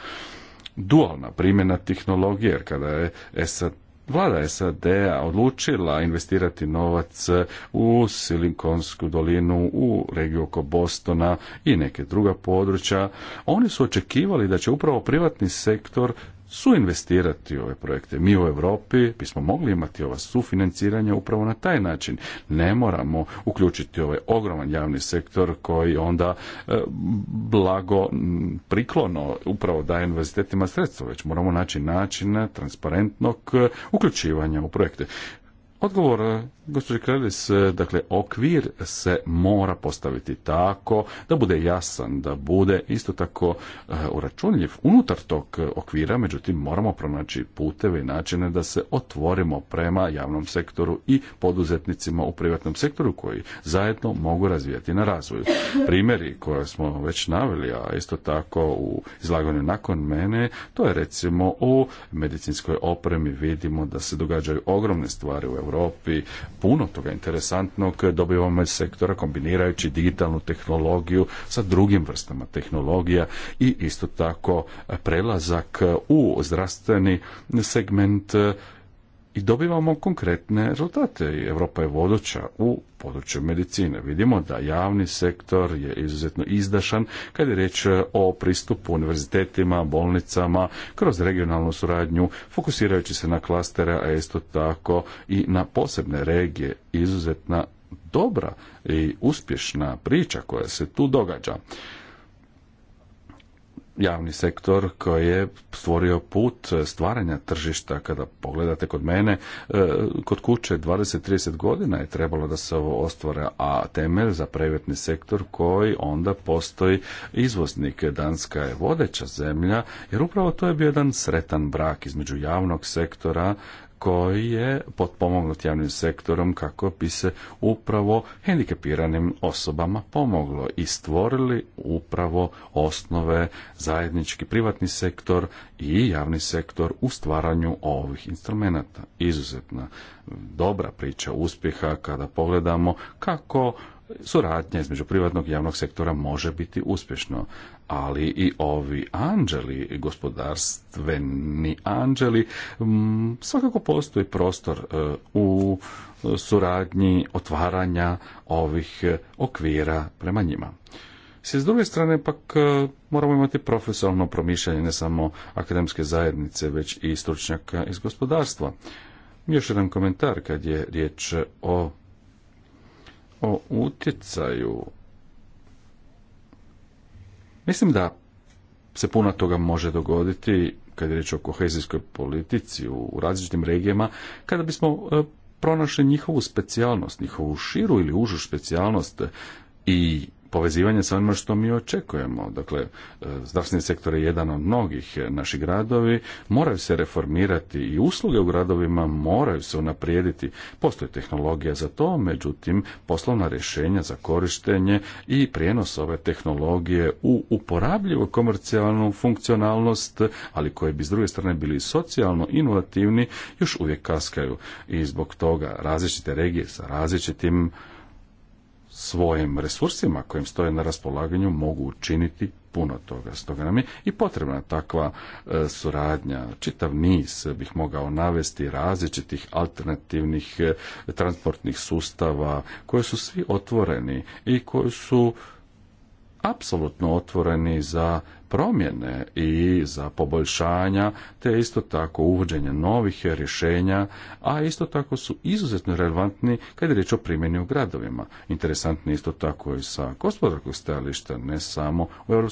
dualna primjena tehnologije, jer kada je SAD Vlada SAD-a odlučila investirati novac u Silikonsku dolinu, u regiju oko Bostona i neke druga područja. Oni su očekivali da će upravo privatni sektor suinvestirati u ove projekte. Mi u Europi bismo mogli imati ova sufinanciranja upravo na taj način. Ne moramo uključiti ovaj ogroman javni sektor koji onda e, blago priklono upravo daje univerzitetima sredstva, već moramo naći način transparentnog e, uključivanja u projekte. Odgovor, eh, gospođe Krelis, eh, dakle, okvir se mora postaviti tako da bude jasan, da bude isto tako eh, uračunljiv unutar tog okvira, međutim moramo pronaći puteve i načine da se otvorimo prema javnom sektoru i poduzetnicima u privatnom sektoru koji zajedno mogu razvijati na razvoju. Primjeri koje smo već naveli, a isto tako u izlaganju nakon mene, to je recimo u medicinskoj opremi vidimo da se događaju ogromne stvari u Europi Europi puno toga interesantnog dobivamo iz sektora kombinirajući digitalnu tehnologiju sa drugim vrstama tehnologija i isto tako prelazak u zdravstveni segment i dobivamo konkretne rezultate i Europa je voduća u području medicine. Vidimo da javni sektor je izuzetno izdašan kad je riječ o pristupu univerzitetima, bolnicama, kroz regionalnu suradnju, fokusirajući se na klastere, a isto tako i na posebne regije, izuzetna dobra i uspješna priča koja se tu događa javni sektor koji je stvorio put stvaranja tržišta. Kada pogledate kod mene, e, kod kuće 20-30 godina je trebalo da se ovo ostvara, a temelj za privatni sektor koji onda postoji izvoznik. Danska je vodeća zemlja, jer upravo to je bio jedan sretan brak između javnog sektora koji je potpomognut javnim sektorom kako bi se upravo hendikepiranim osobama pomoglo i stvorili upravo osnove zajednički privatni sektor i javni sektor u stvaranju ovih instrumenata. Izuzetna dobra priča uspjeha kada pogledamo kako suradnja između privatnog i javnog sektora može biti uspješno, ali i ovi anđeli, gospodarstveni anđeli, svakako postoji prostor e, u suradnji otvaranja ovih e, okvira prema njima. S druge strane pak e, moramo imati profesionalno promišljanje ne samo akademske zajednice, već i stručnjaka iz gospodarstva. Još jedan komentar kad je riječ o o utjecaju, mislim da se puno toga može dogoditi kad je riječ o kohezijskoj politici u različitim regijama, kada bismo e, pronašli njihovu specijalnost, njihovu širu ili užu specijalnost i povezivanje sa onima što mi očekujemo. Dakle, e, zdravstveni sektor je jedan od mnogih. E, naših gradovi moraju se reformirati i usluge u gradovima moraju se unaprijediti. Postoji tehnologija za to, međutim, poslovna rješenja za korištenje i prijenos ove tehnologije u uporabljivu komercijalnu funkcionalnost, ali koje bi s druge strane bili socijalno inovativni, još uvijek kaskaju. I zbog toga različite regije sa različitim svojim resursima kojim stoje na raspolaganju mogu učiniti puno toga. Stoga nam je i potrebna takva e, suradnja. Čitav niz bih mogao navesti različitih alternativnih e, transportnih sustava koji su svi otvoreni i koji su apsolutno otvoreni za promjene i za poboljšanja, te isto tako uvođenje novih rješenja, a isto tako su izuzetno relevantni kad je riječ o primjeni u gradovima. Interesantni isto tako i sa gospodarskog stajališta, ne samo u EU,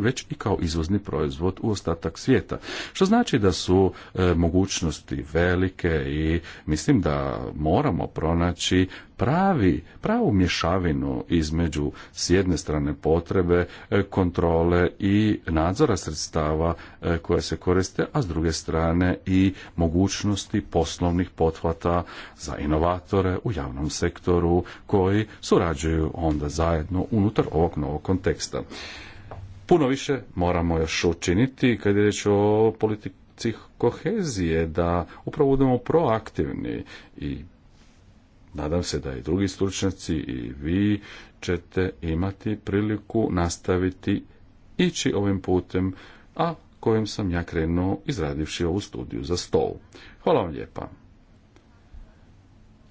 već i kao izvozni proizvod u ostatak svijeta. Što znači da su e, mogućnosti velike i mislim da moramo pronaći pravi, pravu mješavinu između s jedne strane potrebe e, kontrole i nadzora sredstava e, koja se koriste, a s druge strane i mogućnosti poslovnih potvata za inovatore u javnom sektoru koji surađuju onda zajedno unutar ovog novog konteksta. Puno više moramo još učiniti kad je riječ o politici kohezije, da upravo budemo proaktivni i Nadam se da i drugi stručnjaci i vi ćete imati priliku nastaviti ići ovim putem, a kojim sam ja krenuo izradivši ovu studiju za stol. Hvala vam lijepa.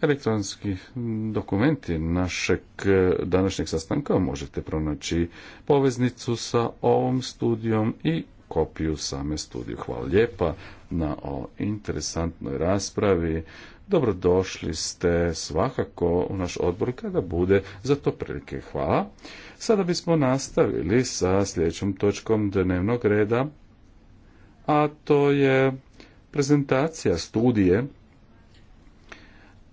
Elektronski dokumenti našeg e, današnjeg sastanka možete pronaći poveznicu sa ovom studijom i kopiju same studiju. Hvala lijepa na o interesantnoj raspravi. Dobrodošli ste svakako u naš odbor kada bude za to prilike. Hvala. Sada bismo nastavili sa sljedećom točkom dnevnog reda, a to je prezentacija studije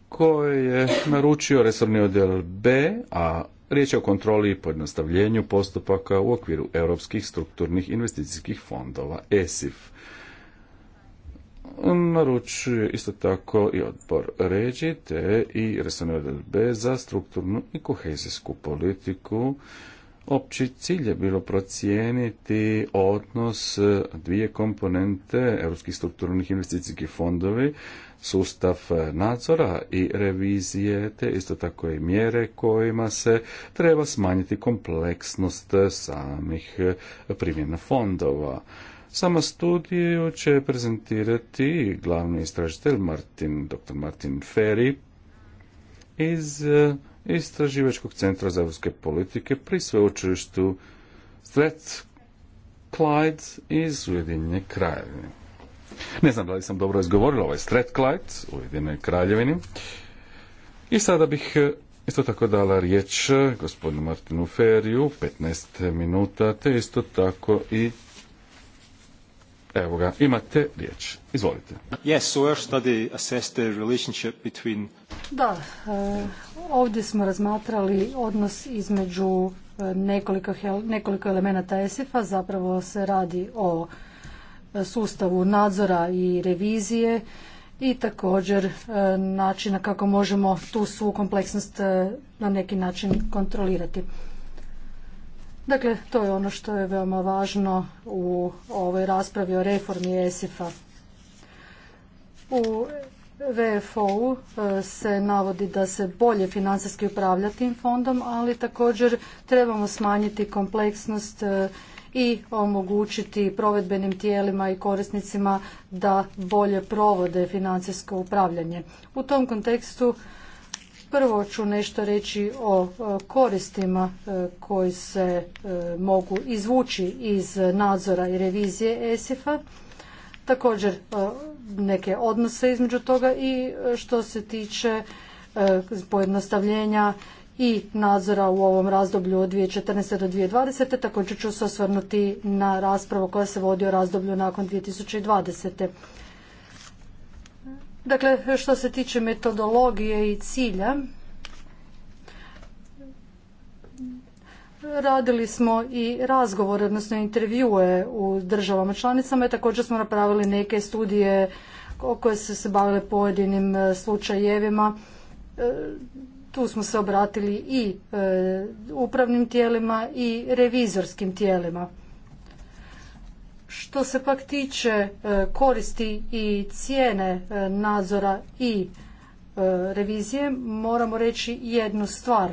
koje je naručio resorni odjel B, a riječ je o kontroli i pojednostavljenju postupaka u okviru europskih strukturnih investicijskih fondova ESIF naručuje isto tako i odbor ređi te i resorne odb za strukturnu i kohezijsku politiku. Opći cilj je bilo procijeniti odnos dvije komponente europskih strukturnih investicijskih fondovi, sustav nadzora i revizije, te isto tako i mjere kojima se treba smanjiti kompleksnost samih primjena fondova. Sama studiju će prezentirati glavni istražitelj Martin, dr. Martin Ferry iz eh, Istraživačkog centra za evropske politike pri sveučilištu Stret Clyde iz Ujedinjene kraljevine. Ne znam da li sam dobro izgovorila ovaj Stret Clyde u Ujedinjenoj kraljevini. I sada bih eh, Isto tako dala riječ eh, gospodinu Martinu Feriju, 15 minuta, te isto tako i Evo ga, imate riječ. Izvolite. Da, e, ovdje smo razmatrali odnos između e, nekoliko, nekoliko elemenata ESIF-a. Zapravo se radi o e, sustavu nadzora i revizije i također načina kako možemo tu svu kompleksnost na neki način kontrolirati. Dakle, to je ono što je veoma važno u ovoj raspravi o reformi ESIF-a. U VFO-u e, se navodi da se bolje financijski upravlja tim fondom, ali također trebamo smanjiti kompleksnost e, i omogućiti provedbenim tijelima i korisnicima da bolje provode financijsko upravljanje. U tom kontekstu Prvo ću nešto reći o e, koristima e, koji se e, mogu izvući iz nadzora i revizije ESIF-a. Također neke odnose između toga i što se tiče pojednostavljenja i nadzora u ovom razdoblju od 2014. do 2020. Također ću se osvrnuti na raspravu koja se vodi o razdoblju nakon 2020. Dakle, što se tiče metodologije i cilja, radili smo i razgovore, odnosno intervjue u državama članicama i također smo napravili neke studije koje su se bavile pojedinim e, slučajevima. E, tu smo se obratili i e, upravnim tijelima i revizorskim tijelima. Što se pak tiče e, koristi i cijene e, nadzora i e, revizije, moramo reći jednu stvar.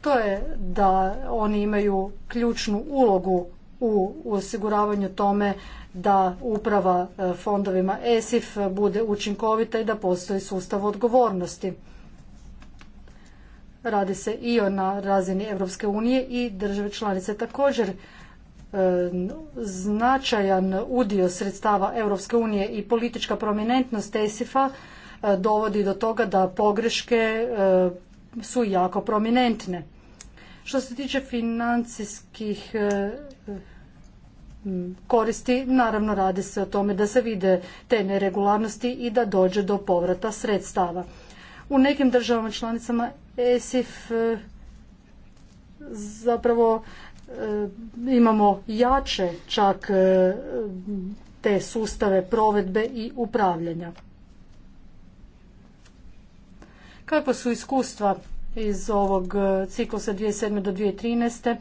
To je da oni imaju ključnu ulogu u osiguravanju tome da uprava fondovima ESIF bude učinkovita i da postoji sustav odgovornosti. Radi se i o na razini Europske unije i države članice također značajan udio sredstava Europske unije i politička prominentnost ESIF-a eh, dovodi do toga da pogreške eh, su jako prominentne. Što se tiče financijskih eh, koristi, naravno radi se o tome da se vide te neregularnosti i da dođe do povrata sredstava. U nekim državama članicama ESIF zapravo E, imamo jače čak e, te sustave provedbe i upravljanja. Kakva su iskustva iz ovog e, ciklusa 2007. do 2013.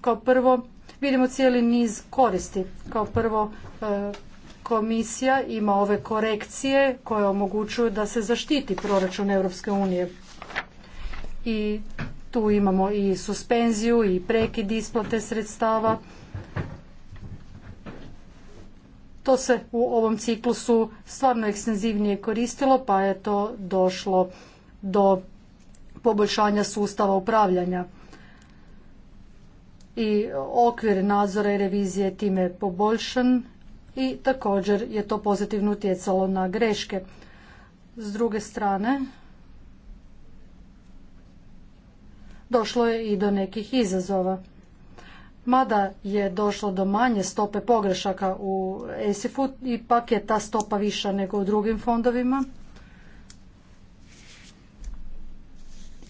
Kao prvo, vidimo cijeli niz koristi. Kao prvo, komisija ima ove korekcije koje omogućuju da se zaštiti proračun Europske unije. I tu imamo i suspenziju i prekid isplate sredstava. To se u ovom ciklusu stvarno ekstenzivnije koristilo pa je to došlo do poboljšanja sustava upravljanja. I okvir nadzora i revizije je time poboljšan i također je to pozitivno utjecalo na greške. S druge strane, došlo je i do nekih izazova. Mada je došlo do manje stope pogrešaka u ESIF-u, ipak je ta stopa viša nego u drugim fondovima.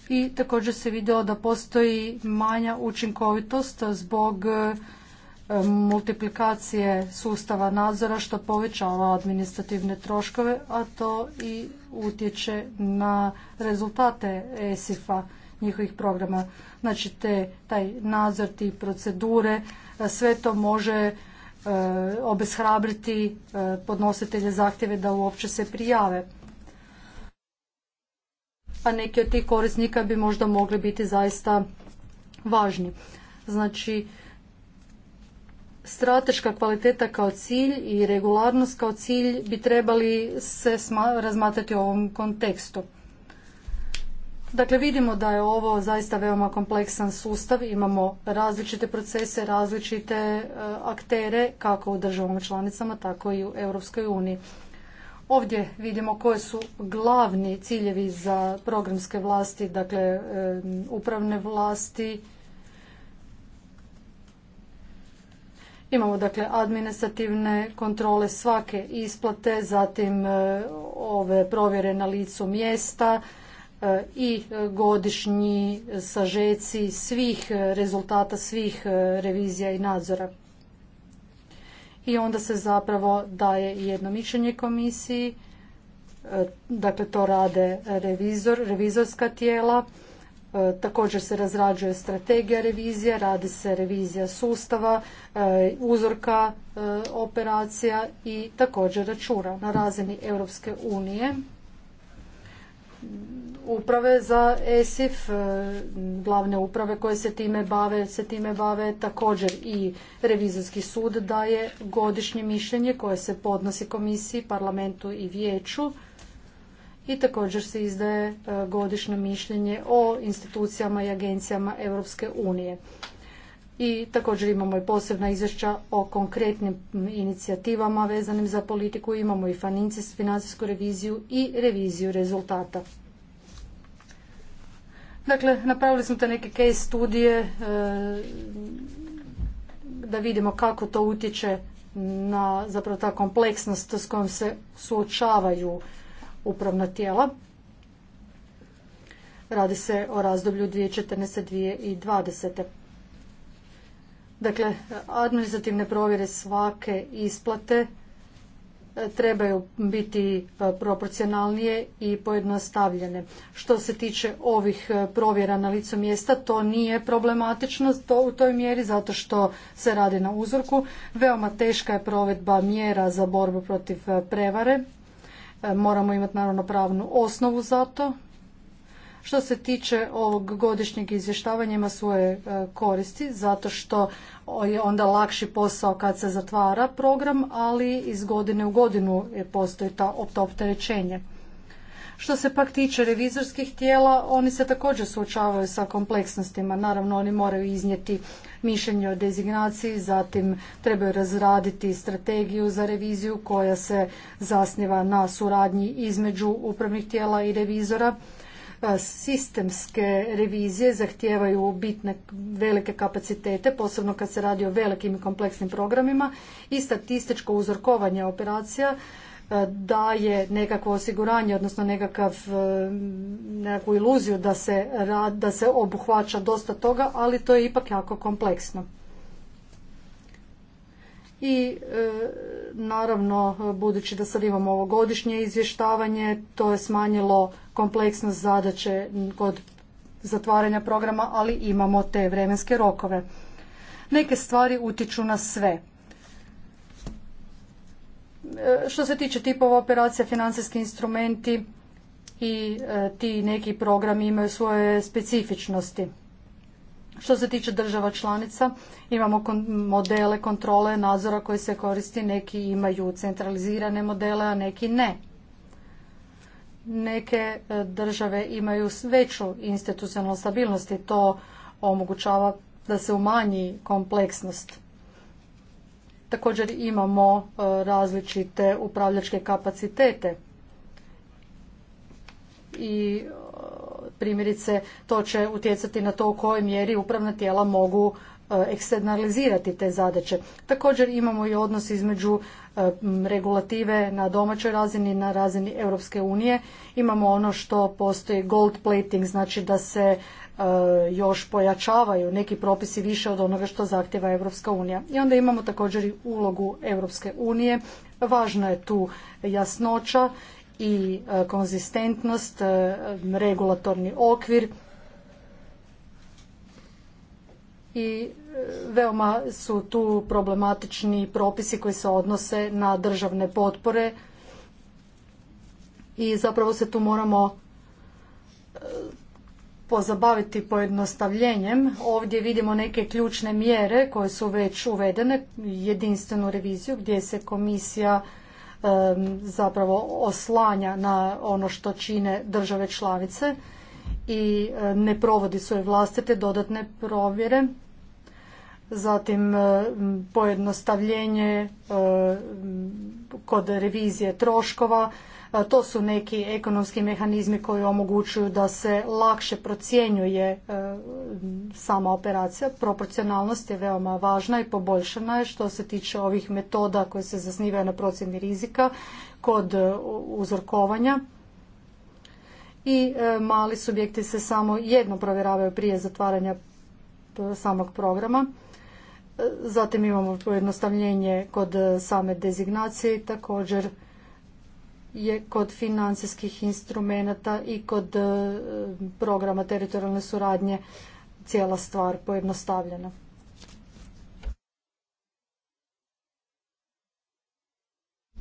I također se vidio da postoji manja učinkovitost zbog e, multiplikacije sustava nadzora što povećava administrativne troškove, a to i utječe na rezultate ESIF-a njihovih programa. Znači te, taj nadzor, ti procedure, e, sve to može e, obeshrabriti e, podnositelje zahtjeve da uopće se prijave. A neki od tih korisnika bi možda mogli biti zaista važni. Znači, strateška kvaliteta kao cilj i regularnost kao cilj bi trebali se razmatrati u ovom kontekstu. Dakle, vidimo da je ovo zaista veoma kompleksan sustav, imamo različite procese, različite e, aktere, kako u državama članicama, tako i u Europskoj uniji. Ovdje vidimo koje su glavni ciljevi za programske vlasti, dakle e, upravne vlasti. Imamo dakle administrativne kontrole svake isplate, zatim e, ove provjere na licu mjesta, E, i e, godišnji sažeci svih e, rezultata, svih revizija i nadzora. I onda se zapravo daje jedno mišljenje komisiji, dakle to rade revizor, revizorska tijela, također se razrađuje strategija revizije, radi se revizija sustava, uzorka operacija i također računa na razini Europske unije uprave za ESIF, e, glavne uprave koje se time bave, se time bave također i revizorski sud daje godišnje mišljenje koje se podnosi komisiji, parlamentu i vijeću i također se izdaje e, godišnje mišljenje o institucijama i agencijama Europske unije i također imamo i posebna izvješća o konkretnim inicijativama vezanim za politiku, imamo i financijsku reviziju i reviziju rezultata. Dakle, napravili smo te neke case studije e, da vidimo kako to utječe na zapravo ta kompleksnost s kojom se suočavaju upravna tijela. Radi se o razdoblju 2014. i 2020. Dakle, administrativne provjere svake isplate e, trebaju biti e, proporcionalnije i pojednostavljene. Što se tiče ovih e, provjera na licu mjesta, to nije problematično to u toj mjeri zato što se radi na uzorku. Veoma teška je provedba mjera za borbu protiv prevare. Moramo imati naravno pravnu osnovu za to. Što se tiče ovog godišnjeg izvještavanja ima svoje e, koristi zato što je onda lakši posao kad se zatvara program, ali iz godine u godinu postoji ta opterećenje. Što se pak tiče revizorskih tijela, oni se također suočavaju sa kompleksnostima. Naravno, oni moraju iznijeti mišljenje o dezignaciji, zatim trebaju razraditi strategiju za reviziju koja se zasniva na suradnji između upravnih tijela i revizora Sistemske revizije zahtijevaju bitne velike kapacitete, posebno kad se radi o velikim i kompleksnim programima i statističko uzorkovanje operacija e, daje nekakvo osiguranje, odnosno nekakav, e, nekakvu iluziju da se, da se obuhvaća dosta toga, ali to je ipak jako kompleksno. I e, Naravno, budući da sad imamo godišnje izvještavanje, to je smanjilo kompleksnost zadaće kod zatvaranja programa, ali imamo te vremenske rokove. Neke stvari utiču na sve. E, što se tiče tipova operacija, financijski instrumenti i e, ti neki programi imaju svoje specifičnosti. Što se tiče država članica, imamo modele kontrole nadzora koji se koristi, neki imaju centralizirane modele, a neki ne. Neke e, države imaju veću institucionalnu stabilnost i to omogućava da se umanji kompleksnost. Također imamo e, različite upravljačke kapacitete i primjerice to će utjecati na to u kojoj mjeri upravna tijela mogu e, eksternalizirati te zadaće. Također imamo i odnos između e, regulative na domaćoj razini, i na razini Europske unije. Imamo ono što postoji gold plating, znači da se e, još pojačavaju neki propisi više od onoga što zahtjeva Europska unija. I onda imamo također i ulogu Europske unije. Važna je tu jasnoća i e, konzistentnost, e, regulatorni okvir i e, veoma su tu problematični propisi koji se odnose na državne potpore i zapravo se tu moramo pozabaviti pojednostavljenjem. Ovdje vidimo neke ključne mjere koje su već uvedene, jedinstvenu reviziju gdje se komisija zapravo oslanja na ono što čine države članice i ne provodi svoje vlastite dodatne provjere. Zatim pojednostavljenje kod revizije troškova, to su neki ekonomski mehanizmi koji omogućuju da se lakše procjenjuje e, sama operacija. Proporcionalnost je veoma važna i poboljšana je što se tiče ovih metoda koje se zasnivaju na procjeni rizika kod e, uzorkovanja i e, mali subjekti se samo jedno provjeravaju prije zatvaranja samog programa. Zatim imamo pojednostavljenje kod same dezignacije i također je kod financijskih instrumenata i kod e, programa teritorijalne suradnje cijela stvar pojednostavljena.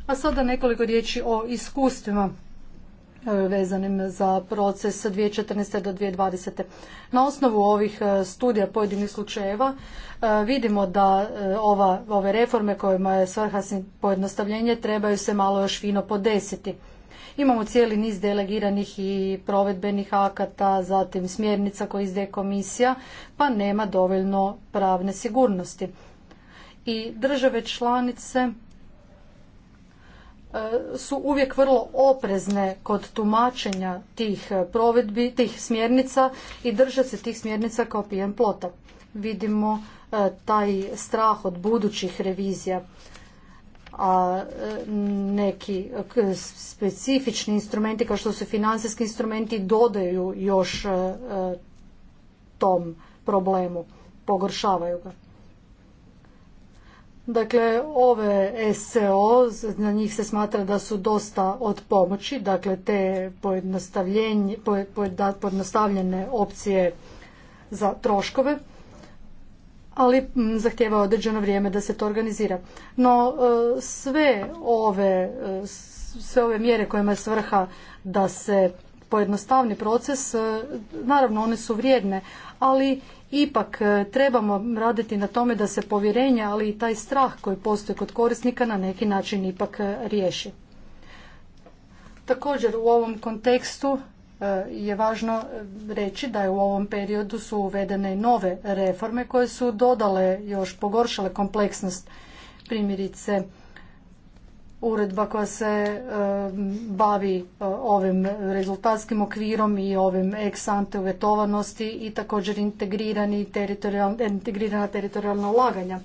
A sada nekoliko riječi o iskustvima vezanim za proces 2014. do 2020. Na osnovu ovih e, studija pojedinih slučajeva e, vidimo da e, ova, ove reforme kojima je svrha pojednostavljenje trebaju se malo još fino podesiti. Imamo cijeli niz delegiranih i provedbenih akata, zatim smjernica koje izde komisija, pa nema dovoljno pravne sigurnosti. I države članice su uvijek vrlo oprezne kod tumačenja tih e, provedbi, tih smjernica i drže se tih smjernica kao pijen plota. Vidimo e, taj strah od budućih revizija a e, neki specifični instrumenti kao što su financijski instrumenti dodaju još tom problemu, pogoršavaju ga. Dakle, ove SCO, e na njih se smatra da su dosta od pomoći, dakle te pojednostavljene opcije za troškove, ali zahtjeva određeno vrijeme da se to organizira. No, e, sve ove, e, sve ove mjere kojima je svrha da se pojednostavni proces, naravno one su vrijedne, ali Ipak e, trebamo raditi na tome da se povjerenje, ali i taj strah koji postoji kod korisnika na neki način ipak e, riješi. Također u ovom kontekstu e, je važno reći da je u ovom periodu su uvedene nove reforme koje su dodale još pogoršale kompleksnost primjerice uredba koja se eh, bavi eh, ovim rezultatskim okvirom i ovim ex ante uvjetovanosti i također integrirani integrirana teritorijalna ulaganja.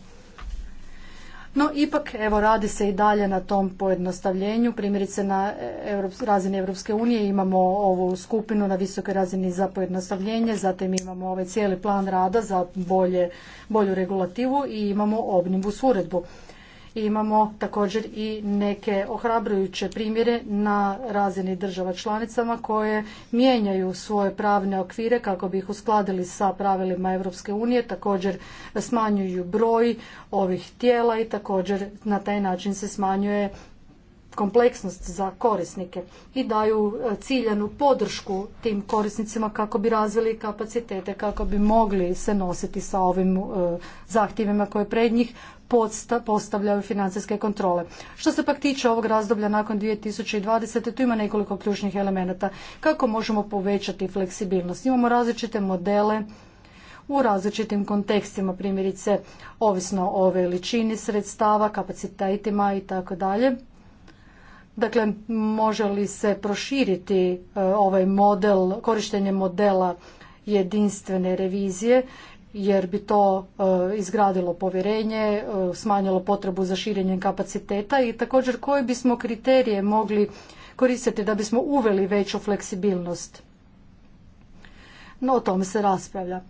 No, ipak, evo, radi se i dalje na tom pojednostavljenju. Primjerice, na eh, razini Europske unije imamo ovu skupinu na visokoj razini za pojednostavljenje, zatim imamo ovaj cijeli plan rada za bolje, bolju regulativu i imamo obnimbu s uredbu. Imamo također i neke ohrabrujuće primjere na razini država članicama koje mijenjaju svoje pravne okvire kako bi ih uskladili sa pravilima Europske unije, također smanjuju broj ovih tijela i također na taj način se smanjuje kompleksnost za korisnike i daju e, ciljanu podršku tim korisnicima kako bi razvili kapacitete, kako bi mogli se nositi sa ovim e, zahtjevima koje pred njih postavljaju financijske kontrole. Što se pak tiče ovog razdoblja nakon 2020. tu ima nekoliko ključnih elemenata. Kako možemo povećati fleksibilnost? Imamo različite modele u različitim kontekstima, primjerice ovisno o veličini sredstava, kapacitetima i tako dalje. Dakle, može li se proširiti e, ovaj model, korištenje modela jedinstvene revizije jer bi to eh, izgradilo povjerenje, eh, smanjilo potrebu za širenjem kapaciteta i također koje bismo kriterije mogli koristiti da bismo uveli veću fleksibilnost. No o tome se raspravlja.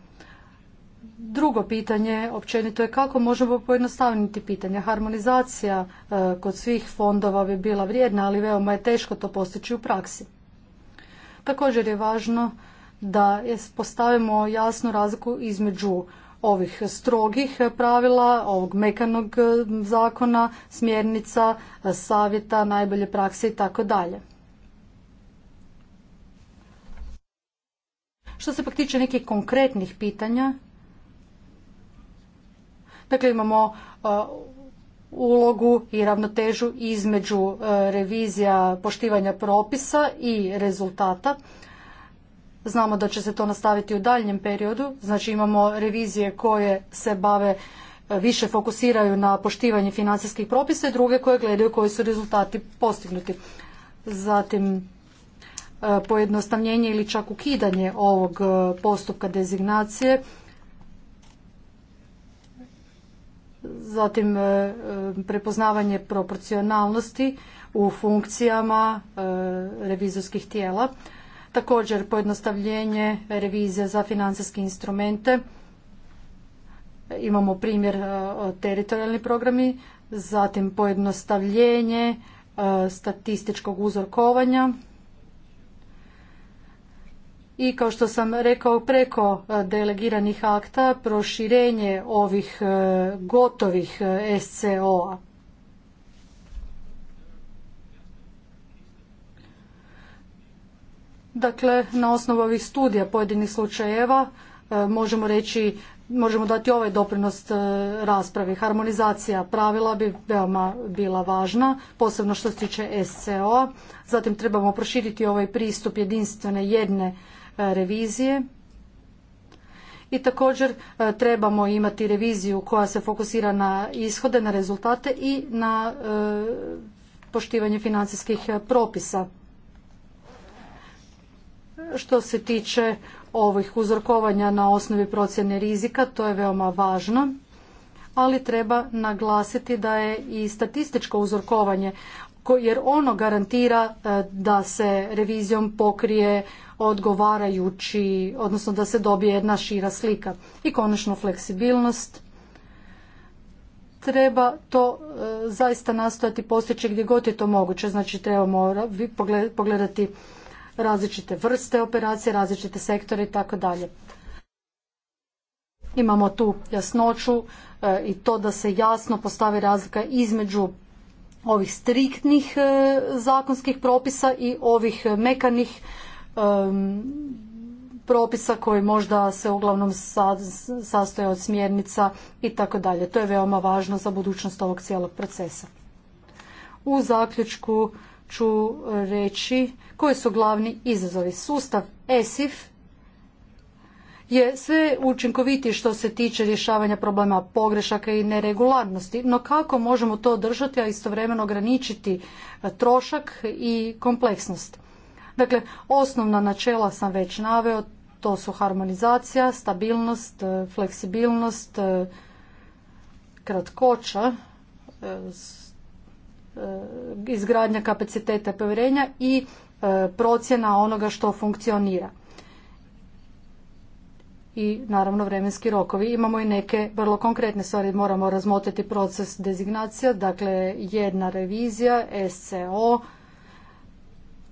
Drugo pitanje općenito je kako možemo pojednostavniti pitanja. Harmonizacija eh, kod svih fondova bi bila vrijedna, ali veoma je teško to postići u praksi. Također je važno da postavimo jasnu razliku između ovih strogih pravila, ovog mekanog e, zakona, smjernica, e, savjeta, najbolje prakse i tako dalje. Što se pak tiče nekih konkretnih pitanja, dakle imamo e, ulogu i ravnotežu između revizija poštivanja propisa i rezultata. Znamo da će se to nastaviti u daljnjem periodu, znači imamo revizije koje se bave e, više fokusiraju na poštivanje financijskih propisa i druge koje gledaju koji su rezultati postignuti. Zatim e, pojednostavljenje ili čak ukidanje ovog e, postupka dezignacije. Zatim prepoznavanje proporcionalnosti u funkcijama revizorskih tijela. Također pojednostavljenje revizije za financijske instrumente. Imamo primjer e, teritorijalni programi, zatim pojednostavljenje e, statističkog uzorkovanja. I kao što sam rekao preko e, delegiranih akta, proširenje ovih gotovih SCO-a. Dakle, na osnovu ovih studija pojedinih slučajeva e, možemo reći, možemo dati ovaj doprinos e, raspravi. Harmonizacija pravila bi veoma bila važna, posebno što se tiče sco Zatim trebamo proširiti ovaj pristup jedinstvene jedne e, revizije. I također trebamo imati reviziju koja se fokusira na ishode, na rezultate i na poštivanje financijskih propisa što se tiče ovih uzorkovanja na osnovi procjene rizika, to je veoma važno, ali treba naglasiti da je i statističko uzorkovanje, jer ono garantira e, da se revizijom pokrije odgovarajući, odnosno da se dobije jedna šira slika. I konačno fleksibilnost. Treba to e, zaista nastojati postići gdje god je to moguće. Znači trebamo pogledati različite vrste operacije, različite sektore i tako dalje. Imamo tu jasnoću e, i to da se jasno postavi razlika između ovih striktnih e, zakonskih propisa i ovih mekanih propisa koji možda se uglavnom sastoje od smjernica i tako dalje. To je veoma važno za budućnost ovog cijelog procesa. U zaključku ću e, reći koji su glavni izazovi. Sustav ESIF je sve učinkovitiji što se tiče rješavanja problema pogrešaka i neregularnosti, no kako možemo to držati, a istovremeno ograničiti e, trošak i kompleksnost? Dakle, osnovna načela sam već naveo, to su harmonizacija, stabilnost, e, fleksibilnost, kratkoća, E, izgradnja kapaciteta povjerenja i e, procjena onoga što funkcionira. I naravno vremenski rokovi. Imamo i neke vrlo konkretne stvari. Moramo razmotriti proces dezignacija, dakle jedna revizija, SCO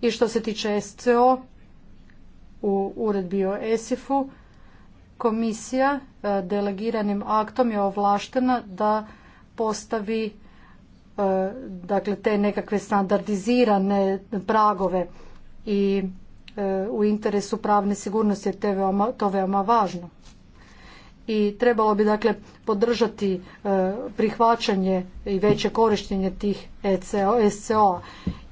i što se tiče SCO u uredbi o ESIF-u, komisija e, delegiranim aktom je ovlaštena da postavi E, dakle te nekakve standardizirane pragove i e, u interesu pravne sigurnosti je to veoma važno. I trebalo bi dakle podržati e, prihvaćanje i veće korištenje tih SCO-a,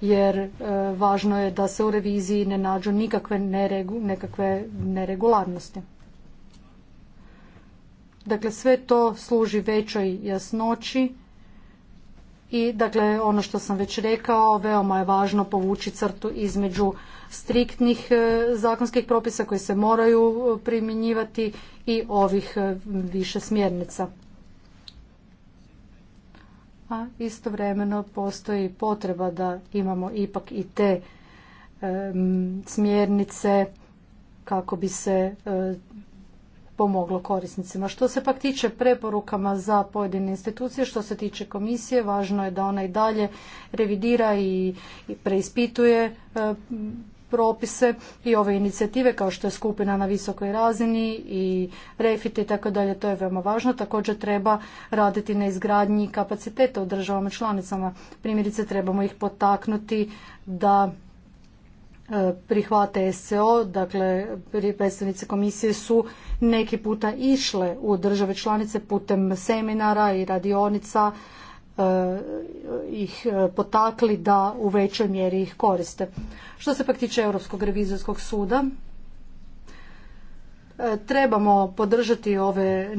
jer važno je da se u reviziji ne nađu nikakve nekakve neregularnosti. Dakle, sve to služi većoj jasnoći i dakle, ono što sam već rekao, veoma je važno povući crtu između striktnih e, zakonskih propisa koji se moraju e, primjenjivati i ovih e, više smjernica. A istovremeno postoji potreba da imamo ipak i te smjernice kako bi se pomoglo korisnicima. Što se pak tiče preporukama za pojedine institucije, što se tiče komisije, važno je da ona i dalje revidira i preispituje e, propise i ove inicijative kao što je skupina na visokoj razini i refit i tako dalje, to je veoma važno. Također treba raditi na izgradnji kapaciteta u državama članicama. Primjerice trebamo ih potaknuti da prihvate SCO, e dakle predstavnice komisije su neki puta išle u države članice putem seminara i radionica e, ih e, potakli da u većoj mjeri ih koriste. Što se pak tiče Europskog revizorskog suda, trebamo podržati ove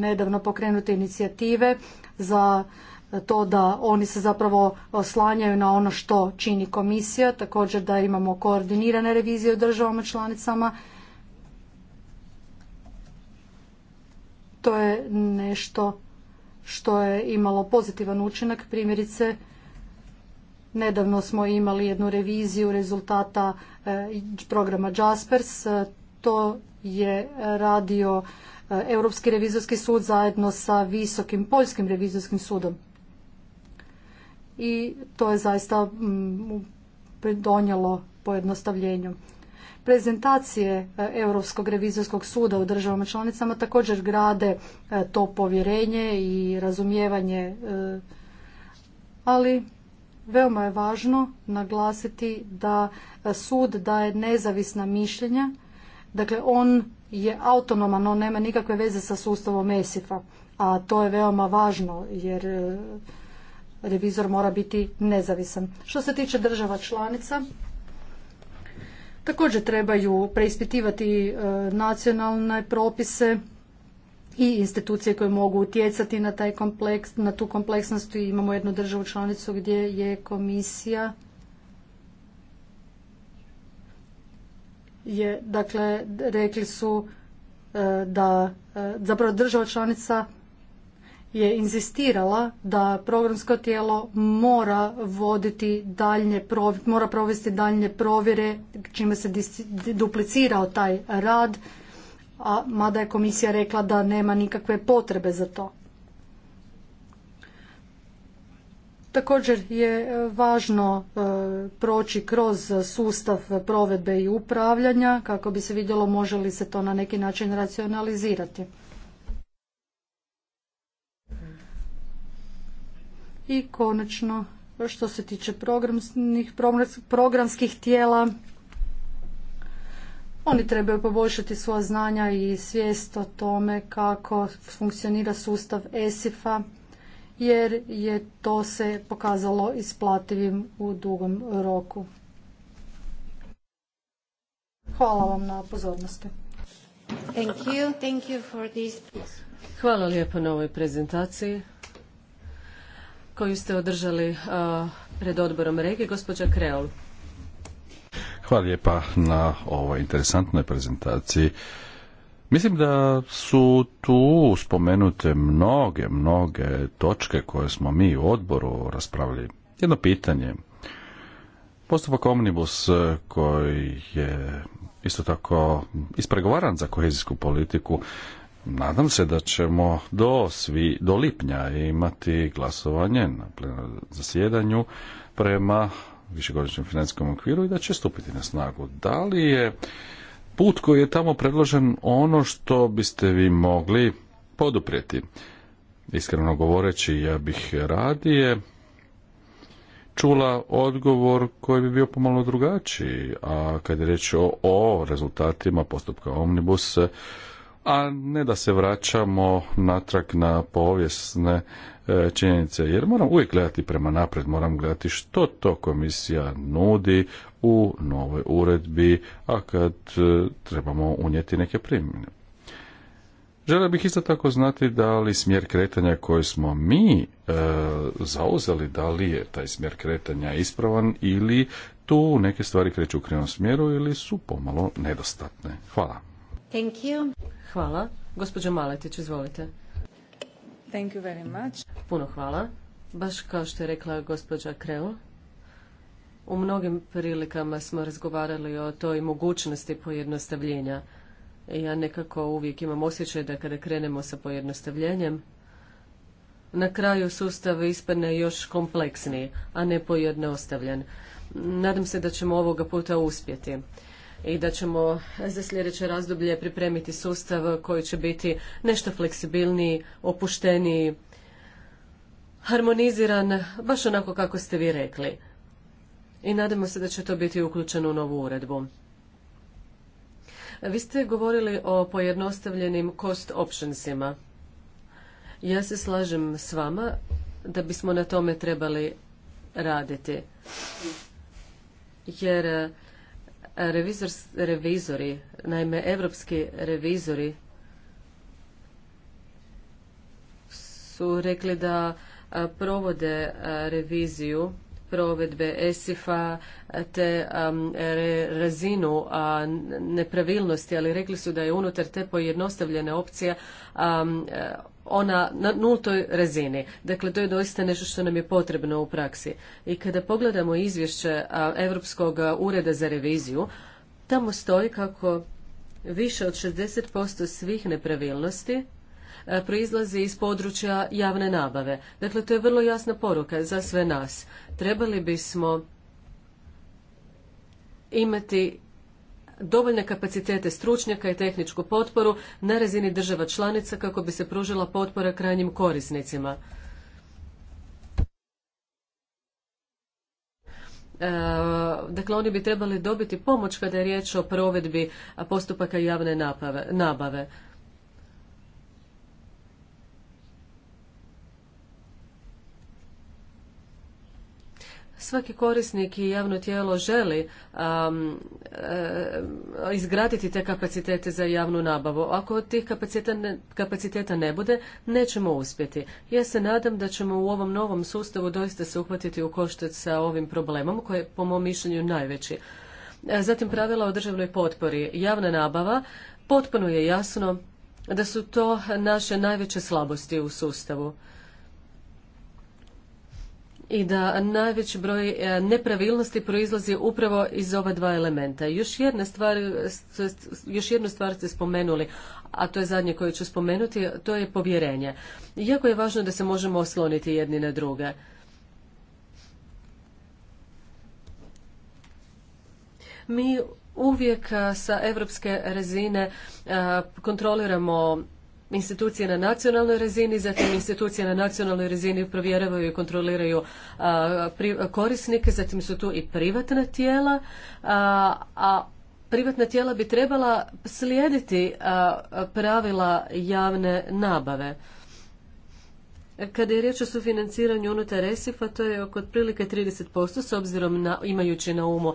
nedavno pokrenute inicijative za to da oni se zapravo oslanjaju na ono što čini komisija, također da imamo koordinirane revizije u državama članicama. To je nešto što je imalo pozitivan učinak. Primjerice, nedavno smo imali jednu reviziju rezultata e, programa Jaspers. E, to je radio e, Europski revizorski sud zajedno sa Visokim Poljskim revizorskim sudom i to je zaista mm, donijelo pojednostavljenju. Prezentacije e, Europskog revizorskog suda u državama članicama također grade e, to povjerenje i razumijevanje, e, ali veoma je važno naglasiti da sud daje nezavisna mišljenja, dakle on je autonoman, on nema nikakve veze sa sustavom ESIF-a, a to je veoma važno jer revizor mora biti nezavisan. Što se tiče država članica, također trebaju preispitivati e, nacionalne propise i institucije koje mogu utjecati na, taj kompleks, na tu kompleksnost. I imamo jednu državu članicu gdje je komisija je, dakle, rekli su e, da e, zapravo država članica je inzistirala da programsko tijelo mora voditi daljnje, mora provesti daljnje provjere čime se duplicirao taj rad, a mada je komisija rekla da nema nikakve potrebe za to. Također je e, važno e, proći kroz sustav provedbe i upravljanja kako bi se vidjelo može li se to na neki način racionalizirati. I konačno, što se tiče programskih, programskih tijela, oni trebaju poboljšati svoja znanja i svijest o tome kako funkcionira sustav ESIF-a, jer je to se pokazalo isplativim u dugom roku. Hvala vam na pozornosti. Hvala lijepo na ovoj prezentaciji koju ste održali uh, pred odborom regije, gospođa Kreol. Hvala lijepa na ovoj interesantnoj prezentaciji. Mislim da su tu spomenute mnoge, mnoge točke koje smo mi u odboru raspravili. Jedno pitanje. Postupak Omnibus koji je isto tako ispregovaran za kohezijsku politiku Nadam se da ćemo do, svi, do lipnja imati glasovanje na plenarnom zasjedanju prema višegodišnjem financijskom okviru i da će stupiti na snagu. Da li je put koji je tamo predložen ono što biste vi mogli poduprijeti? Iskreno govoreći, ja bih radije čula odgovor koji bi bio pomalo drugačiji, a kad je reč o, o rezultatima postupka Omnibus, a ne da se vraćamo natrag na povijesne e, činjenice, jer moram uvijek gledati prema napred, moram gledati što to komisija nudi u novoj uredbi, a kad e, trebamo unijeti neke primjene. Želio bih isto tako znati da li smjer kretanja koji smo mi e, zauzeli, da li je taj smjer kretanja ispravan ili tu neke stvari kreću u krivom smjeru ili su pomalo nedostatne. Hvala. Thank Hvala. Gospođo Maletić, izvolite. Thank Puno hvala. Baš kao što je rekla gospođa Kreul, u mnogim prilikama smo razgovarali o toj mogućnosti pojednostavljenja. Ja nekako uvijek imam osjećaj da kada krenemo sa pojednostavljenjem, na kraju sustav ispadne još kompleksniji, a ne pojednostavljen. Nadam se da ćemo ovoga puta uspjeti i da ćemo za sljedeće razdoblje pripremiti sustav koji će biti nešto fleksibilniji, opušteniji, harmoniziran, baš onako kako ste vi rekli. I nadamo se da će to biti uključeno u novu uredbu. Vi ste govorili o pojednostavljenim cost optionsima. Ja se slažem s vama da bismo na tome trebali raditi. Jer revizori, naime evropski revizori su rekli da provode reviziju provedbe ESIF-a te razinu nepravilnosti, ali rekli su da je unutar te pojednostavljene opcije ona na nultoj razini. Dakle, to je doista nešto što nam je potrebno u praksi. I kada pogledamo izvješće Europskog ureda za reviziju, tamo stoji kako više od 60% svih nepravilnosti proizlazi iz područja javne nabave. Dakle, to je vrlo jasna poruka za sve nas. Trebali bismo imati dovoljne kapacitete stručnjaka i tehničku potporu na razini država članica kako bi se pružila potpora krajnjim korisnicima. E, dakle, oni bi trebali dobiti pomoć kada je riječ o provedbi postupaka javne nabave. svaki korisnik i javno tijelo želi e, izgraditi te kapacitete za javnu nabavu. Ako tih kapaciteta ne, ne bude, nećemo uspjeti. Ja se nadam da ćemo u ovom novom sustavu doista se uhvatiti u koštac sa ovim problemom koji je po mom mišljenju najveći. E, zatim pravila o državnoj potpori. Javna nabava potpuno je jasno da su to naše najveće slabosti u sustavu i da najveći broj e, nepravilnosti proizlazi upravo iz ova dva elementa. Još jedna stvar, još jednu stvar ste spomenuli, a to je zadnje koje ću spomenuti, to je povjerenje. Iako je važno da se možemo osloniti jedni na druge. Mi uvijek sa evropske razine kontroliramo institucije na nacionalnoj razini, zatim institucije na nacionalnoj razini provjeravaju i kontroliraju korisnike, zatim su tu i privatna tijela, a, privatna tijela bi trebala slijediti pravila javne nabave. Kada je riječ o sufinanciranju unutar ESIF-a, to je oko otprilike 30%, s obzirom na, imajući na umu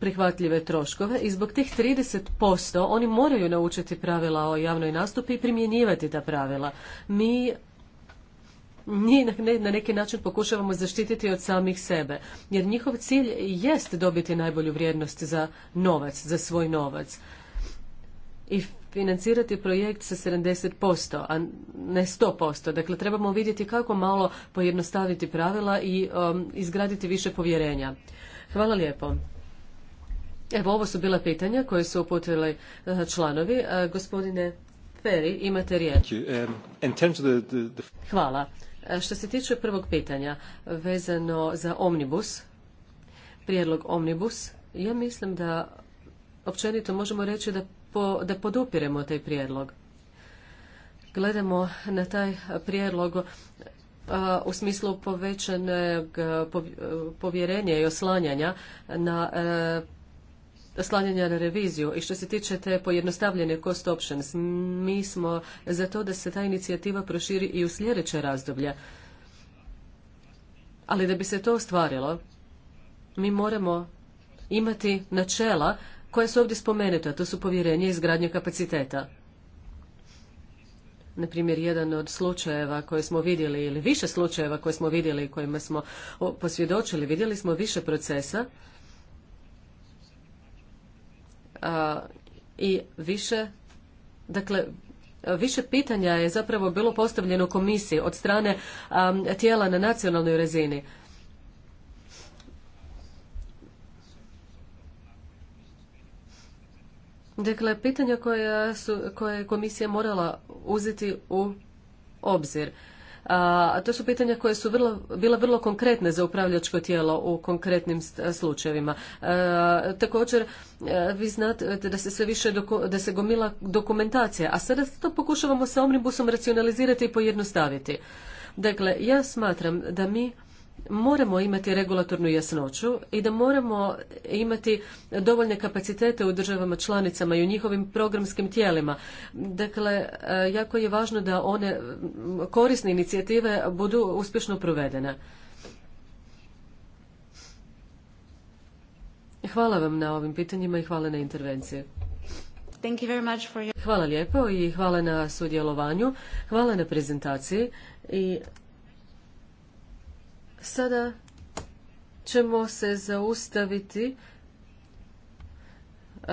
prihvatljive troškove. I zbog tih 30% oni moraju naučiti pravila o javnoj nastupi i primjenjivati ta pravila. Mi na neki način pokušavamo zaštititi od samih sebe, jer njihov cilj jest dobiti najbolju vrijednost za novac, za svoj novac. I financirati projekt sa 70%, a ne 100%. Dakle, trebamo vidjeti kako malo pojednostaviti pravila i um, izgraditi više povjerenja. Hvala lijepo. Evo, ovo su bila pitanja koje su uputili eh, članovi. Eh, gospodine Ferry, imate riječ. Um, Hvala. Eh, što se tiče prvog pitanja vezano za omnibus, prijedlog omnibus, ja mislim da općenito možemo reći da da podupiremo taj prijedlog. Gledamo na taj prijedlog u smislu povećanog povjerenja i oslanjanja na e, oslanjanja na reviziju. I što se tiče te pojednostavljene cost options, mi smo za to da se ta inicijativa proširi i u sljedeće razdoblje. Ali da bi se to ostvarilo, mi moramo imati načela koje su ovdje spomenuta, to su povjerenje i izgradnje kapaciteta. Na primjer, jedan od slučajeva koje smo vidjeli ili više slučajeva koje smo vidjeli i kojima smo posvjedočili, vidjeli smo više procesa a, i više, dakle, više pitanja je zapravo bilo postavljeno komisiji od strane tijela na nacionalnoj razini. Dakle, pitanja koja, su, koje je komisija morala uzeti u obzir. A, to su pitanja koje su vrlo, bila vrlo konkretne za upravljačko tijelo u konkretnim slučajevima. također, vi znate da se sve više da se gomila dokumentacija, a sada to pokušavamo sa omnibusom racionalizirati i pojednostaviti. Dakle, ja smatram da mi moramo imati regulatornu jasnoću i da moramo imati dovoljne kapacitete u državama članicama i u njihovim programskim tijelima. Dakle, e, jako je važno da one korisne inicijative budu uspješno provedene. Hvala vam na ovim pitanjima i hvala na intervenciji. Hvala lijepo i hvala na sudjelovanju, hvala na prezentaciji i Sada ćemo se zaustaviti uh,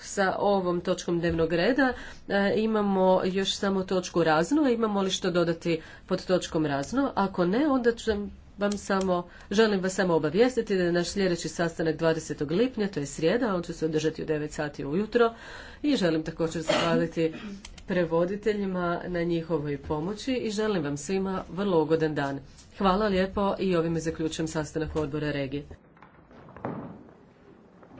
sa ovom točkom dnevnog reda. Uh, imamo još samo točku razno. Imamo li što dodati pod točkom razno? Ako ne, onda ću vam samo, želim vas samo obavijestiti da je naš sljedeći sastanak 20. lipnja, to je srijeda, on će se održati u 9 sati ujutro i želim također zahvaliti prevoditeljima na njihovoj pomoći i želim vam svima vrlo ugodan dan. Hvala lijepo i ovime zaključujem sastanak odbora regije.